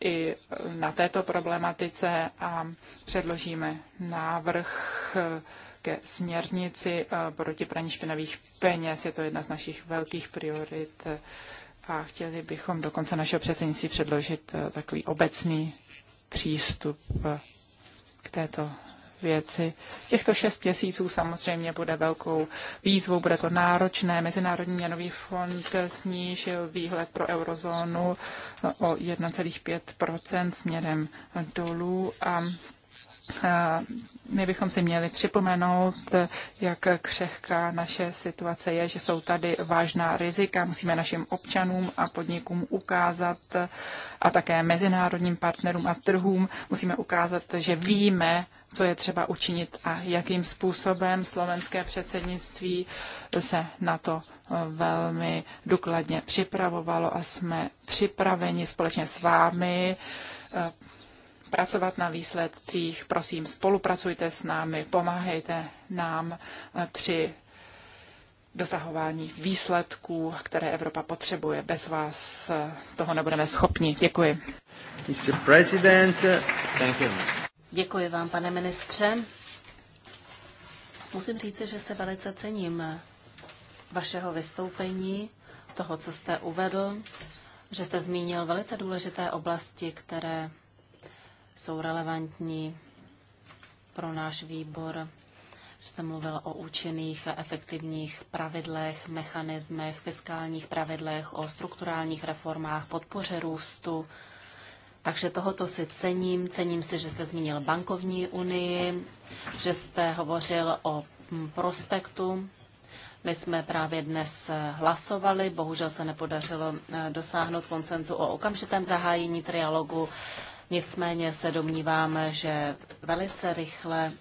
i na této problematice a předložíme návrh eh, ke směrnici proti praní špinavých peněz. Je to jedna z našich velkých priorit a chtěli bychom do konce našeho předsednictví předložit takový obecný přístup eh, k této věci. Těchto šest měsíců samozřejmě bude velkou výzvou, bude to náročné. Mezinárodní měnový fond snížil výhled pro eurozónu eh, o 1,5 směrem dolů a Eh, my bychom si měli připomenout, jak křehká naše situace je, že jsou tady vážná rizika. Musíme našim občanům a podnikům ukázat a také mezinárodním partnerům a trhům musíme ukázat, že víme, co je třeba učinit a jakým způsobem slovenské předsednictví se na to eh, velmi důkladně připravovalo a jsme připraveni společně s vámi eh, pracovat na výsledcích. Prosím, spolupracujte s námi, pomáhejte nám eh, při dosahování výsledků, které Evropa potřebuje. Bez vás eh, toho nebudeme schopni. Děkuji. Děkuji vám, pane ministře. Musím říct, že se velice cením eh, vašeho vystoupení, toho, co jste uvedl, že jste zmínil velice důležité oblasti, které jsou relevantní pro náš výbor. Jste mluvil o účinných a efektivních pravidlech, mechanismech, fiskálních pravidlech, o strukturálních reformách, podpoře růstu. Takže tohoto si cením. Cením si, že jste zmínil bankovní unii, že jste hovořil o mm, prospektu. My jsme právě dnes hlasovali, bohužel se nepodařilo eh, dosáhnout koncenzu o okamžitém zahájení trialogu Nicméně se domníváme, že velice rychle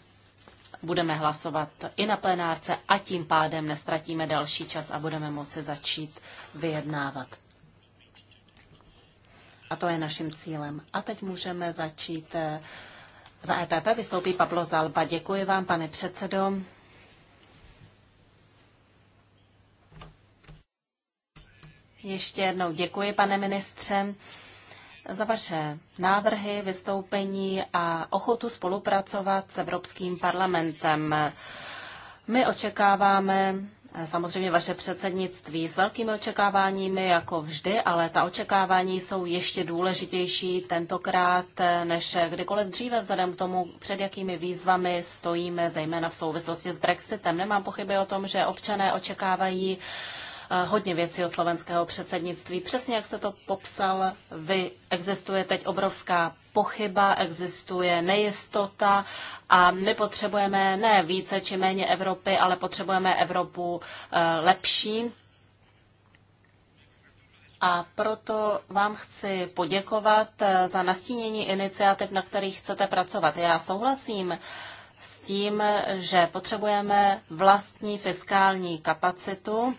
budeme hlasovat i na plenárce a tím pádem nestratíme další čas a budeme moci začít vyjednávat. A to je naším cílem. A teď můžeme začít eh, za EPP vystoupí Pablo Zalba. Děkuji vám, pane předsedo. Ještě jednou děkuji, pane ministře za vaše návrhy, vystoupení a ochotu spolupracovat s Evropským parlamentem. My očekáváme samozřejmě vaše předsednictví s velkými očekáváními, jako vždy, ale ta očekávání jsou ještě důležitější tentokrát než kdykoliv dříve, vzhledem k tomu, před jakými výzvami stojíme, zejména v souvislosti s Brexitem. Nemám pochyby o tom, že občané očekávají uh, Eh, hodně věcí od slovenského předsednictví. Přesně jak jste to popsal, vy existuje teď obrovská pochyba, existuje nejistota a my potřebujeme ne více či méně Evropy, ale potřebujeme Evropu eh, lepší, a proto vám chci poděkovat eh, za nastínění iniciativ, na kterých chcete pracovat. Já souhlasím s tím, že potřebujeme vlastní fiskální kapacitu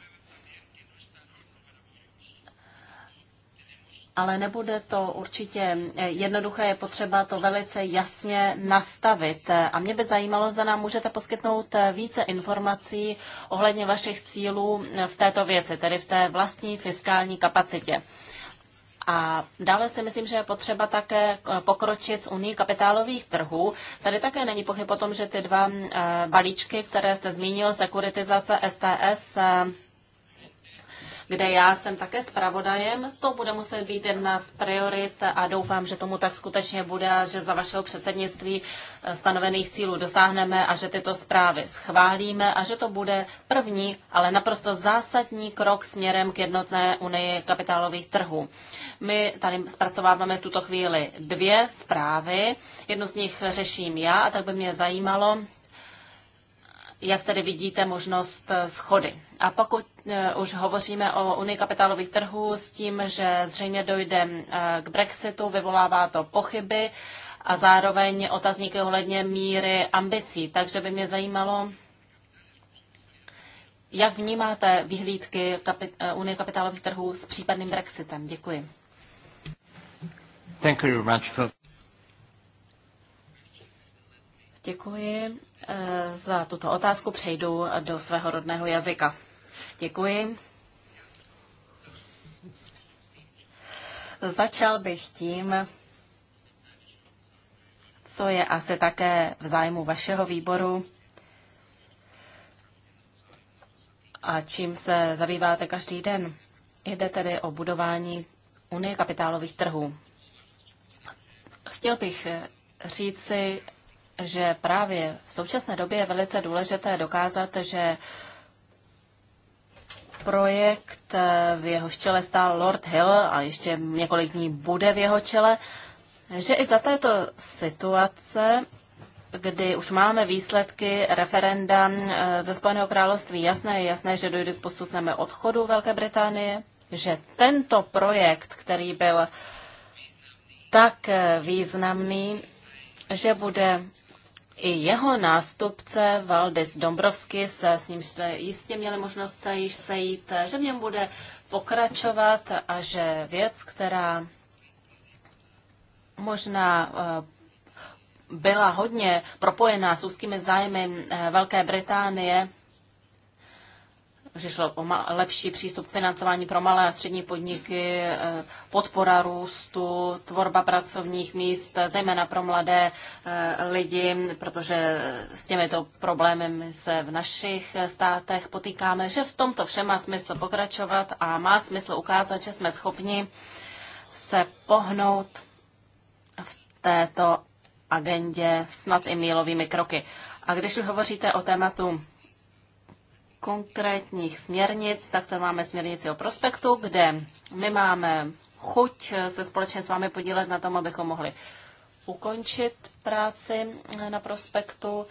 ale nebude to určitě eh, jednoduché, je potřeba to velice jasně nastavit. Eh, a mě by zajímalo, zda nám můžete poskytnout eh, více informací ohledně vašich cílů v této věci, tedy v té vlastní fiskální kapacitě. A dále si myslím, že je potřeba také pokročit z unii kapitálových trhů. Tady také není pochyb o tom, že ty dva balíčky, které jste zmínil, sekuritizace STS, kde já jsem také zpravodajem. To bude muset být jedna z priorit a doufám, že tomu tak skutečně bude, že za vašeho předsednictví eh, stanovených cílů dosáhneme a že tyto zprávy schválíme a že to bude první, ale naprosto zásadní krok směrem k jednotné unii kapitálových trhů. My tady zpracováváme v tuto chvíli dvě zprávy. Jednu z nich řeším já a tak by mě zajímalo, jak tady vidíte možnost eh, schody. A pokud eh, už hovoříme o unii kapitálových trhů s tím, že zřejmě dojde eh, k Brexitu, vyvolává to pochyby a zároveň otazníky ohledně míry ambicí. Takže by mě zajímalo, jak vnímáte vyhlídky kapit- Unie kapitálových trhů s případným Brexitem? Děkuji. Thank you very much for... Děkuji eh, za tuto otázku. Přejdu do svého rodného jazyka. Děkuji. Začal bych tím, co je asi také v zájmu vašeho výboru a čím se zabýváte každý den. Jde tedy o budování Unie kapitálových trhů. Chtěl bych říci, že právě v současné době je velice důležité dokázat, že projekt v jeho čele stál Lord Hill a ještě několik dní bude v jeho čele, že i za této situace, kdy už máme výsledky referenda eh, ze Spojeného království, jasné je jasné, že dojde k postupnému odchodu Velké Británie, že tento projekt, který byl tak eh, významný, že bude i jeho nástupce Valdis Dombrovsky, se, s ním jste jistě měli možnost se již sejít, že v něm bude pokračovat a že věc, která možná eh, byla hodně propojená s úzkými zájmy eh, Velké Británie, že šlo o lepší přístup k financování pro malé a střední podniky, eh, podpora růstu, tvorba pracovních míst, zejména pro mladé eh, lidi, protože s těmito problémy se v našich eh, státech potýkáme, že v tomto všem má smysl pokračovat a má smysl ukázat, že jsme schopni se pohnout v této agendě snad i mílovými kroky. A když už hovoříte o tématu konkrétních směrnic, tak tam máme směrnici o prospektu, kde my máme chuť se společně s vámi podílet na tom, abychom mohli ukončit práci na prospektu.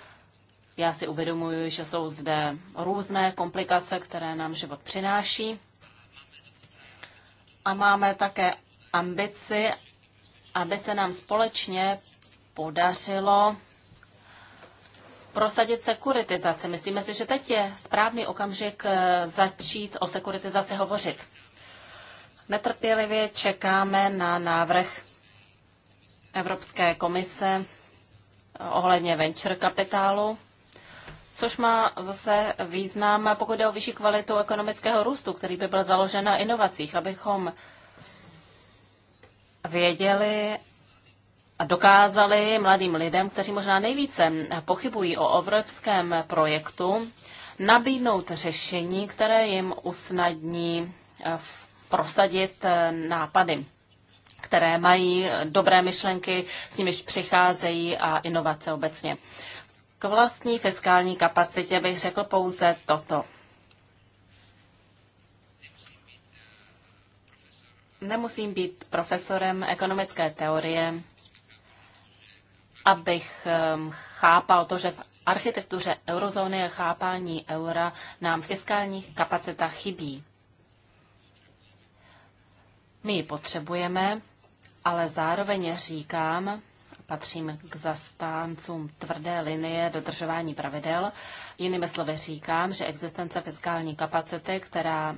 Já si uvědomuji, že jsou zde různé komplikace, které nám život přináší. A máme také ambici, aby se nám společně podařilo prosadit sekuritizaci. Myslíme si, že teď je správný okamžik eh, začít o sekuritizaci hovořit. Netrpělivě čekáme na návrh Evropské komise eh, ohledně venture kapitálu, což má zase význam, pokud jde o vyšší kvalitu ekonomického růstu, který by byl založen na inovacích, abychom věděli, a dokázali mladým lidem, kteří možná nejvíce pochybují o evropském projektu, nabídnout řešení, které jim usnadní eh, prosadit eh, nápady které mají dobré myšlenky, s nimiž přicházejí a inovace obecně. K vlastní fiskální kapacitě bych řekl pouze toto. Nemusím být profesorem ekonomické teorie, abych chápal to, že v architektuře eurozóny a chápání eura nám fiskální kapacita chybí. My ji potřebujeme, ale zároveň říkám, patřím k zastáncům tvrdé linie dodržování pravidel. Jinými slovy říkám, že existence fiskální kapacity, která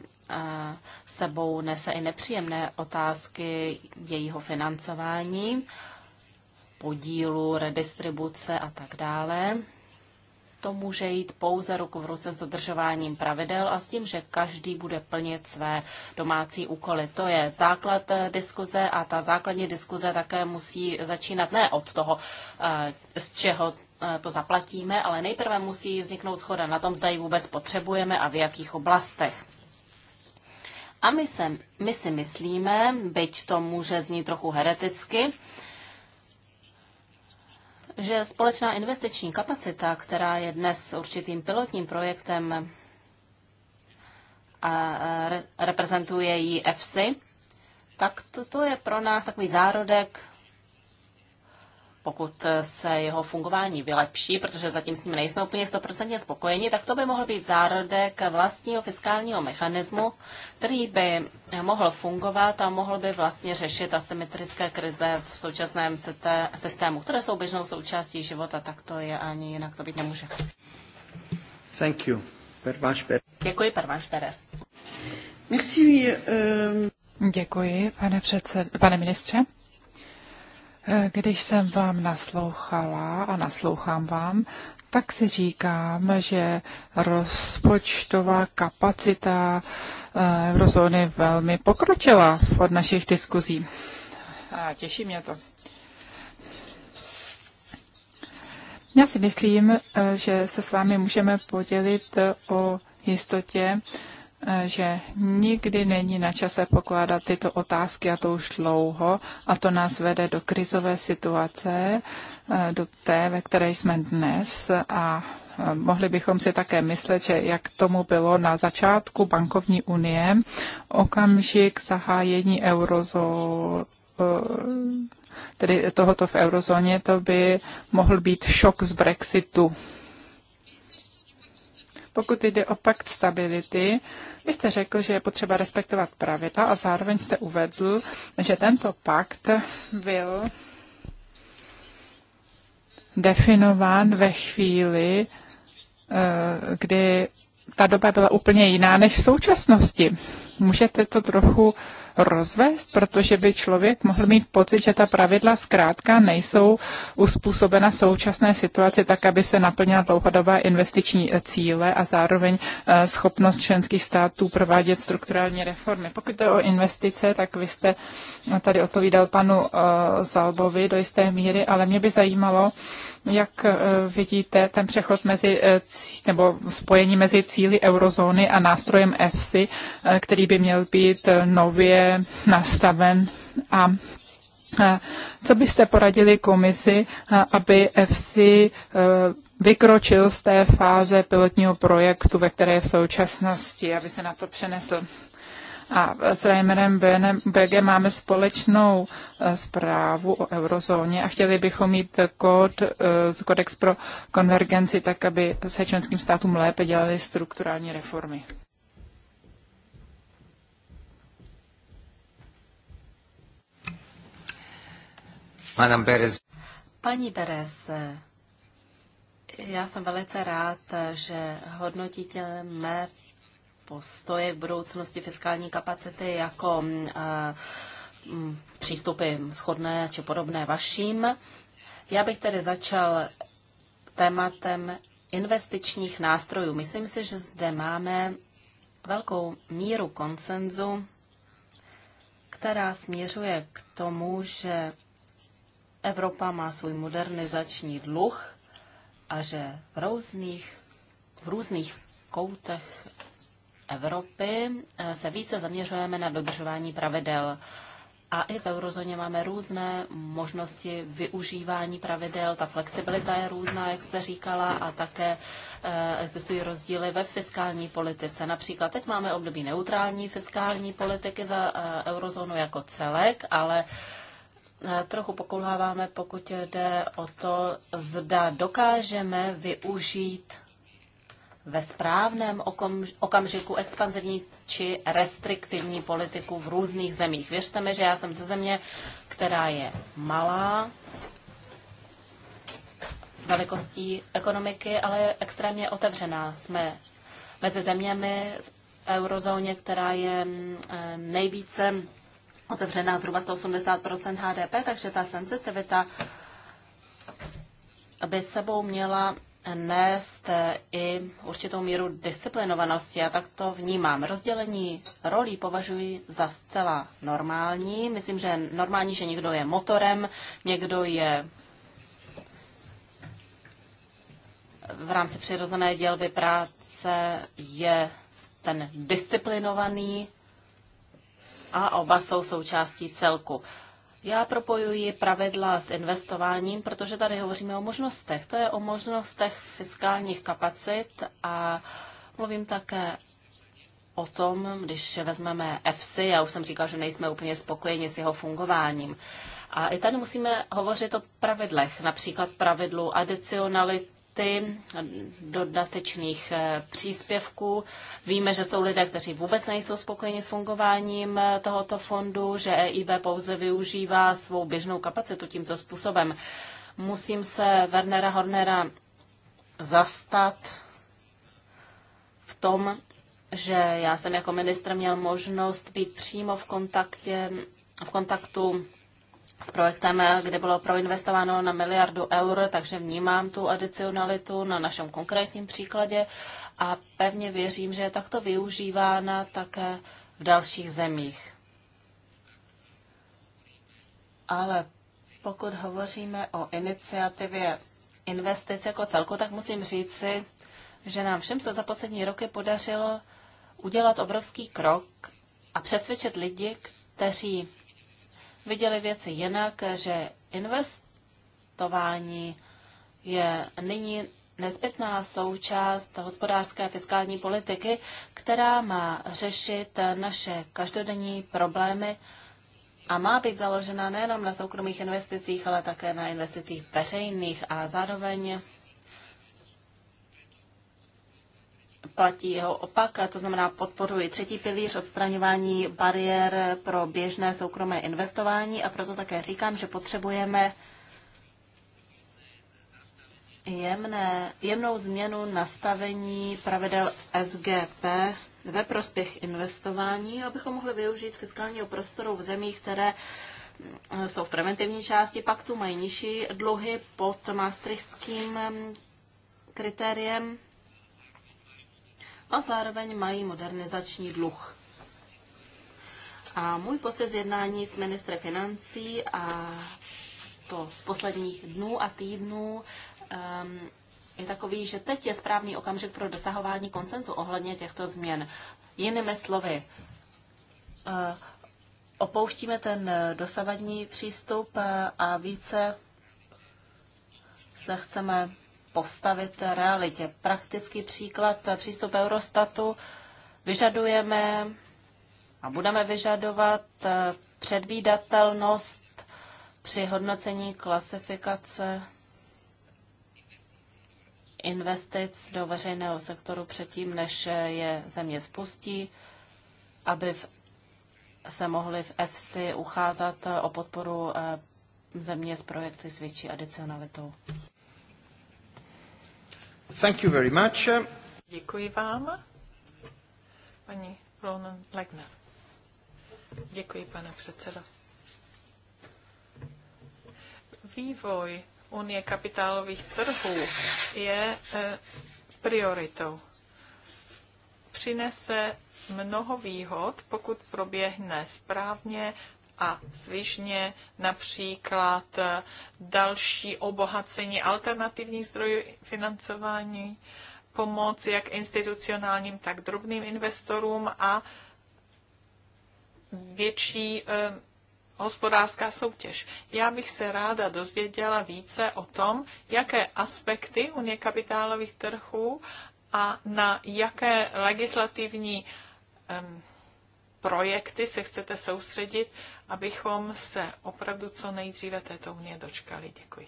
sebou nese i nepříjemné otázky jejího financování, podílu, redistribuce a tak dále. To může jít pouze ruku v ruce s dodržováním pravidel a s tím, že každý bude plnit své domácí úkoly. To je základ eh, diskuze a ta základní diskuze také musí začínat ne od toho, eh, z čeho eh, to zaplatíme, ale nejprve musí vzniknout schoda na tom, zda ji vůbec potřebujeme a v jakých oblastech. A my, se, my si myslíme, byť to může znít trochu hereticky, že společná investiční kapacita, která je dnes určitým pilotním projektem a reprezentuje ji EFSI, tak to, to je pro nás takový zárodek pokud se jeho fungování vylepší, protože zatím s ním nejsme úplně 100% spokojeni, tak to by mohl být zárodek vlastního fiskálního mechanismu, který by mohl fungovat a mohl by vlastně řešit asymetrické krize v současném systému, které jsou běžnou součástí života, tak to je ani jinak to být nemůže. Thank you. Perváš Děkuji, Perváš Peres. Merci. Um... Děkuji, pane, předsed... pane ministře. Když jsem vám naslouchala a naslouchám vám, tak si říkám, že rozpočtová kapacita eh, eurozóny velmi pokročila od našich diskuzí. A těší mě to. Já si myslím, eh, že se s vámi můžeme podělit eh, o jistotě, že nikdy není na čase pokládat tyto otázky a to už dlouho a to nás vede do krizové situace, eh, do té, ve které jsme dnes a eh, mohli bychom si také myslet, že jak tomu bylo na začátku bankovní unie, okamžik zahájení eurozó, eh, tedy tohoto v eurozóně, to by mohl být šok z Brexitu pokud jde o pakt stability, vy jste řekl, že je potřeba respektovat pravidla a zároveň jste uvedl, že tento pakt byl definován ve chvíli, eh, kdy ta doba byla úplně jiná než v současnosti. Můžete to trochu rozvést, protože by člověk mohl mít pocit, že ta pravidla zkrátka nejsou uspůsobena současné situaci tak, aby se naplnila dlouhodobá investiční cíle a zároveň eh, schopnost členských států provádět strukturální reformy. Pokud je o investice, tak vy jste eh, tady odpovídal panu eh, Zalbovi do jisté míry, ale mě by zajímalo, jak vidíte ten přechod mezi, nebo spojení mezi cíly eurozóny a nástrojem EFSI, který by měl být nově nastaven a co byste poradili komisi, aby FC e, vykročil z té fáze pilotního projektu, ve které je v současnosti, aby se na to přenesl? A s Reimerem BG máme společnou e, zprávu o eurozóně a chtěli bychom mít kód, e, kodex pro konvergenci, tak aby se členským státům lépe dělaly strukturální reformy. Madame Perez. Paní Perez, já jsem velice rád, že hodnotíte mé postoje k budoucnosti fiskální kapacity jako eh, přístupy shodné či podobné vaším. Já bych tedy začal tématem investičních nástrojů. Myslím si, že zde máme velkou míru konsenzu, která směřuje k tomu, že Evropa má svůj modernizační dluh a že v různých, v různých koutech Evropy eh, se více zaměřujeme na dodržování pravidel. A i v eurozóně máme různé možnosti využívání pravidel, ta flexibilita je různá, jak jste říkala, a také eh, existují rozdíly ve fiskální politice. Například teď máme období neutrální fiskální politiky za eh, eurozónu jako celek, ale trochu pokulháváme, pokud jde o to, zda dokážeme využít ve správném okamžiku expanzivní či restriktivní politiku v různých zemích. Věřte mi, že já jsem ze země, která je malá velikostí ekonomiky, ale je extrémně otevřená. Jsme mezi zeměmi v eurozóně, která je eh, nejvíce otevřená zhruba 180 HDP, takže ta senzitivita by sebou měla nést i určitou míru disciplinovanosti. Já tak to vnímám. Rozdělení rolí považuji za zcela normální. Myslím, že je normální, že někdo je motorem, někdo je v rámci přirozené dělby práce je ten disciplinovaný a oba jsou součástí celku. Já propojuji pravidla s investováním, protože tady hovoříme o možnostech. To je o možnostech fiskálních kapacit a mluvím také o tom, když vezmeme EFSI, já už jsem říkal, že nejsme úplně spokojeni s jeho fungováním. A i tady musíme hovořit o pravidlech, například pravidlu adicionality platy, dodatečných eh, příspěvků. Víme, že jsou lidé, kteří vůbec nejsou spokojeni s fungováním eh, tohoto fondu, že EIB pouze využívá svou běžnou kapacitu tímto způsobem. Musím se Wernera Hornera zastat v tom, že já jsem jako ministr měl možnost být přímo v kontaktě, v kontaktu s projektem, kde bylo proinvestováno na miliardu eur, takže vnímám tu adicionalitu na našem konkrétním příkladě a pevně věřím, že je takto využívána také v dalších zemích. Ale pokud hovoříme o iniciativě investice, jako celku, tak musím říci, že nám všem se za poslední roky podařilo udělat obrovský krok a přesvědčit lidi, kteří viděli věci jinak, že investování je nyní nezbytná součást hospodářské a fiskální politiky, která má řešit naše každodenní problémy a má být založena nejenom na soukromých investicích, ale také na investicích veřejných a zároveň platí jeho opak, a to znamená podporuji třetí pilíř odstraňování bariér pro běžné soukromé investování a proto také říkám, že potřebujeme jemné, jemnou změnu nastavení pravidel SGP ve prospěch investování, abychom mohli využít fiskálního prostoru v zemích, které jsou v preventivní části paktu, mají nižší dluhy pod maastrichtským kritériem a zároveň mají modernizační dluh. A můj pocit z jednání s ministrem financí a to z posledních dnů a týdnů um, je takový, že teď je správný okamžik pro dosahování koncenzu ohledně těchto změn. Jinými slovy, uh, opouštíme ten dosavadní přístup eh, a více se chceme postavit realitě. Praktický příklad přístup Eurostatu vyžadujeme a budeme vyžadovat eh, předvídatelnost při hodnocení klasifikace investic do veřejného sektoru předtím, než je země spustí, aby se mohly v EFSI ucházat o podporu eh, země s projekty s větší adicionalitou. Thank you very much. Děkuji vám. Paní Ronan Legner. Děkuji, pane předseda. Vývoj Unie kapitálových trhů je eh, prioritou. Přinese mnoho výhod, pokud proběhne správně a svižně, například další obohacení alternativních zdrojů financování, pomoc jak institucionálním, tak drobným investorům a větší eh, hospodářská soutěž. Já bych se ráda dozvěděla více o tom, jaké aspekty unie kapitálových trhů a na jaké legislativní um, projekty se chcete soustředit, abychom se opravdu co nejdříve této unie dočkali. Děkuji.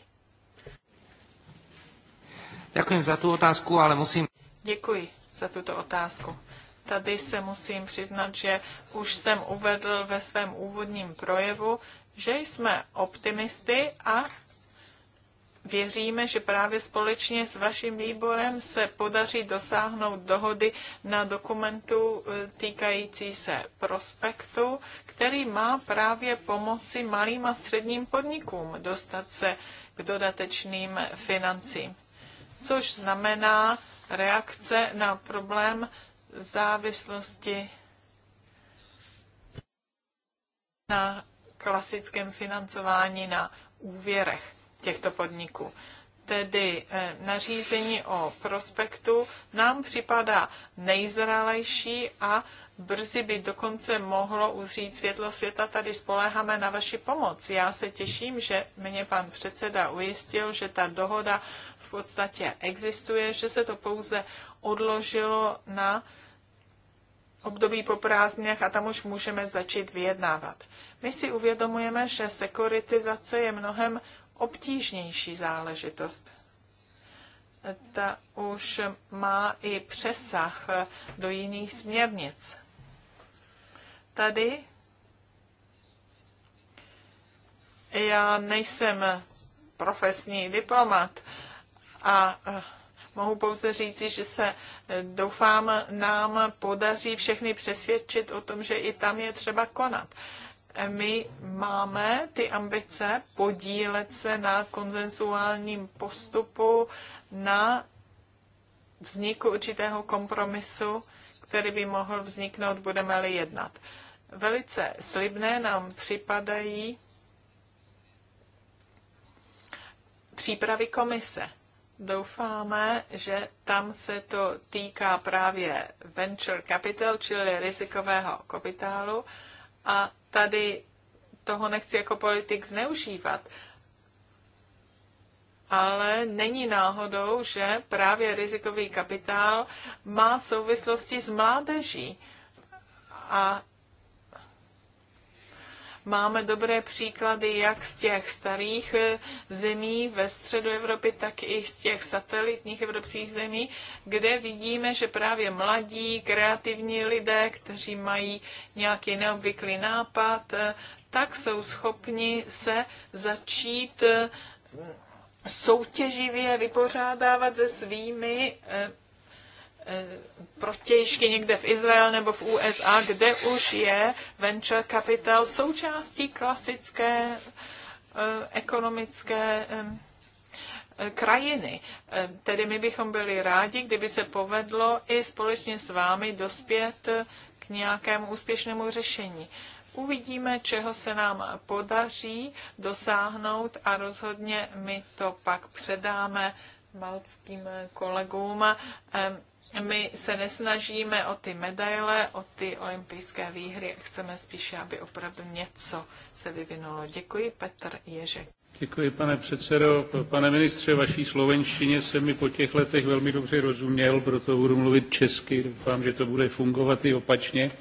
Děkuji za tu otázku, ale musím... Děkuji za tuto otázku. Tady se musím přiznat, že už jsem uvedl ve svém úvodním projevu, že jsme optimisty a Věříme, že právě společně s vaším výborem se podaří dosáhnout dohody na dokumentu e, týkající se prospektu, který má právě pomoci malým a středním podnikům dostat se k dodatečným financím. Což znamená reakce na problém závislosti na klasickém financování na úvěrech těchto podniků. Tedy eh, nařízení o prospektu nám připadá nejzralejší a brzy by dokonce mohlo uzřít světlo světa, tady spoléháme na vaši pomoc. Já se těším, že mě pan předseda ujistil, že ta dohoda v podstatě existuje, že se to pouze odložilo na období po prázdninách a tam už můžeme začít vyjednávat. My si uvědomujeme, že sekuritizace je mnohem obtížnější záležitost. Ta už má i přesah do jiných směrnic tady já nejsem profesní diplomat a eh, mohu pouze říci, že se eh, doufám nám podaří všechny přesvědčit o tom, že i tam je třeba konat. Eh, my máme ty ambice podílet se na konzensuálním postupu, na vzniku určitého kompromisu, který by mohl vzniknout, budeme-li jednat. Velice slibné nám připadají přípravy komise. Doufáme, že tam se to týká právě venture capital, čili rizikového kapitálu. A tady toho nechci jako politik zneužívat. Ale není náhodou, že právě rizikový kapitál má souvislosti s mládeží. A Máme dobré příklady jak z těch starých eh, zemí ve středu Evropy, tak i z těch satelitních evropských zemí, kde vidíme, že právě mladí, kreativní lidé, kteří mají nějaký neobvyklý nápad, eh, tak jsou schopni se začít eh, soutěživě vypořádávat se svými protějšky někde v Izrael nebo v USA, kde už je venture capital součástí klasické eh, ekonomické eh, eh, krajiny. Tedy my bychom byli rádi, kdyby se povedlo i společně s vámi dospět k nějakému úspěšnému řešení. Uvidíme, čeho se nám podaří dosáhnout a rozhodně my to pak předáme maltským kolegům my se nesnažíme o ty medaile, o ty olympijské výhry, chceme spíše, aby opravdu něco se vyvinulo. Děkuji, Petr Ježek. Děkuji, pane předsedo. Pane ministře, vaší slovenštině se mi po těch letech velmi dobře rozuměl, proto budu mluvit česky. Doufám, že to bude fungovat i opačně.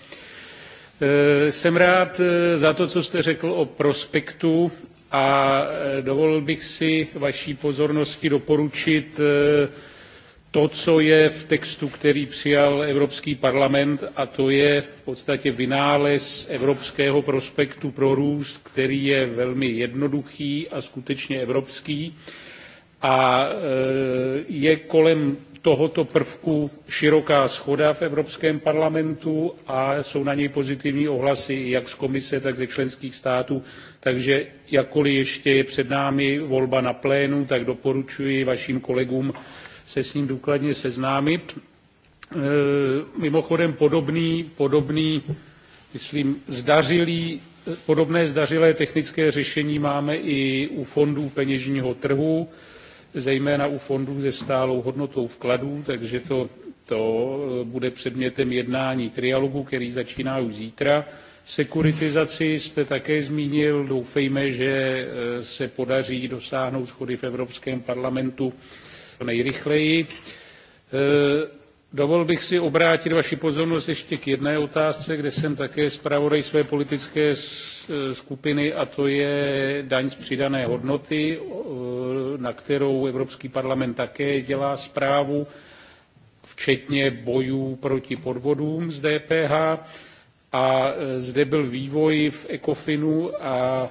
E, jsem rád e, za to, co jste řekl o prospektu a e, dovolil bych si vaší pozornosti doporučit to, co je v textu, který přijal Evropský parlament, a to je v podstatě vynález Evropského prospektu pro růst, který je velmi jednoduchý a skutečně evropský. A e, je kolem tohoto prvku široká schoda v Evropském parlamentu a jsou na něj pozitivní ohlasy jak z komise, tak ze členských států. Takže jakkoliv ještě je před námi volba na plénu, tak doporučuji vašim kolegům, se s ním důkladně seznámit. E, mimochodem podobný, podobný myslím, zdařilý, podobné zdařilé technické řešení máme i u fondů peněžního trhu, zejména u fondů se stálou hodnotou vkladů, takže to, to e, bude předmětem jednání trialogu, který začíná už zítra. Sekuritizaci jste také zmínil, doufejme, že e, se podaří dosáhnout schody v Evropském parlamentu co nejrychleji. E, dovol bych si obrátit vaši pozornost ještě k jedné otázce, kde jsem také zpravodaj své politické e, skupiny, a to je daň z přidané hodnoty, na kterou Evropský parlament také dělá zprávu, včetně bojů proti podvodům z DPH. A e, zde byl vývoj v ECOFINu a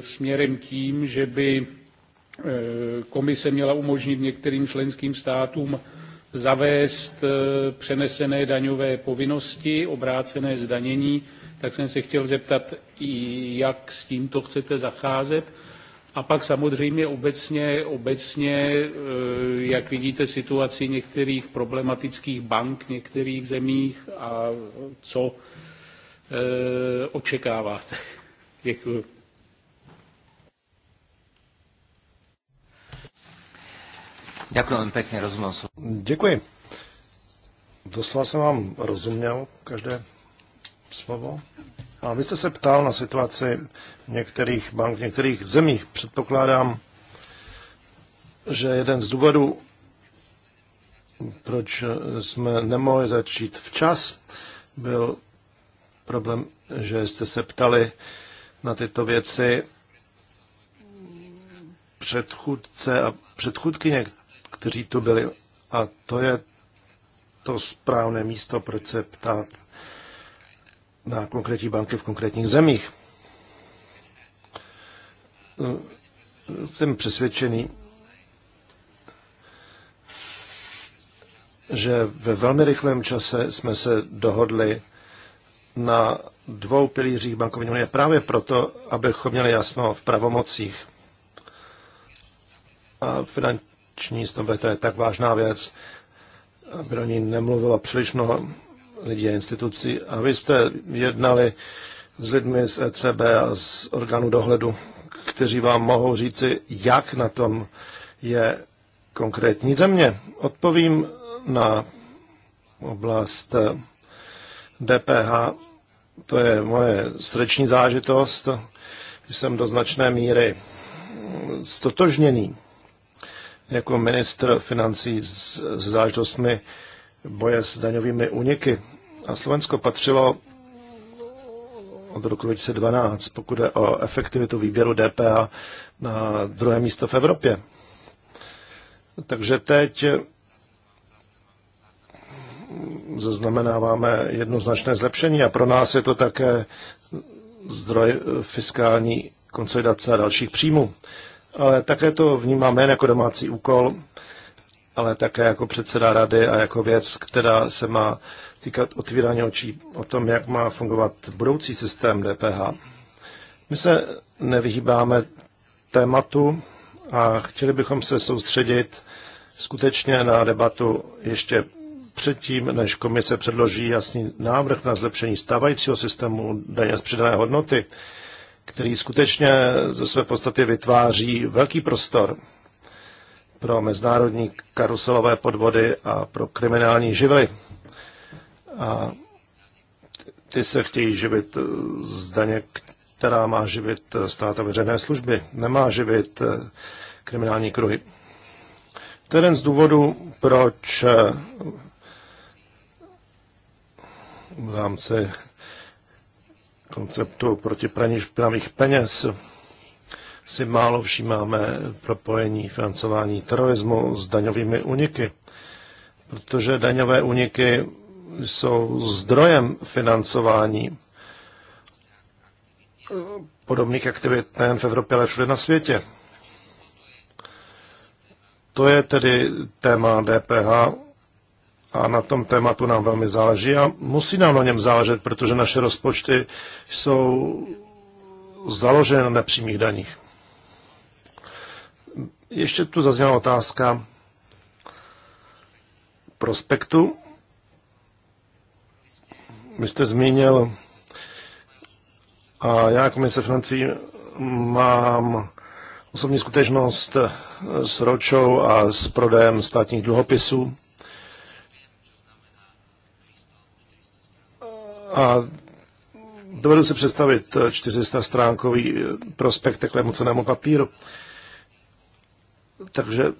směrem tím, že by Eh, komise měla umožnit některým členským státům zavést eh, přenesené daňové povinnosti, obrácené zdanění, tak jsem se chtěl zeptat, jak s tímto chcete zacházet. A pak samozřejmě obecně, obecně, eh, jak vidíte situaci některých problematických bank v některých zemích a co očekáváte. Děkuji. Děkuji vám pěkně, rozuměl jsem. Děkuji. Doslova jsem vám rozuměl každé slovo. A vy jste se ptal na situaci některých bank, v některých zemích. Předpokládám, že jeden z důvodů, proč jsme nemohli začít včas, byl problém, že jste se ptali na tyto věci předchůdce a předchůdkyně, kteří tu byli. A to je to správné místo, proč se ptát na konkrétní banky v konkrétních zemích. Jsem přesvědčený, že ve velmi rychlém čase jsme se dohodli na dvou pilířích bankovní unie právě proto, abychom měli jasno v pravomocích. A finanční migrační stavby, to je tak vážná věc, aby o ní nemluvilo příliš mnoho lidí a institucí. A vy jste jednali s lidmi z ECB a z orgánu dohledu, kteří vám mohou říci, jak na tom je konkrétní země. Odpovím na oblast DPH. To je moje srdeční zážitost. Jsem do značné míry stotožněný jako ministr financí s záležitostmi boje s daňovými úniky. A Slovensko patřilo od roku 2012, pokud je o efektivitu výběru DPH na druhé místo v Evropě. Takže teď zaznamenáváme jednoznačné zlepšení a pro nás je to také zdroj fiskální konsolidace a dalších příjmů ale také to vnímám nejen jako domácí úkol, ale také jako předseda rady a jako věc, která se má týkat otvírání očí o tom, jak má fungovat budoucí systém DPH. My se nevyhýbáme tématu a chtěli bychom se soustředit skutečně na debatu ještě předtím, než komise předloží jasný návrh na zlepšení stávajícího systému daně z přidané hodnoty který skutečně ze své podstaty vytváří velký prostor pro mezinárodní karuselové podvody a pro kriminální živly. A ty se chtějí živit z daně, která má živit stát a veřejné služby. Nemá živit eh, kriminální kruhy. To je jeden z důvodů, proč eh, v rámci konceptu proti praní špinavých peněz si málo všímáme propojení financování terorismu s daňovými uniky, protože daňové uniky jsou zdrojem financování podobných aktivit nejen v Evropě, ale všude na světě. To je tedy téma DPH, a na tom tématu nám velmi záleží a musí nám na něm záležet, protože naše rozpočty jsou založeny na nepřímých daních. Ještě tu zazněla otázka prospektu. Vy jste zmínil, a já jako se financí mám osobní skutečnost s ročou a s prodejem státních dluhopisů. A dovedu si představit 400 eh, stránkový eh, prospekt takovému cenému papíru. Takže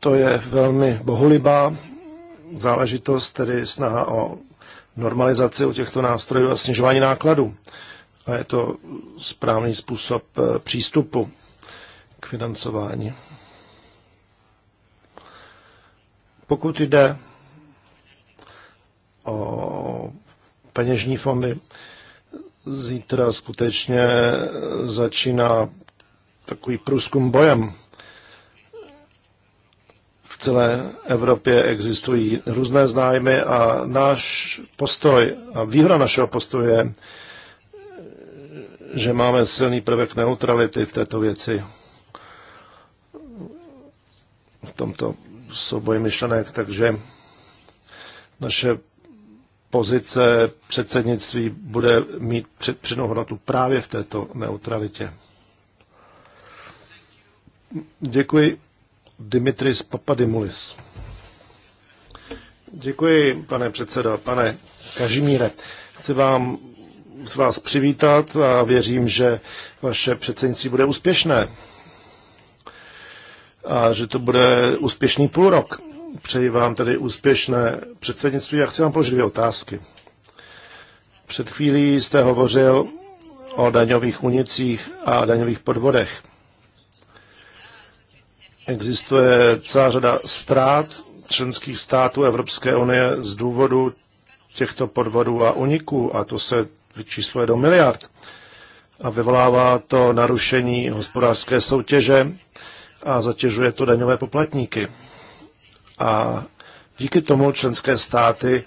to je velmi bohulibá záležitost, tedy snaha o normalizaci u těchto nástrojů a snižování nákladů. A je to správný způsob eh, přístupu k financování. Pokud jde o peněžní fondy. Zítra skutečně začíná takový průzkum bojem. V celé Evropě existují různé zájmy a náš postoj a výhra našeho postoje je, že máme silný prvek neutrality v této věci. V tomto souboji myšlenek, takže naše pozice předsednictví bude mít předpřednou hodnotu právě v této neutralitě. Děkuji. Dimitris Papadimulis. Děkuji, pane předsedo, pane Kažimíre. Chci vám z vás přivítat a věřím, že vaše předsednictví bude úspěšné a že to bude úspěšný půlrok. Přeji vám tedy úspěšné předsednictví a chci vám položit dvě otázky. Před chvílí jste hovořil o daňových unicích a daňových podvodech. Existuje celá řada ztrát členských států Evropské unie z důvodu těchto podvodů a uniků, a to se vyčísluje do miliard. A vyvolává to narušení hospodářské soutěže a zatěžuje to daňové poplatníky. A díky tomu členské státy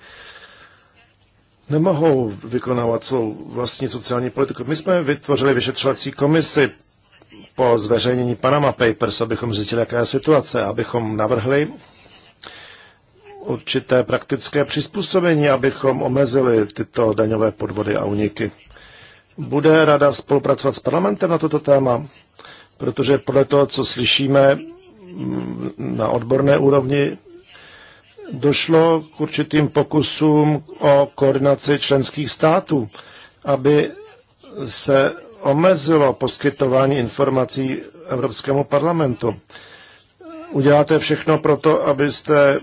nemohou vykonávat svou vlastní sociální politiku. My jsme vytvořili vyšetřovací komisi po zveřejnění Panama Papers, abychom zjistili, jaká je situace, abychom navrhli určité praktické přizpůsobení, abychom omezili tyto daňové podvody a uniky. Bude rada spolupracovat s parlamentem na toto téma, protože podle toho, co slyšíme, na odborné úrovni došlo k určitým pokusům o koordinaci členských států, aby se omezilo poskytování informací Evropskému parlamentu. Uděláte všechno pro to, abyste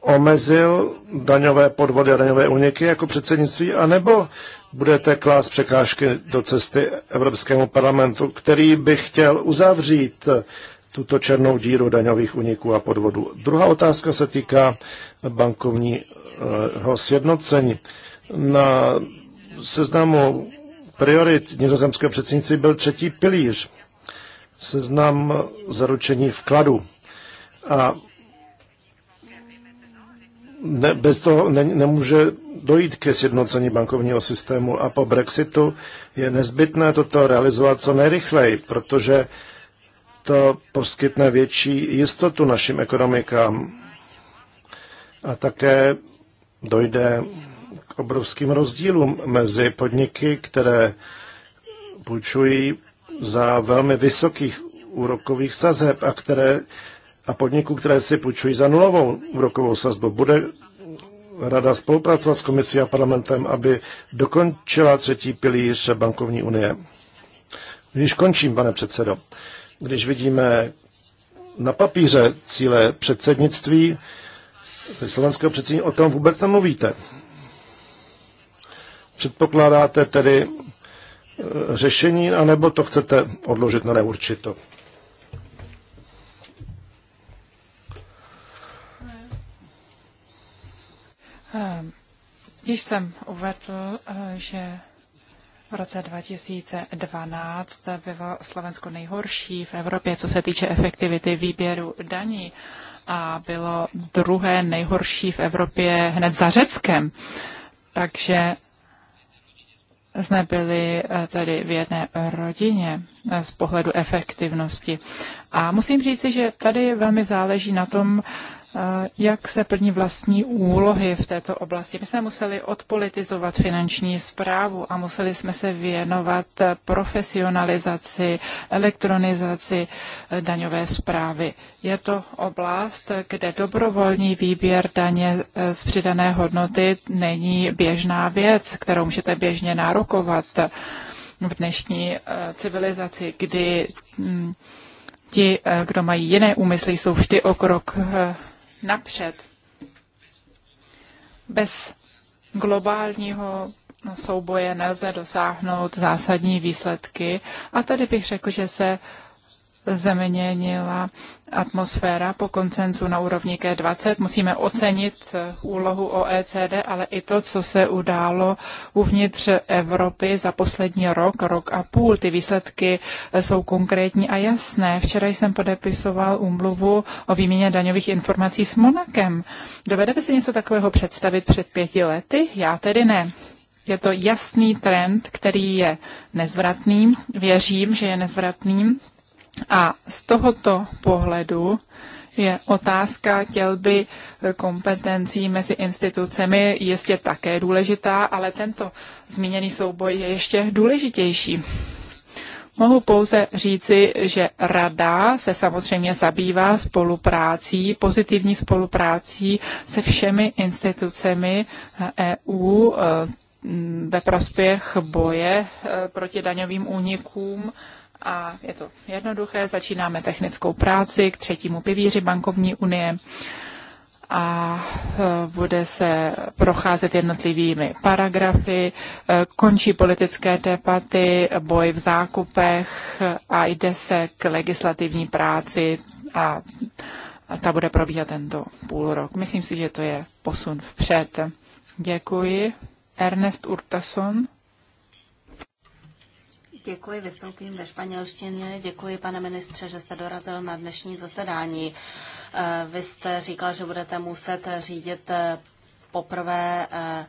omezil daňové podvody a daňové úniky jako předsednictví, anebo budete klást překážky do cesty Evropskému parlamentu, který by chtěl uzavřít tuto černou díru daňových uniků a podvodů. Druhá otázka se týká bankovního sjednocení. Na seznamu priorit nizozemského předsednictví byl třetí pilíř, seznam zaručení vkladu. A ne, bez toho ne, nemůže dojít ke sjednocení bankovního systému a po Brexitu je nezbytné toto realizovat co nejrychleji, protože to poskytne větší jistotu našim ekonomikám a také dojde k obrovským rozdílům mezi podniky, které půjčují za velmi vysokých úrokových sazeb a které a podniků, které si půjčují za nulovou úrokovou sazbu. Bude rada spolupracovat s komisí a parlamentem, aby dokončila třetí pilíř bankovní unie. Když končím, pane předsedo, když vidíme na papíře cíle předsednictví, slovenského předsednictví, o tom vůbec nemluvíte. Předpokládáte tedy eh, řešení, anebo to chcete odložit na neurčito? Eh, již jsem uvedl, eh, že v roce 2012 bylo Slovensko nejhorší v Evropě, co se týče efektivity výběru daní a bylo druhé nejhorší v Evropě hned za Řeckem. Takže jsme byli eh, tady v jedné rodině z pohledu efektivnosti. A musím říci, že tady velmi záleží na tom, Eh, jak se plní vlastní úlohy v této oblasti. My jsme museli odpolitizovat finanční zprávu a museli jsme se věnovat profesionalizaci, elektronizaci eh, daňové zprávy. Je to oblast, kde dobrovolný výběr daně eh, z přidané hodnoty není běžná věc, kterou můžete běžně nárokovat v dnešní civilizaci, kdy mm, ti, kdo mají jiné úmysly, jsou vždy o krok napřed. Bez globálního souboje nelze dosáhnout zásadní výsledky a tady bych řekl, že se zeměnila atmosféra po koncenzu na úrovni G20. Musíme ocenit úlohu OECD, ale i to, co se událo uvnitř Evropy za poslední rok, rok a půl. Ty výsledky jsou konkrétní a jasné. Včera jsem podepisoval úmluvu o výměně daňových informací s Monakem. Dovedete si něco takového představit před pěti lety? Já tedy ne. Je to jasný trend, který je nezvratným. Věřím, že je nezvratným a z tohoto pohledu je otázka tělby eh, kompetencí mezi institucemi jistě také důležitá, ale tento zmíněný souboj je ještě důležitější. Mohu pouze říci, že rada se samozřejmě zabývá spoluprácí, pozitivní spoluprácí se všemi institucemi EU eh, e eh, ve prospěch boje proti daňovým únikům a je to jednoduché. Začínáme technickou práci k třetímu pivíři bankovní unie a e, bude se procházet jednotlivými paragrafy, e, končí politické debaty, boj v zákupech a jde se k legislativní práci a, a ta bude probíhat tento půl rok. Myslím si, že to je posun vpřed. Děkuji. Ernest Urtason. Děkuji, vystoupím ve španělštině. Děkuji, pane ministře, že jste dorazil na dnešní zasedání. Eh, vy jste říkal, že budete muset řídit eh, poprvé eh,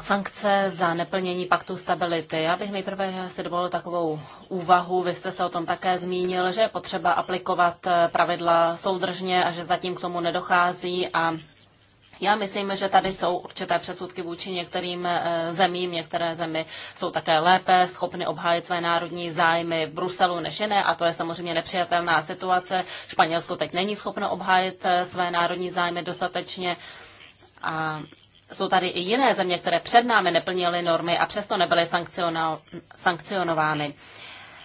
sankce za neplnění paktu stability. Já bych nejprve si dovolil takovou úvahu. Vy jste se o tom také zmínil, že je potřeba aplikovat pravidla soudržně a že zatím k tomu nedochází a já myslím, že tady jsou určité předsudky vůči některým eh, zemím. Některé zemi jsou také lépe schopny obhájit své národní zájmy v Bruselu než jiné a to je samozřejmě nepřijatelná situace. Španělsko teď není schopno obhájit eh, své národní zájmy dostatečně. A jsou tady i jiné země, které před námi neplnily normy a přesto nebyly sankcionovány.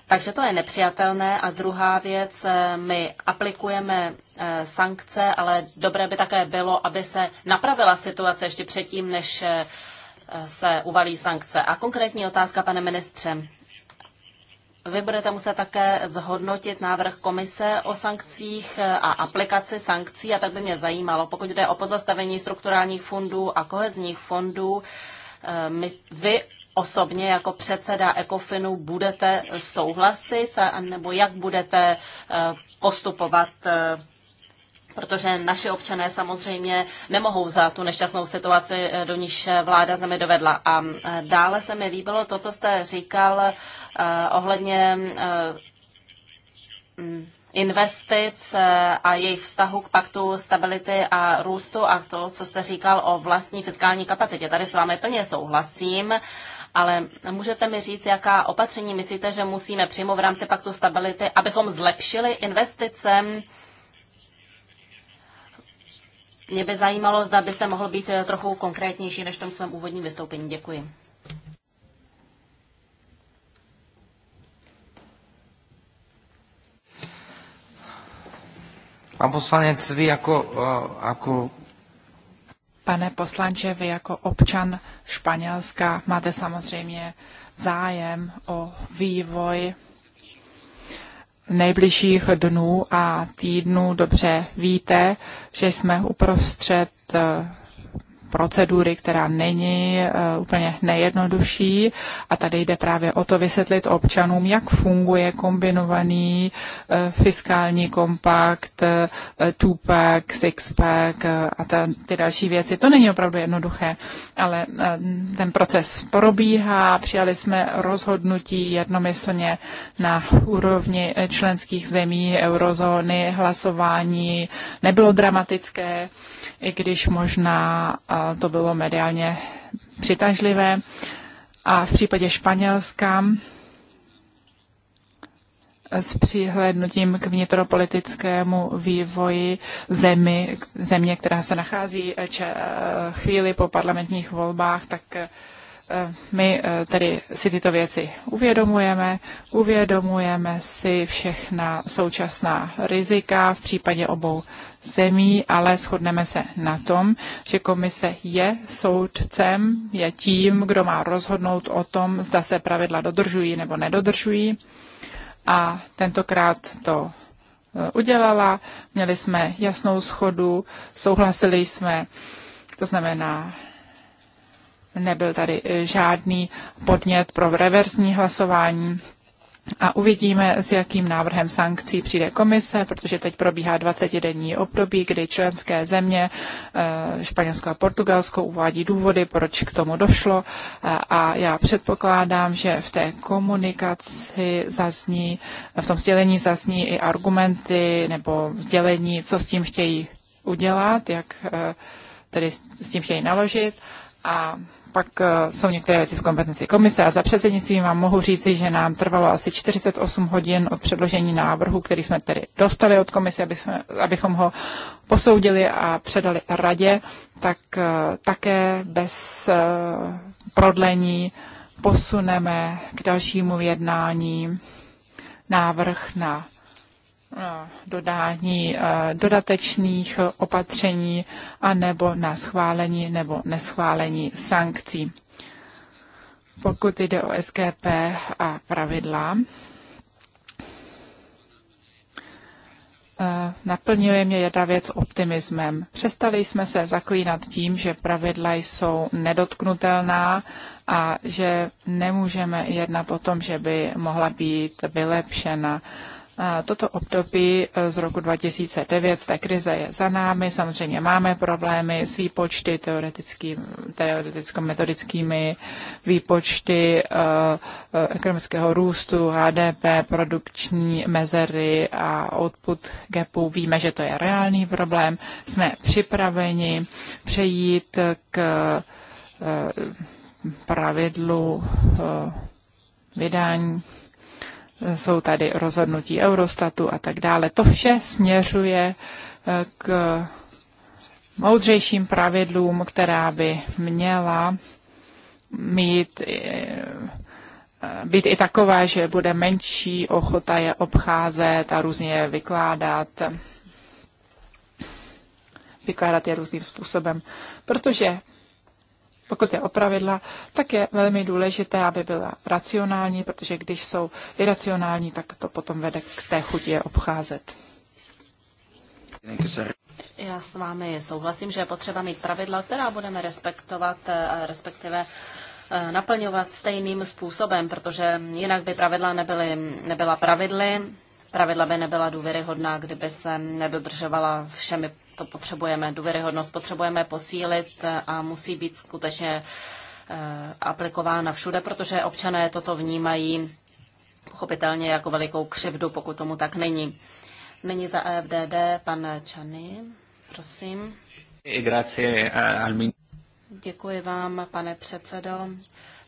Takže to je nepřijatelné. A druhá věc, eh, my aplikujeme eh, sankce, ale dobré by také bylo, aby se napravila situace ještě předtím, než eh, se uvalí sankce. A konkrétní otázka, pane ministře. Vy budete muset také zhodnotit návrh komise o sankcích a aplikaci sankcí a tak by mě zajímalo, pokud jde o pozastavení strukturálních fondů a kohezních fondů, my, vy osobně jako předseda Ekofinu budete souhlasit, nebo jak budete eh, postupovat eh, protože naši občané samozřejmě nemohou za tu nešťastnou situaci, eh, do níž vláda zemi dovedla. A dále se mi líbilo to, co jste říkal ohledně mm, investic a jejich vztahu k paktu stability a růstu a to, co jste říkal o vlastní fiskální kapacitě. Tady s vámi plně souhlasím ale můžete mi říct, jaká opatření myslíte, že musíme přijmout v rámci paktu stability, abychom zlepšili investice? Mě by zajímalo, zda byste mohl být eh, trochu konkrétnější než v tom svém úvodním vystoupení. Děkuji. Pan poslanec, vy jako, eh, jako Pane poslanče, vy jako občan Španělska máte samozřejmě zájem o vývoj nejbližších dnů a týdnů. Dobře víte, že jsme uprostřed eh, procedury, která není eh, úplně nejjednodušší. A tady jde právě o to vysvětlit občanům, jak funguje kombinovaný eh, fiskální kompakt, eh, two-pack, six-pack a ta, ty další věci. To není opravdu jednoduché, ale ten proces probíhá. Přijali jsme rozhodnutí jednomyslně na úrovni členských zemí eurozóny. Hlasování nebylo dramatické, i když možná to bylo mediálně přitažlivé. A v případě Španělska s přihlednutím k vnitropolitickému vývoji zemi, země, která se nachází chvíli po parlamentních volbách, tak Eh, my eh, tady si tyto věci uvědomujeme, uvědomujeme si všechna současná rizika v případě obou zemí, ale shodneme se na tom, že komise je soudcem, je tím, kdo má rozhodnout o tom, zda se pravidla dodržují nebo nedodržují. A tentokrát to eh, udělala. Měli jsme jasnou schodu, souhlasili jsme, to znamená nebyl tady e, žádný podnět pro reverzní hlasování. A uvidíme, s jakým návrhem sankcí přijde komise, protože teď probíhá 21. denní období, kdy členské země, e, Španělsko a Portugalsko, uvádí důvody, proč k tomu došlo. E, a já předpokládám, že v té komunikaci zazní, v tom sdělení zazní i argumenty nebo sdělení, co s tím chtějí udělat, jak tedy s tím chtějí naložit. A pak eh, jsou některé věci v kompetenci komise a za předsednictví vám mohu říci, že nám trvalo asi 48 hodin od předložení návrhu, který jsme tedy dostali od komise, aby jsme, abychom ho posoudili a předali radě, tak eh, také bez eh, prodlení posuneme k dalšímu jednání návrh na Eh, dodání eh, dodatečných opatření a nebo na schválení nebo neschválení sankcí. Pokud jde o SGP a pravidla, eh, naplňuje mě jedna věc optimismem. Přestali jsme se zaklínat tím, že pravidla jsou nedotknutelná a že nemůžeme jednat o tom, že by mohla být vylepšena. Toto období e, z roku 2009 ta krize je za námi. Samozřejmě máme problémy s výpočty teoreticko-metodickými, výpočty e, e, ekonomického růstu, HDP, produkční mezery a output gapu. Víme, že to je reálný problém. Jsme připraveni přejít k pravidlu vydání jsou tady rozhodnutí Eurostatu a tak dále. To vše směřuje eh, k moudřejším pravidlům, která by měla mít, eh, být i taková, že bude menší ochota je obcházet a různě je vykládat vykládat je různým způsobem. Protože pokud je o pravidla, tak je velmi důležité, aby byla racionální, protože když jsou iracionální, tak to potom vede k té chuti obcházet. Já s vámi souhlasím, že je potřeba mít pravidla, která budeme respektovat, eh, respektive eh, naplňovat stejným způsobem, protože jinak by pravidla nebyly, nebyla pravidly, pravidla by nebyla důvěryhodná, kdyby se nedodržovala všemi to potřebujeme, důvěryhodnost potřebujeme posílit a musí být skutečně eh, aplikována všude, protože občané toto vnímají pochopitelně jako velikou křivdu, pokud tomu tak není. Nyní za EFDD pan Čany, prosím. Eh, eh, Děkuji vám, pane předsedo.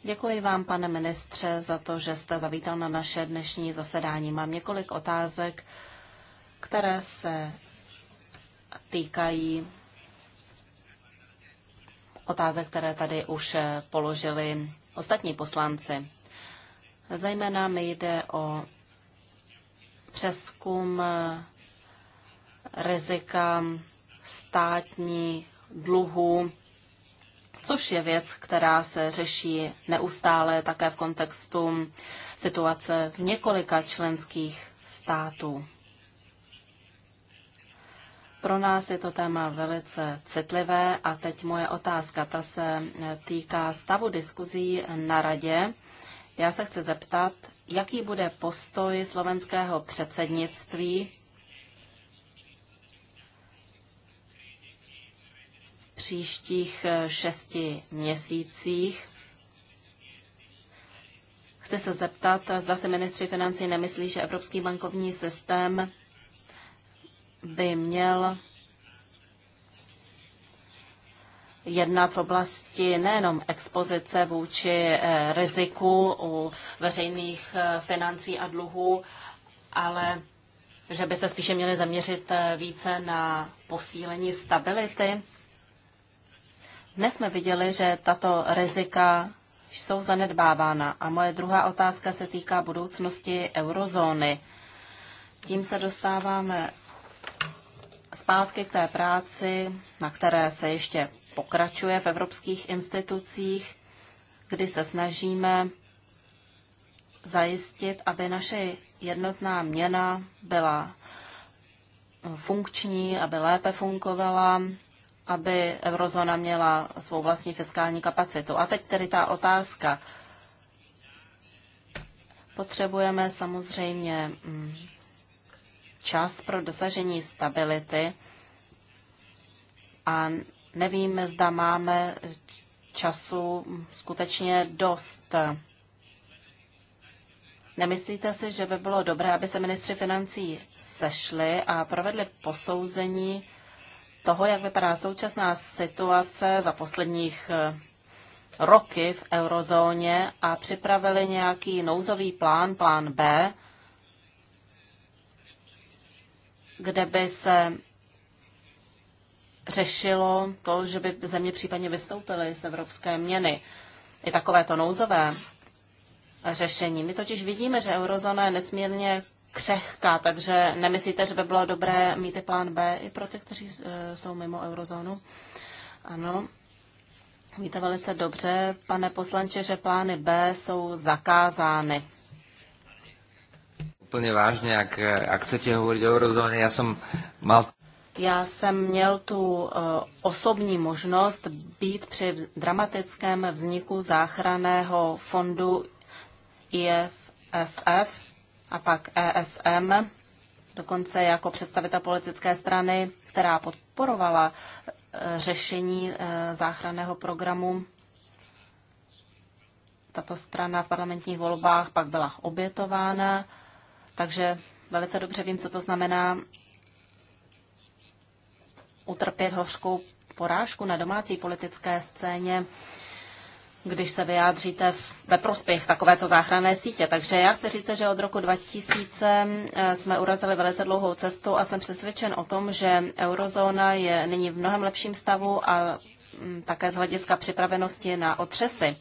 Děkuji vám, pane ministře, za to, že jste zavítal na naše dnešní zasedání. Mám několik otázek, které se týkají otázek, které tady už položili ostatní poslanci. Zajména mi jde o přeskum rizika státní dluhu, což je věc, která se řeší neustále také v kontextu situace v několika členských států. Pro nás je to téma velice citlivé a teď moje otázka, ta se týká stavu diskuzí na radě. Já se chci zeptat, jaký bude postoj slovenského předsednictví v příštích šesti měsících. Chci se zeptat, zda se ministři financí nemyslí, že evropský bankovní systém by měl jednat v oblasti nejenom expozice vůči eh, riziku u veřejných eh, financí a dluhů, ale že by se spíše měli zaměřit eh, více na posílení stability. Dnes jsme viděli, že tato rizika jsou zanedbávána. A moje druhá otázka se týká budoucnosti eurozóny. Tím se dostáváme zpátky k té práci, na které se ještě pokračuje v evropských institucích, kdy se snažíme zajistit, aby naše jednotná měna byla funkční, aby lépe fungovala, aby eurozóna měla svou vlastní fiskální kapacitu. A teď tedy ta otázka. Potřebujeme samozřejmě mm, čas pro dosažení stability a nevím, zda máme času skutečně dost. Nemyslíte si, že by bylo dobré, aby se ministři financí sešli a provedli posouzení toho, jak vypadá současná situace za posledních eh, roky v eurozóně a připravili nějaký nouzový plán, plán B, kde by se řešilo to, že by země případně vystoupily z evropské měny. je takové to nouzové řešení. My totiž vidíme, že eurozóna je nesmírně křehká, takže nemyslíte, že by bylo dobré mít i plán B i pro ty, kteří eh, jsou mimo eurozónu? Ano. Víte velice dobře, pane poslanče, že plány B jsou zakázány úplně vážně, jak, jak chcete hovorit o eurozóně, já jsem mal... Já jsem měl tu e, osobní možnost být při dramatickém vzniku záchraného fondu IFSF a pak ESM, dokonce jako představitel politické strany, která podporovala e, řešení e, záchranného programu. Tato strana v parlamentních volbách pak byla obětována takže velice dobře vím, co to znamená utrpět hořkou porážku na domácí politické scéně, když se vyjádříte ve prospěch takovéto záchranné sítě. Takže já chci říct, že od roku 2000 eh, jsme urazili velice dlouhou cestu a jsem přesvědčen o tom, že eurozóna je nyní v mnohem lepším stavu a mm, také z hlediska připravenosti na otřesy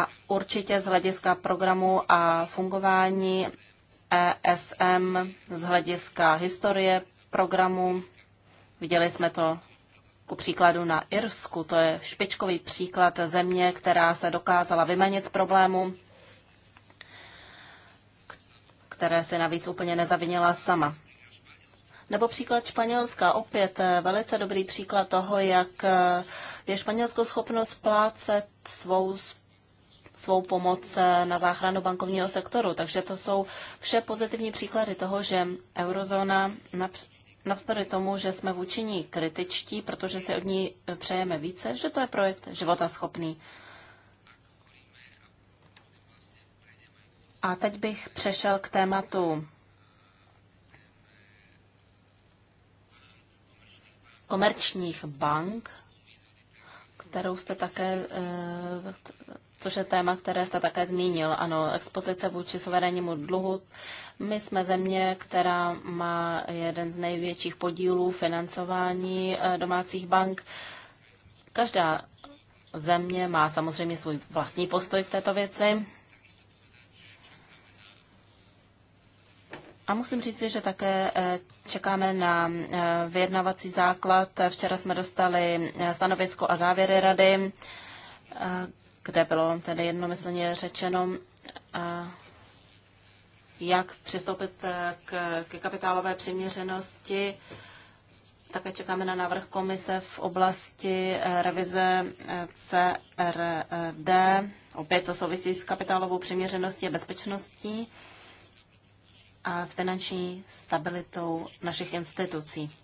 a určitě z hlediska programu a fungování ESM, z hlediska historie programu, viděli jsme to ku příkladu na Irsku, to je špičkový příklad země, která se dokázala vymanit z problému, které si navíc úplně nezavinila sama. Nebo příklad Španělska, opět eh, velice dobrý příklad toho, jak eh, je Španělsko schopno splácet svou svou pomoc eh, na záchranu bankovního sektoru. Takže to jsou vše pozitivní příklady toho, že eurozóna navzdory tomu, že jsme vůči ní kritičtí, protože si od ní eh, přejeme více, že to je projekt života schopný. A teď bych přešel k tématu komerčních bank, kterou jste také eh, což je téma, které jste také zmínil. Ano, expozice vůči suverénnímu dluhu. My jsme země, která má jeden z největších podílů financování eh, domácích bank. Každá země má samozřejmě svůj vlastní postoj k této věci. A musím říct, že také eh, čekáme na eh, vyjednavací základ. Včera jsme dostali stanovisko a závěry rady, kde bylo tedy jednomyslně řečeno, jak přistoupit eh, k, k kapitálové přiměřenosti. Také čekáme na návrh komise v oblasti eh, revize eh, CRD. Opět to souvisí s kapitálovou přiměřeností a bezpečností a s finanční stabilitou našich institucí.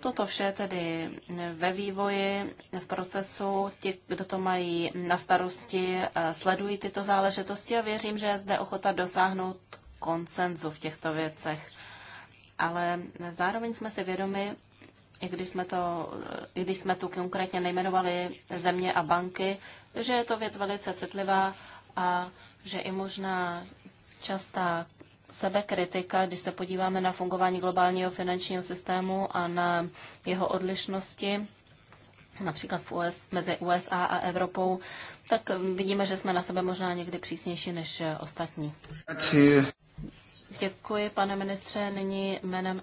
Toto vše tedy ve vývoji, v procesu, ti, kdo to mají na starosti, eh, sledují tyto záležitosti a věřím, že je zde ochota dosáhnout konsenzu v těchto věcech. Ale zároveň jsme si vědomi, i když jsme, to, eh, i když jsme tu konkrétně nejmenovali země a banky, že je to věc velice citlivá a že i možná častá sebekritika, když se podíváme na fungování globálního finančního systému a na jeho odlišnosti, například v US, mezi USA a Evropou, tak vidíme, že jsme na sebe možná někdy přísnější než ostatní. Děkuji, pane ministře. Nyní jménem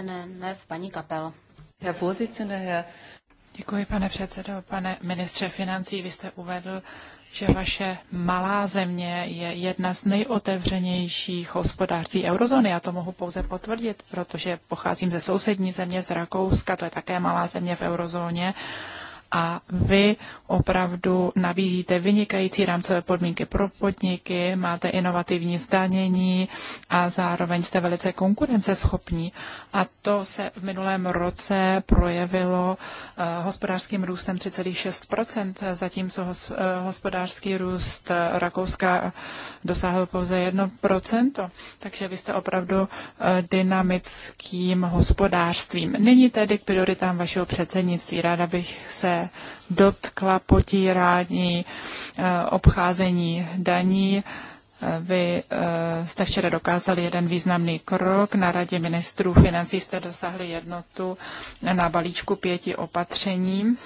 NNF paní Kapel. Herr Vorsitzender, Herr Děkuji, pane předsedo. Pane ministře financí, vy jste uvedl, že vaše malá země je jedna z nejotevřenějších hospodářství eurozóny. Já to mohu pouze potvrdit, protože pocházím ze sousední země, z Rakouska, to je také malá země v eurozóně a vy opravdu nabízíte vynikající rámcové podmínky pro podniky, máte inovativní zdanění a zároveň jste velice konkurenceschopní. A to se v minulém roce projevilo eh, hospodářským růstem 3,6%, zatímco eh, hospodářský růst Rakouska dosáhl pouze 1%. Takže vy jste opravdu eh, dynamickým hospodářstvím. Nyní tedy k prioritám vašeho předsednictví. Ráda bych se dotkla potírání, eh, obcházení daní. Eh, vy eh, jste včera dokázali jeden významný krok. Na radě ministrů financí jste dosahli jednotu na balíčku pěti opatření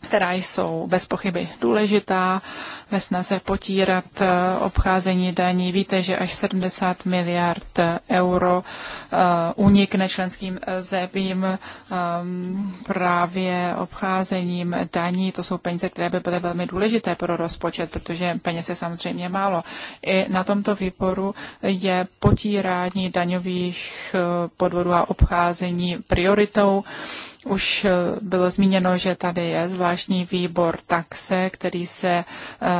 která jsou bez pochyby důležitá ve snaze potírat eh, obcházení daní. Víte, že až 70 miliard eh, euro eh, unikne členským zemím ehm, právě obcházením daní. To jsou peníze, které by byly velmi důležité pro rozpočet, protože peněz je samozřejmě málo. I na tomto výboru je potírání daňových podvodů a obcházení prioritou. Už eh, bylo zmíněno, že tady je zvláštní výbor taxe, který, se, eh,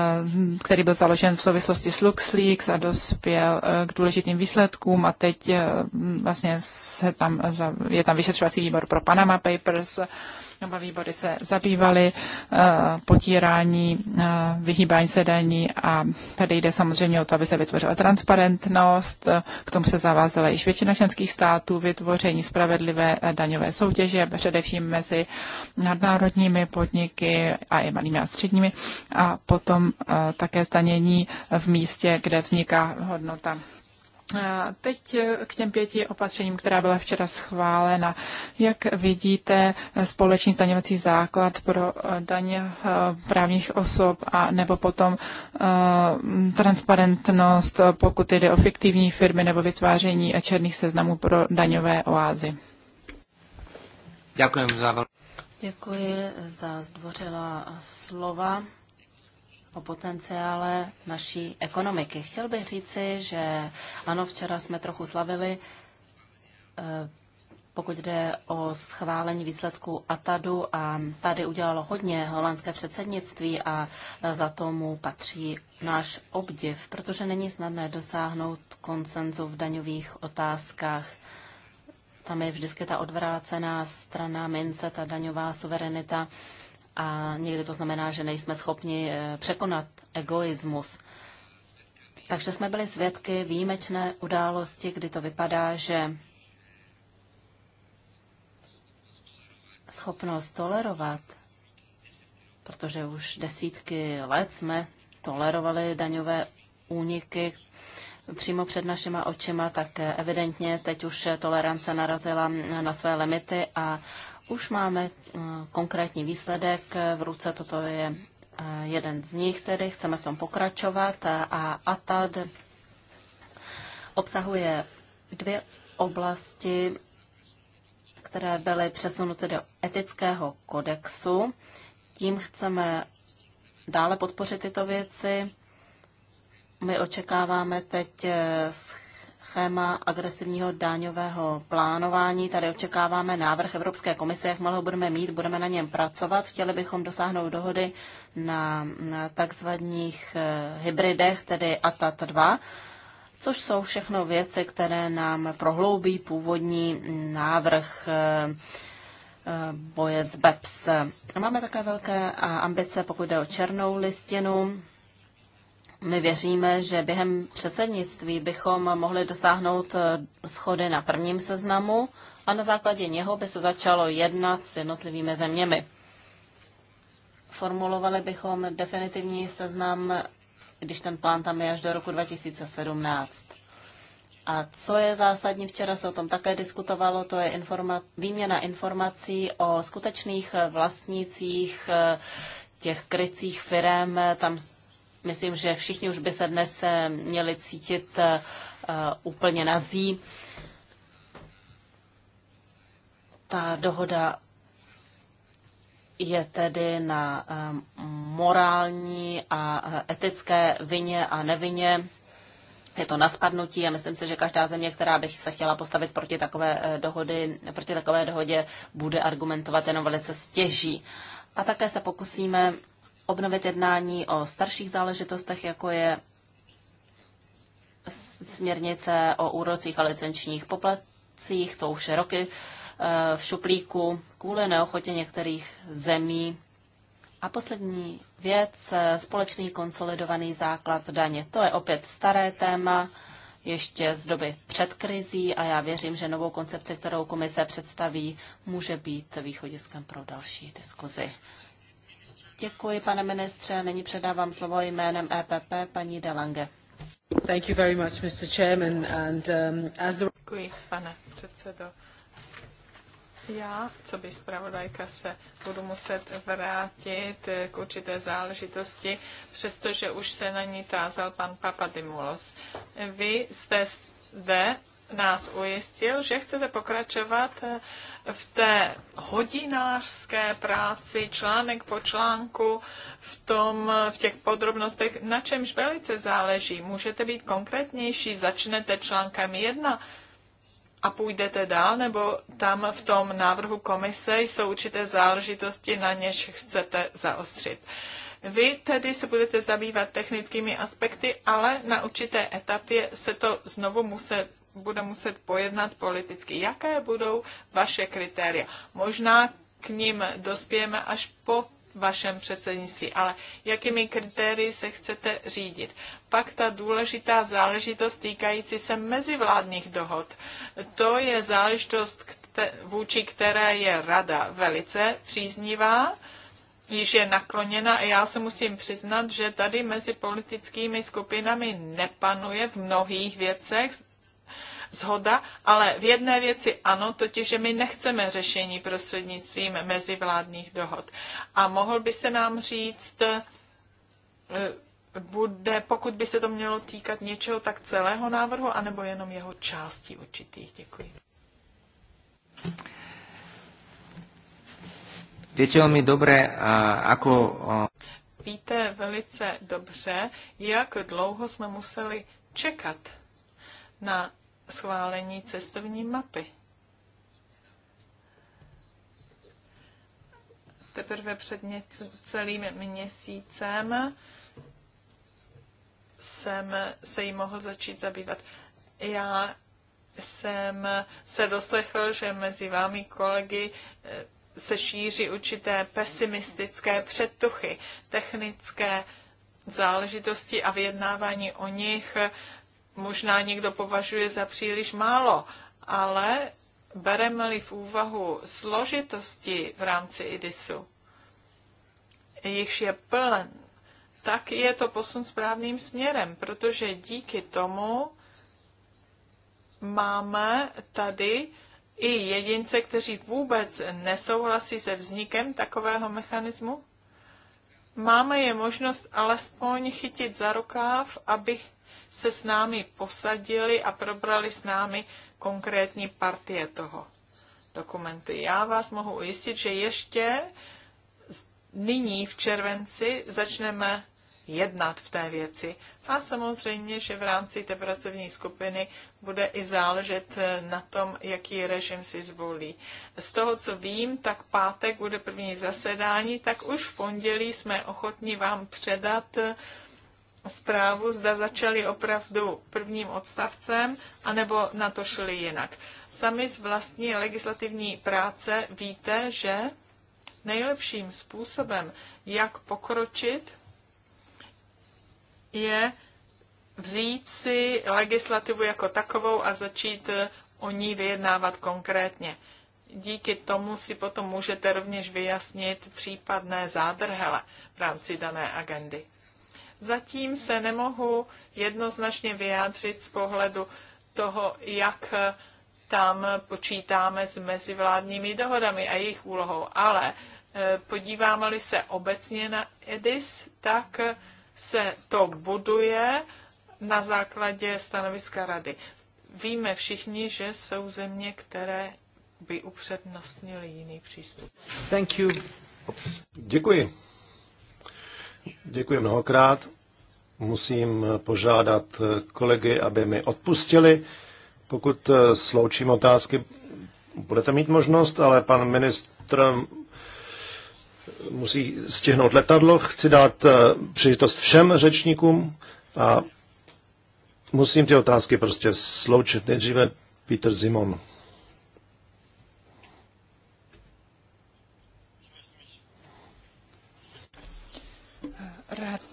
který byl založen v souvislosti s LuxLeaks a dospěl eh, k důležitým výsledkům a teď vlastně se tam, je tam vyšetřovací výbor pro Panama Papers, Oba výbory se zabývaly eh, potírání, eh, vyhýbání se daní a tady jde samozřejmě o to, aby se vytvořila transparentnost, k tomu se zavázala již většina členských států, vytvoření spravedlivé eh, daňové soutěže, především mezi nadnárodními podniky a i malými a středními a potom také zdanění v místě, kde vzniká hodnota Teď k těm pěti opatřením, která byla včera schválena. Jak vidíte, společný zdaňovací základ pro eh, daně eh, právních osob a nebo potom eh, transparentnost, pokud jde o fiktivní firmy nebo vytváření černých seznamů pro daňové oázy. Děkuji za, Děkuji za zdvořilá slova o potenciále naší ekonomiky. Chtěl bych říci, že ano, včera jsme trochu slavili, eh, pokud jde o schválení výsledků ATADu a tady udělalo hodně holandské předsednictví a za tomu patří náš obdiv, protože není snadné dosáhnout konsenzu v daňových otázkách tam je vždycky ta odvrácená strana mince, ta daňová suverenita a někdy to znamená, že nejsme schopni eh, překonat egoismus. Takže jsme byli svědky výjimečné události, kdy to vypadá, že schopnost tolerovat, protože už desítky let jsme tolerovali daňové úniky přímo před našima očima, tak eh, evidentně teď už tolerance narazila na své limity a už máme eh, konkrétní výsledek, v ruce toto je eh, jeden z nich, tedy chceme v tom pokračovat a ATAD obsahuje dvě oblasti, které byly přesunuty do etického kodexu. Tím chceme dále podpořit tyto věci. My očekáváme teď eh, schéma agresivního dáňového plánování. Tady očekáváme návrh Evropské komise, jak ho budeme mít, budeme na něm pracovat. Chtěli bychom dosáhnout dohody na, na takzvaných eh, hybridech, tedy ATAT 2, což jsou všechno věci, které nám prohloubí původní návrh eh, eh, boje s BEPS. Máme také velké ambice, pokud jde o černou listinu. My věříme, že během předsednictví bychom mohli dosáhnout eh, schody na prvním seznamu a na základě něho by se začalo jednat s jednotlivými zeměmi. Formulovali bychom definitivní seznam, když ten plán tam je až do roku 2017. A co je zásadní, včera se o tom také diskutovalo, to je informa- výměna informací o skutečných eh, vlastnících eh, těch krycích firm. Tam Myslím, že všichni už by se dnes eh, měli cítit eh, eh, úplně nazí. Ta dohoda je tedy na morální a etické vině a nevině. Je to na spadnutí a myslím si, že každá země, která by se chtěla postavit proti takové, dohody, proti takové dohodě, bude argumentovat jenom velice stěží. A také se pokusíme obnovit jednání o starších záležitostech, jako je směrnice o úrocích a licenčních poplatcích, to už je roky eh, v šuplíku kvůli neochotě některých zemí. A poslední věc, eh, společný konsolidovaný základ daně. To je opět staré téma, ještě z doby před krizí a já věřím, že novou koncepci, kterou komise představí, může být východiskem pro další diskuzi. Děkuji, pane ministře. Nyní předávám slovo jménem EPP paní Delange. Thank you very much, Mr. Chairman, and, um, as the... Děkuji, pane předsedo. Já, co by zpravodajka, se budu muset vrátit k určité záležitosti, přestože už se na ní tázal pan Papadimulos. Vy jste zde nás ujistil, že chcete pokračovat uh, v té hodinářské práci, článek po článku, v, tom, v těch podrobnostech, na čemž velice záleží. Můžete být konkrétnější, začnete článkem jedna a půjdete dál, nebo tam v tom návrhu komise jsou určité záležitosti, na něž chcete zaostřit. Vy tedy se budete zabývat technickými aspekty, ale na určité etapě se to znovu muset, bude muset pojednat politicky. Jaké budou vaše kritéria? Možná k ním dospějeme až po vašem předsednictví, ale jakými kritérii se chcete řídit. Pak ta důležitá záležitost týkající se mezivládních dohod. To je záležitost, vůči které je rada velice příznivá, již je nakloněna a já se musím přiznat, že tady mezi politickými skupinami nepanuje v mnohých věcech zhoda, ale v jedné věci ano, totiž, že my nechceme řešení prostřednictvím mezivládních dohod. A mohl by se nám říct, eh, bude, pokud by se to mělo týkat něčeho, tak celého návrhu, anebo jenom jeho částí určitých. Děkuji. Víte velmi dobré, jako... Víte velice dobře, jak dlouho jsme museli čekat na schválení cestovní mapy. Teprve před celým měsícem jsem se jí mohl začít zabývat. Já jsem se doslechl, že mezi vámi kolegy eh, se šíří určité pesimistické předtuchy, technické záležitosti a vyjednávání o nich možná někdo považuje za příliš málo, ale bereme-li v úvahu složitosti v rámci IDISu, jichž je pln, tak je to posun správným směrem, protože díky tomu máme tady i jedince, kteří vůbec nesouhlasí se vznikem takového mechanismu? Máme je možnost alespoň chytit za rukáv, aby se s námi posadili a probrali s námi konkrétní partie toho dokumenty. Já vás mohu ujistit, že ještě nyní v červenci začneme jednat v té věci. A samozřejmě, že v rámci té pracovní skupiny bude i záležet na tom, jaký režim si zvolí. Z toho, co vím, tak pátek bude první zasedání, tak už v pondělí jsme ochotni vám předat zprávu, zda začali opravdu prvním odstavcem, anebo na to šli jinak. Sami z vlastní legislativní práce víte, že nejlepším způsobem, jak pokročit, je vzít si legislativu jako takovou a začít eh, o ní vyjednávat konkrétně. Díky tomu si potom můžete rovněž vyjasnit případné zádrhele v rámci dané agendy. Zatím se nemohu jednoznačně vyjádřit z pohledu toho, jak tam počítáme s mezivládními dohodami a jejich úlohou. Ale e, podíváme-li se obecně na EDIS, tak se to buduje na základě stanoviska rady. Víme všichni, že jsou země, které by upřednostnily jiný přístup. Thank you. Děkuji. Děkuji mnohokrát. Musím požádat kolegy, aby mi odpustili. Pokud eh, sloučím otázky, budete mít možnost, ale pan ministr musí stihnout letadlo. Chci dát eh, příležitost všem řečníkům a musím ty otázky prostě sloučit. Nejdříve Peter Zimon.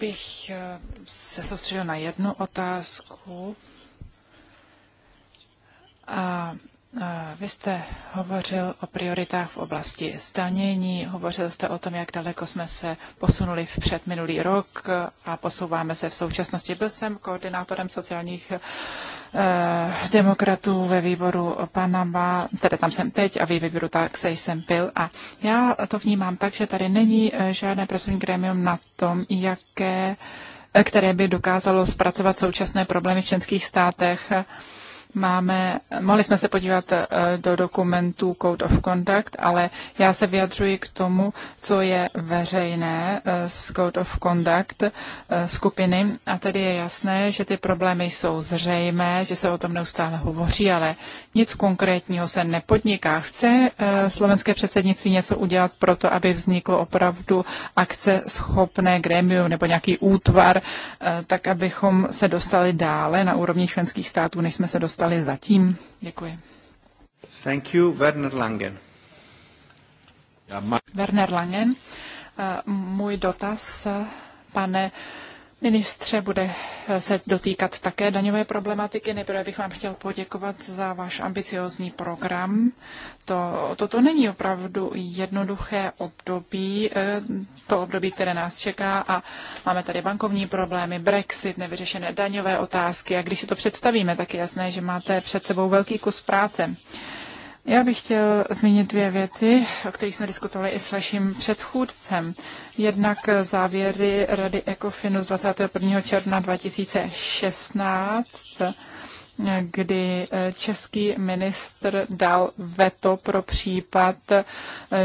bych eh, se soustředil na jednu otázku. A vy jste hovořil o prioritách v oblasti zdanění, hovořil jste o tom, jak daleko jsme se posunuli v minulý rok a posouváme se v současnosti. Byl jsem koordinátorem sociálních eh, demokratů ve výboru Panama, tedy tam jsem teď a ve výboru se jsem byl. A já to vnímám tak, že tady není eh, žádné pracovní grémium na tom, jaké, eh, které by dokázalo zpracovat současné problémy v členských státech máme, mohli jsme se podívat eh, do dokumentů Code of Conduct, ale já se vyjadřuji k tomu, co je veřejné eh, z Code of Conduct eh, skupiny a tedy je jasné, že ty problémy jsou zřejmé, že se o tom neustále hovoří, ale nic konkrétního se nepodniká. Chce slovenské předsednictví něco udělat pro to, aby vzniklo opravdu akce schopné gremium nebo nějaký útvar, tak abychom se dostali dále na úrovni členských států, než jsme se dostali dostali zatím. Děkuji. Thank you, Werner Langen. Werner Langen, eh, můj dotaz, eh, pane ministře, bude se dotýkat také daňové problematiky. Nejprve bych vám chtěl poděkovat za váš ambiciozní program. To, toto není opravdu jednoduché období, eh, to období, které nás čeká a máme tady bankovní problémy, Brexit, nevyřešené daňové otázky a když si to představíme, tak je jasné, že máte před sebou velký kus práce. Já bych chtěl zmínit dvě věci, o kterých jsme diskutovali i s vaším předchůdcem. Jednak závěry Rady Ecofinu z 21. června 2016, kdy eh, český ministr dal veto pro případ, eh,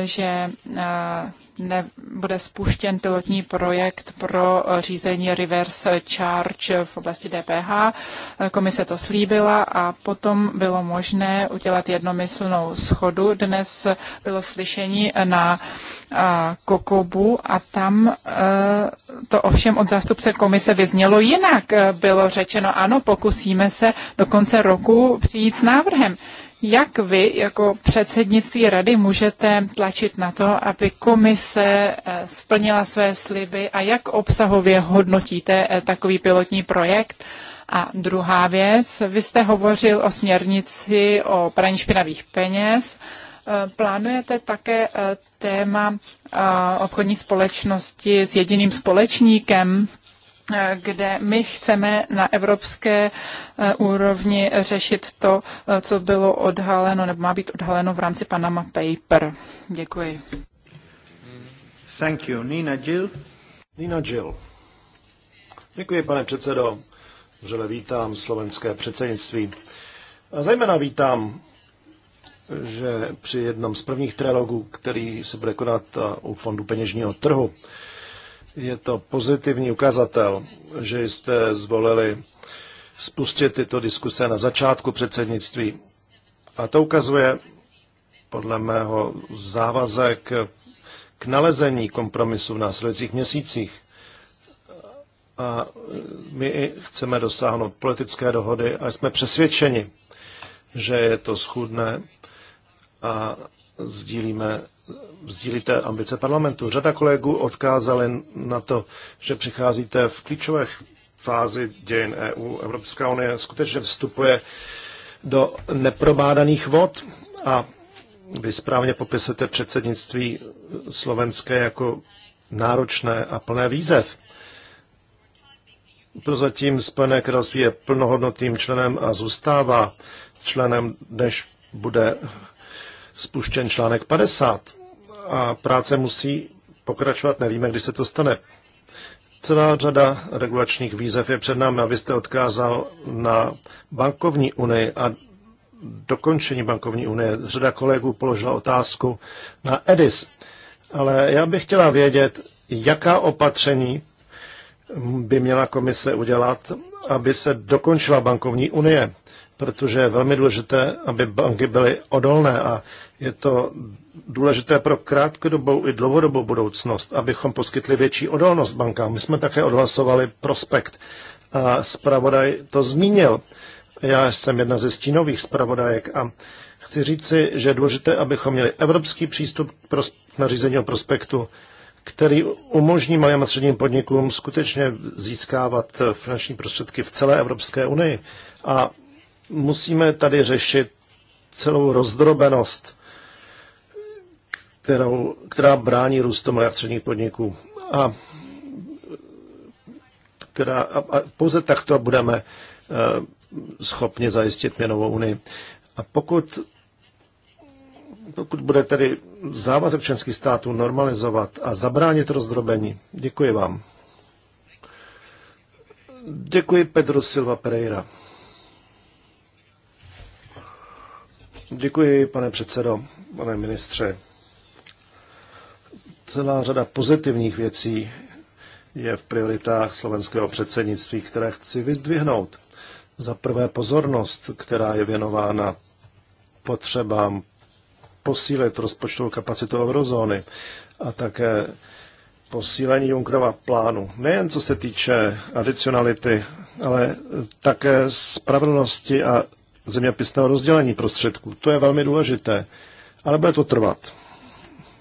že eh, nebude spuštěn pilotní projekt pro eh, řízení reverse charge v oblasti DPH. Eh, komise to slíbila a potom bylo možné udělat jednomyslnou schodu. Dnes bylo slyšení na eh, Kokobu a tam to ovšem od zástupce komise vyznělo jinak. Bylo řečeno, ano, pokusíme se do konce roku přijít s návrhem. Jak vy jako předsednictví rady můžete tlačit na to, aby komise eh, splnila své sliby a jak obsahově hodnotíte eh, takový pilotní projekt? A druhá věc, vy jste hovořil o směrnici o praní špinavých peněz. Eh, plánujete také téma obchodní společnosti s jediným společníkem? kde my chceme na evropské eh, úrovni řešit to, eh, co bylo odhaleno nebo má být odhaleno v rámci Panama Paper. Děkuji. Thank you. Nina Jill. Nina Jill. Děkuji, pane předsedo. Vřele vítám slovenské předsednictví. A zejména vítám, že při jednom z prvních trilogů, který se bude konat eh, u Fondu peněžního trhu, je to pozitivní ukazatel, že jste zvolili spustit tyto diskuse na začátku předsednictví. A to ukazuje podle mého závazek k nalezení kompromisu v následujících měsících. A my chceme dosáhnout politické dohody a jsme přesvědčeni, že je to schůdné a sdílíme sdílíte ambice parlamentu. Řada kolegů odkázali na to, že přicházíte v klíčové fázi dějin EU. Evropská unie skutečně vstupuje do neprobádaných vod a vy správně popisujete předsednictví slovenské jako náročné a plné výzev. Prozatím Spojené království je plnohodnotným členem a zůstává členem, než bude spuštěn článek 50 a práce musí pokračovat, nevíme, kdy se to stane. Celá řada regulačních výzev je před námi, abyste odkázal na bankovní unii a dokončení bankovní unie. Řada kolegů položila otázku na EDIS, ale já bych chtěla vědět, jaká opatření by měla komise udělat, aby se dokončila bankovní unie, protože je velmi důležité, aby banky byly odolné a je to důležité pro krátkodobou i dlouhodobou budoucnost, abychom poskytli větší odolnost bankám. My jsme také odhlasovali prospekt a zpravodaj to zmínil. Já jsem jedna ze stínových zpravodajek a chci říci, že je důležité, abychom měli evropský přístup k nařízení o prospektu, který umožní malým a středním podnikům skutečně získávat finanční prostředky v celé Evropské unii. A musíme tady řešit celou rozdrobenost kterou, která brání růstu malých středních podniků. A, která, a, a pouze takto budeme e, schopni zajistit měnovou unii. A pokud, pokud bude tedy závazek členských států normalizovat a zabránit rozdrobení, děkuji vám. Děkuji Pedro Silva Pereira. Děkuji, pane předsedo, pane ministře celá řada pozitivních věcí je v prioritách slovenského předsednictví, které chci vyzdvihnout. Za prvé pozornost, která je věnována potřebám posílit rozpočtovou kapacitu eurozóny a také posílení Junkrova plánu. Nejen co se týče adicionality, ale také spravedlnosti a zeměpisného rozdělení prostředků. To je velmi důležité, ale bude to trvat.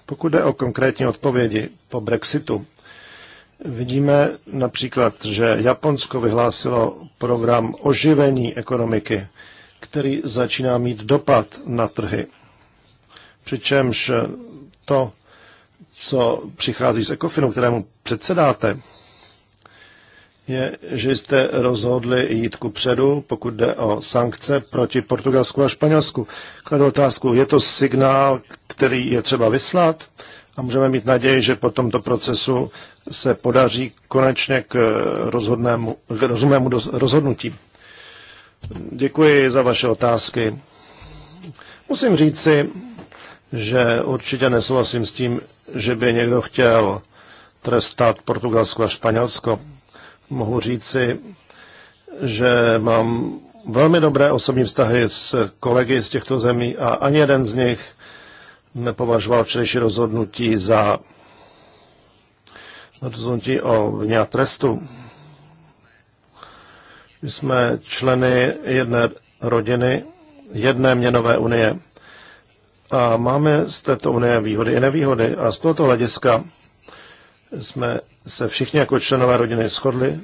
Pokud jde o konkrétní odpovědi po Brexitu, vidíme například, že Japonsko vyhlásilo program oživení ekonomiky, který začíná mít dopad na trhy. Přičemž to, co přichází z Ecofinu, kterému předsedáte, je, že jste rozhodli jít ku předu, pokud jde o sankce proti Portugalsku a Španělsku. Kladu otázku, je to signál, který je třeba vyslat a můžeme mít naději, že po tomto procesu se podaří konečně k, rozhodnému, k rozumnému rozhodnutí. Děkuji za vaše otázky. Musím říct si, že určitě nesouhlasím s tím, že by někdo chtěl trestat Portugalsko a Španělsko mohu říci, že mám velmi dobré osobní vztahy s kolegy z těchto zemí a ani jeden z nich nepovažoval včerejší rozhodnutí za rozhodnutí o vňa trestu. My jsme členy jedné rodiny, jedné měnové unie a máme z této unie výhody i nevýhody. A z tohoto hlediska jsme se všichni jako členové rodiny shodli,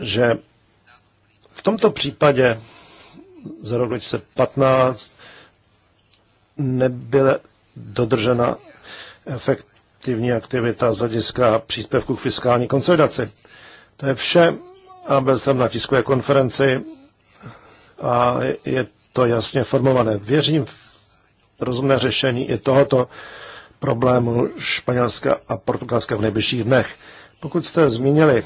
že v tomto případě za rok 2015 nebyla dodržena efektivní aktivita z hlediska příspěvku k fiskální konsolidaci. To je vše a byl jsem na tiskové konferenci a je to jasně formované. Věřím v rozumné řešení i tohoto problému Španělska a Portugalska v nejbližších dnech. Pokud jste zmínili,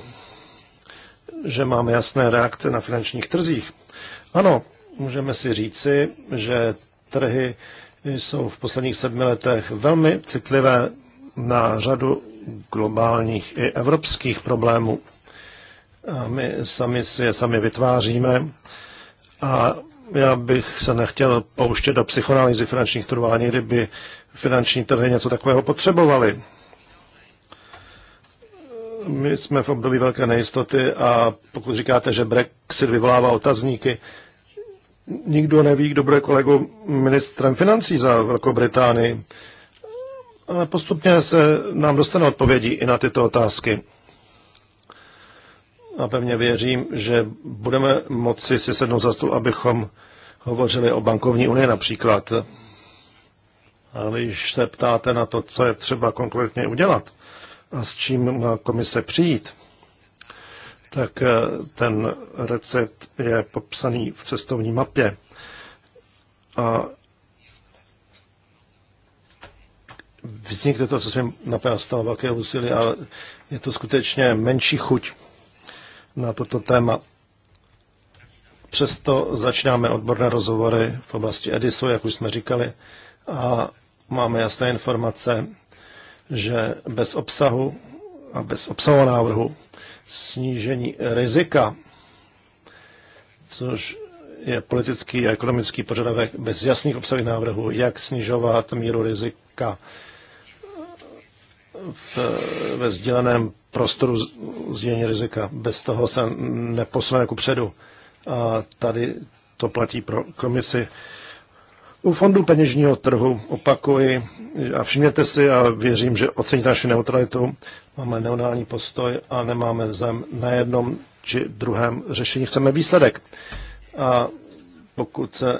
že máme jasné reakce na finančních trzích, ano, můžeme si říci, že trhy jsou v posledních sedmi letech velmi citlivé na řadu globálních i evropských problémů. A my sami si je sami vytváříme a já bych se nechtěl pouštět do psychoanalýzy finančních trhů, ani kdyby finanční trhy něco takového potřebovali. My jsme v období velké nejistoty a pokud říkáte, že Brexit vyvolává otazníky, nikdo neví, kdo bude kolegou ministrem financí za Velkou Británii. Ale postupně se nám dostane odpovědi i na tyto otázky a pevně věřím, že budeme moci si sednout za stůl, abychom hovořili o bankovní unii například. A když se ptáte na to, co je třeba konkrétně udělat a s čím má komise přijít, tak eh, ten recept je popsaný v cestovní mapě. A vznikne to, co jsem napěl stalo velké úsilí, ale je to skutečně menší chuť na toto téma. Přesto začínáme odborné rozhovory v oblasti Edisu, jak už jsme říkali, a máme jasné informace, že bez obsahu a bez obsahu návrhu snížení rizika, což je politický a ekonomický požadavek bez jasných obsahových návrhů, jak snižovat míru rizika v, ve sděleném prostoru sdílení rizika. Bez toho se neposuneme ku jako předu. A tady to platí pro komisi. U fondu peněžního trhu opakuji a všimněte si a věřím, že oceníte naši neutralitu. Máme neonální postoj a nemáme zem na jednom či druhém řešení. Chceme výsledek. A pokud se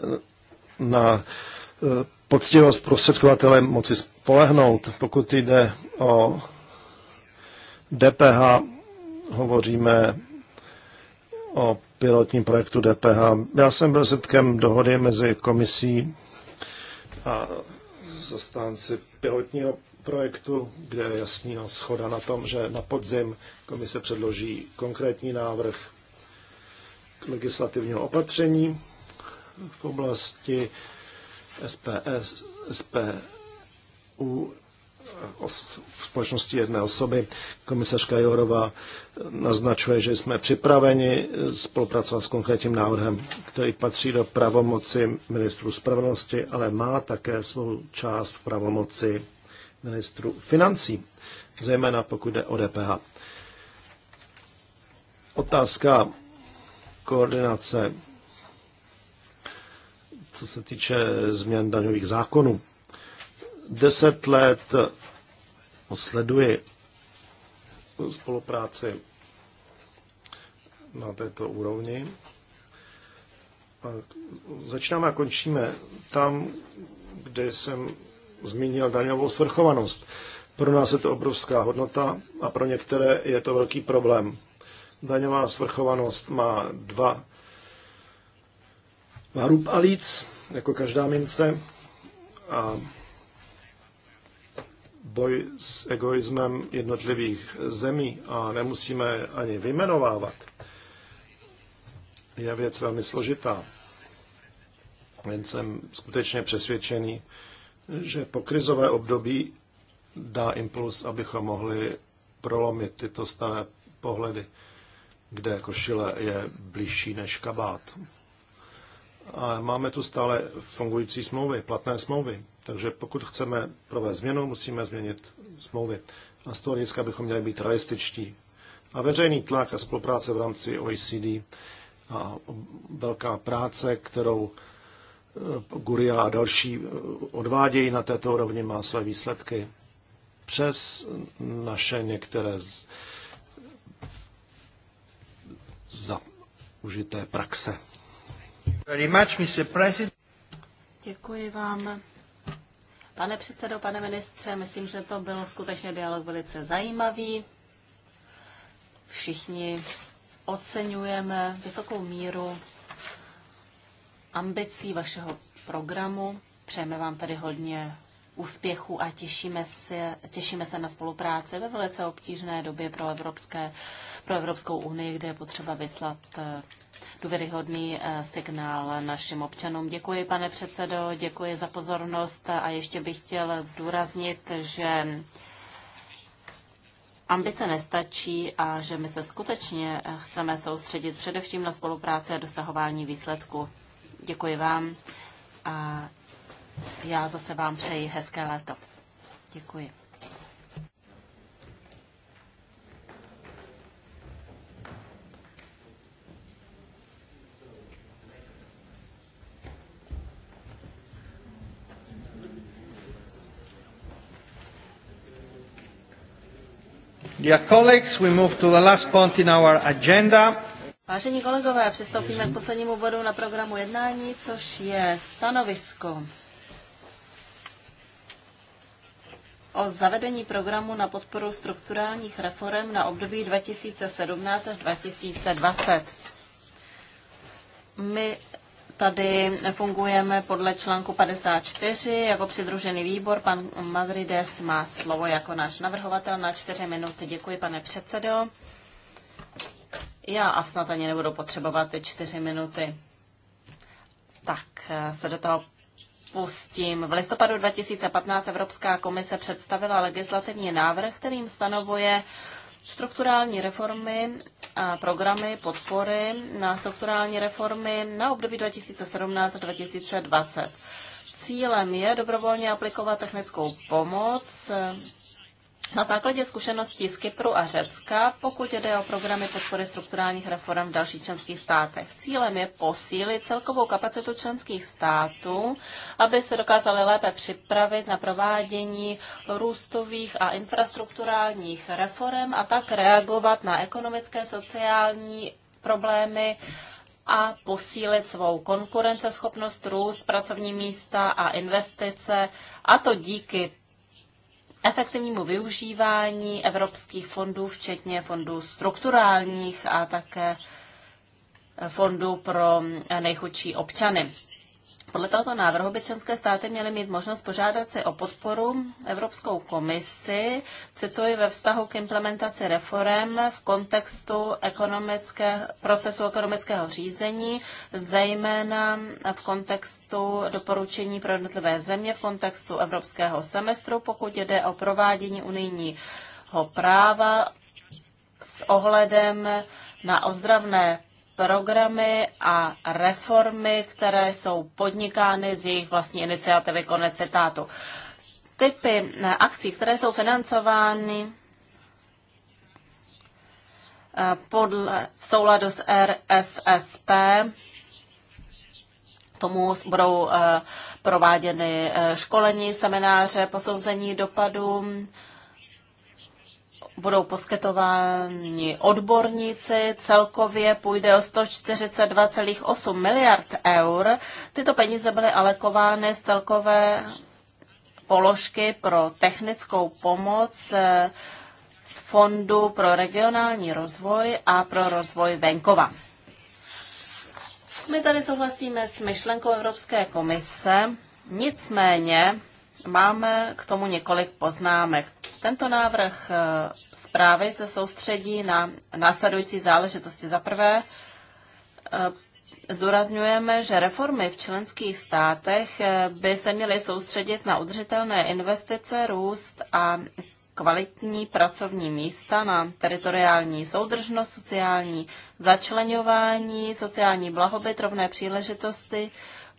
na eh, poctivost prostředkovatele moci spolehnout, pokud jde o DPH hovoříme o pilotním projektu DPH. Já jsem byl setkem dohody mezi komisí a zastánci pilotního projektu, kde je jasný schoda na tom, že na podzim komise předloží konkrétní návrh legislativního opatření v oblasti SPS, SPU v společnosti jedné osoby. Komisařka Jorová naznačuje, že jsme připraveni spolupracovat s konkrétním návrhem, který patří do pravomoci ministru spravedlnosti, ale má také svou část v pravomoci ministru financí, zejména pokud jde o DPH. Otázka koordinace, co se týče změn daňových zákonů. Deset let sleduji spolupráci na této úrovni. A začínáme a končíme tam, kde jsem zmínil daňovou svrchovanost. Pro nás je to obrovská hodnota a pro některé je to velký problém. Daňová svrchovanost má dva má a líc, jako každá mince. A boj s egoismem jednotlivých zemí a nemusíme ani vymenovávat, je věc velmi složitá. Jen jsem skutečně přesvědčený, že po krizové období dá impuls, abychom mohli prolomit tyto staré pohledy, kde košile jako je blížší než kabát. A máme tu stále fungující smlouvy, platné smlouvy. Takže pokud chceme provést změnu, musíme změnit smlouvy. A z toho hlediska bychom měli být realističtí. A veřejný tlak a spolupráce v rámci OECD a velká práce, kterou e, Guria a další e, odvádějí na této úrovni, má své výsledky. Přes naše některé z... zaužité praxe. Děkuji vám, Pane předsedo, pane ministře, myslím, že to byl skutečně dialog velice zajímavý. Všichni oceňujeme vysokou míru ambicí vašeho programu. Přejeme vám tady hodně úspěchu a těšíme se, těšíme se na spolupráci ve velice obtížné době pro, Evropské, pro Evropskou unii, kde je potřeba vyslat eh, důvěryhodný eh, signál našim občanům. Děkuji, pane předsedo, děkuji za pozornost a ještě bych chtěl zdůraznit, že ambice nestačí a že my se skutečně eh, chceme soustředit především na spolupráci a dosahování výsledku. Děkuji vám a já zase vám přeji hezké léto. Děkuji. Dear colleagues, we move to the last point in our agenda. Vážení kolegové, přistoupíme k poslednímu bodu na programu jednání, což je stanovisko o zavedení programu na podporu strukturálních reform na období 2017 až 2020. My tady fungujeme podle článku 54 jako přidružený výbor. Pan Madrides má slovo jako náš navrhovatel na čtyři minuty. Děkuji, pane předsedo. Já a snad ani nebudu potřebovat ty čtyři minuty. Tak eh, se do toho spustím. V listopadu 2015 Evropská komise představila legislativní návrh, kterým stanovuje strukturální reformy a programy podpory na strukturální reformy na období 2017-2020. Cílem je dobrovolně aplikovat technickou pomoc na základě zkušeností z Kypru a Řecka, pokud jde o programy podpory strukturálních reform v dalších členských státech, cílem je posílit celkovou kapacitu členských států, aby se dokázali lépe připravit na provádění růstových a infrastrukturálních reform a tak reagovat na ekonomické, sociální problémy a posílit svou konkurenceschopnost, růst, pracovní místa a investice, a to díky efektivnímu využívání evropských fondů, včetně fondů strukturálních a také fondů pro nejchudší občany. Podle tohoto návrhu by členské státy měly mít možnost požádat si o podporu Evropskou komisi, cituji, ve vztahu k implementaci reform v kontextu ekonomické, procesu ekonomického řízení, zejména v kontextu doporučení pro jednotlivé země, v kontextu evropského semestru, pokud jde o provádění unijního práva s ohledem na ozdravné programy a reformy, které jsou podnikány z jejich vlastní iniciativy. Konec citátu. Typy eh, akcí, které jsou financovány eh, podle, v souladu s RSSP, tomu budou eh, prováděny školení, semináře, posouzení dopadů, budou poskytováni odborníci. Celkově půjde o 142,8 miliard eur. Tyto peníze byly alekovány z celkové položky pro technickou pomoc eh, z Fondu pro regionální rozvoj a pro rozvoj venkova. My tady souhlasíme s myšlenkou Evropské komise, nicméně Máme k tomu několik poznámek. Tento návrh eh, zprávy se soustředí na následující záležitosti. Za prvé, eh, zdůrazňujeme, že reformy v členských státech eh, by se měly soustředit na udržitelné investice, růst a kvalitní pracovní místa na teritoriální soudržnost, sociální začlenování, sociální blahobyt, rovné příležitosti,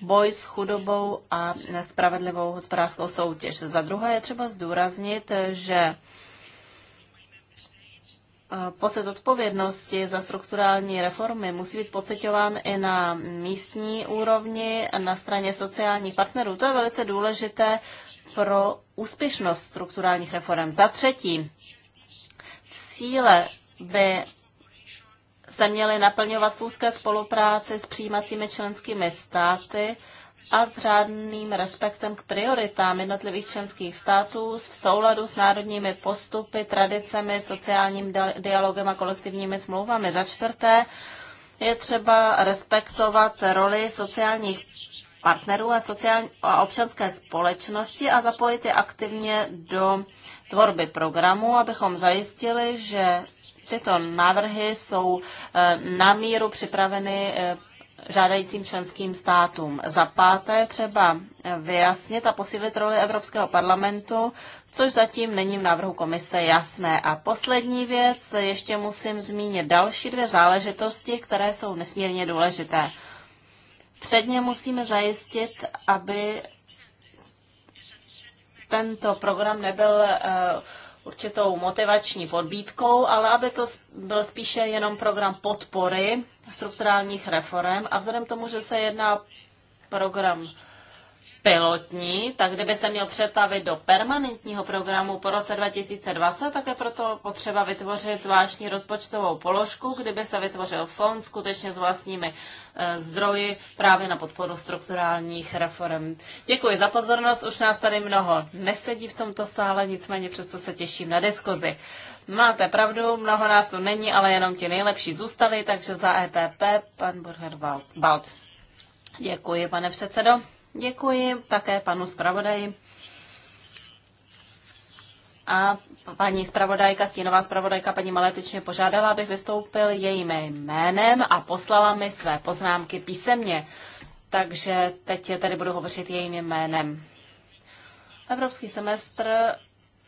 boj s chudobou a spravedlivou hospodářskou soutěž. Za druhé je třeba zdůraznit, že eh, pocit odpovědnosti za strukturální reformy musí být pocitován i na místní úrovni, na straně sociálních partnerů. To je velice důležité pro úspěšnost strukturálních reform. Za třetí, cíle by se měly naplňovat v úzké spolupráci s přijímacími členskými státy a s řádným respektem k prioritám jednotlivých členských států v souladu s národními postupy, tradicemi, sociálním dialogem a kolektivními smlouvami. Za čtvrté je třeba respektovat roli sociálních partnerů a, sociální, a občanské společnosti a zapojit je aktivně do tvorby programu, abychom zajistili, že tyto návrhy jsou eh, na míru připraveny eh, žádajícím členským státům. Za páté třeba eh, vyjasnit a posílit roli Evropského parlamentu, což zatím není v návrhu komise jasné. A poslední věc, ještě musím zmínit další dvě záležitosti, které jsou nesmírně důležité. Předně musíme zajistit, aby tento program nebyl eh, určitou motivační podbídkou, ale aby to byl spíše jenom program podpory strukturálních reform. A vzhledem tomu, že se jedná program pilotní, tak kdyby se měl přetavit do permanentního programu po roce 2020, tak je proto potřeba vytvořit zvláštní rozpočtovou položku, kdyby se vytvořil fond skutečně s vlastními eh, zdroji právě na podporu strukturálních reform. Děkuji za pozornost, už nás tady mnoho nesedí v tomto sále, nicméně přesto se těším na diskuzi. Máte pravdu, mnoho nás tu není, ale jenom ti nejlepší zůstali, takže za EPP pan Burger Balc. Děkuji, pane předsedo. Děkuji také panu zpravodaji. A paní zpravodajka, stínová zpravodajka, paní Maletič mě požádala, abych vystoupil jejím jménem a poslala mi své poznámky písemně. Takže teď tady budu hovořit jejím jménem. Evropský semestr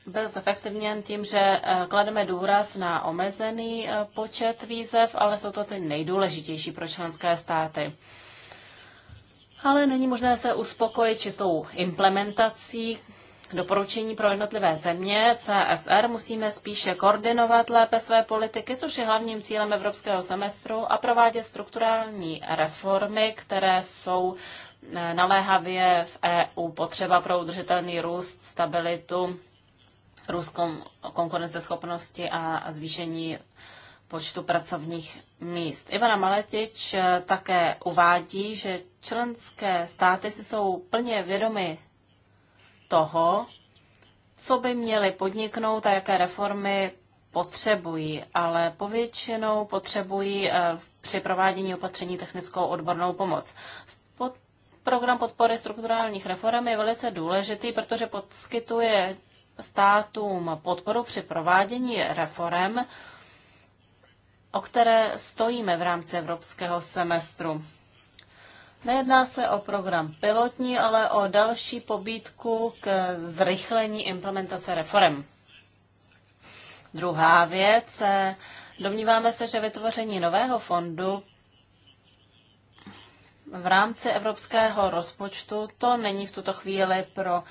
byl zefektivněn tím, že eh, klademe důraz na omezený eh, počet výzev, ale jsou to ty nejdůležitější pro členské státy ale není možné se uspokojit čistou implementací doporučení pro jednotlivé země. CSR musíme spíše koordinovat lépe své politiky, což je hlavním cílem evropského semestru a provádět strukturální reformy, které jsou eh, naléhavě v EU potřeba pro udržitelný růst, stabilitu, růst konkurenceschopnosti a zvýšení počtu pracovních míst. Ivana Maletič eh, také uvádí, že členské státy si jsou plně vědomy toho, co by měly podniknout a jaké reformy potřebují, ale povětšinou potřebují eh, při provádění opatření technickou odbornou pomoc. Pod program podpory strukturálních reform je velice důležitý, protože poskytuje státům podporu při provádění reform, o které stojíme v rámci evropského semestru. Nejedná se o program pilotní, ale o další pobídku k zrychlení implementace reform. Druhá věc, eh, domníváme se, že vytvoření nového fondu v rámci evropského rozpočtu to není v tuto chvíli pro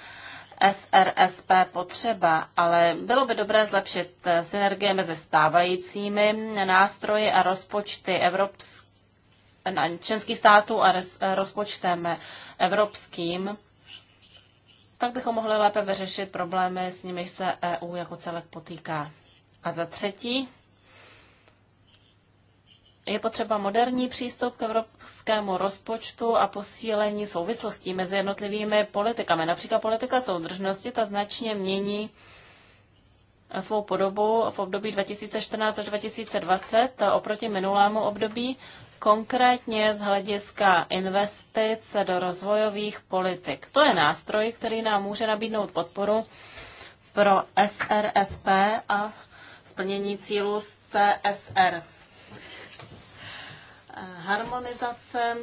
SRSP potřeba, ale bylo by dobré zlepšit eh, synergie mezi stávajícími nástroji a rozpočty členských států a eh, rozpočtem evropským, tak bychom mohli lépe vyřešit problémy, s nimiž se EU jako celek potýká. A za třetí, je potřeba moderní přístup k evropskému rozpočtu a posílení souvislostí mezi jednotlivými politikami. Například politika soudržnosti ta značně mění svou podobu v období 2014 až 2020 oproti minulému období, konkrétně z hlediska investic do rozvojových politik. To je nástroj, který nám může nabídnout podporu pro SRSP a splnění cílů CSR harmonizace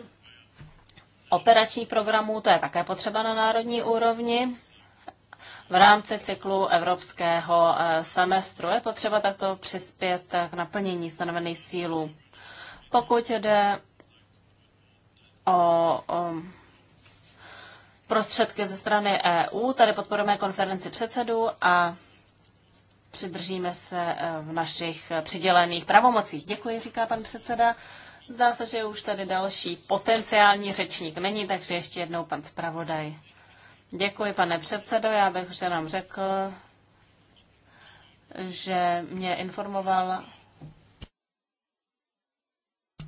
operačních programů, to je také potřeba na národní úrovni. V rámci cyklu evropského eh, semestru je potřeba takto přispět eh, k naplnění stanovených cílů. Pokud jde o, o prostředky ze strany EU, tady podporujeme konferenci předsedů a přidržíme se eh, v našich přidělených pravomocích. Děkuji, říká pan předseda. Zdá se, že už tady další potenciální řečník není, takže ještě jednou pan zpravodaj. Děkuji, pane předsedo. Já bych už jenom řekl, že mě informoval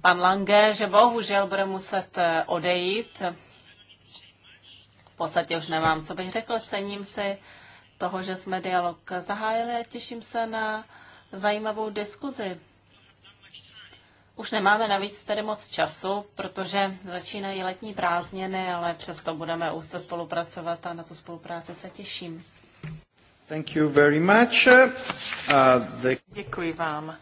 pan Lange, že bohužel bude muset eh, odejít. V podstatě už nemám, co bych řekl. Cením si toho, že jsme dialog zahájili a těším se na zajímavou diskuzi. Už nemáme navíc tedy moc času, protože začínají letní prázdniny, ale přesto budeme úzce spolupracovat a na tu spolupráci se těším. Thank you very much. Uh, the... Děkuji vám.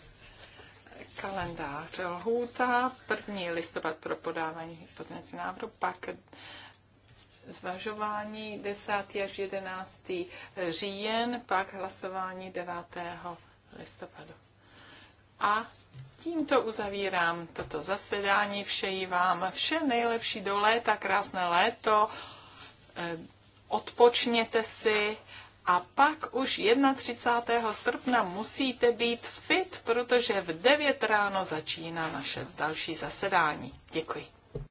Kalendář lhůta, první listopad pro podávání pozměňovacích návrhu, pak zvažování 10. až 11. říjen, pak hlasování 9. listopadu. A tímto uzavírám toto zasedání. všeji vám vše nejlepší do léta, krásné léto. Eh, odpočněte si a pak už 31. srpna musíte být fit, protože v 9 ráno začíná naše další zasedání. Děkuji.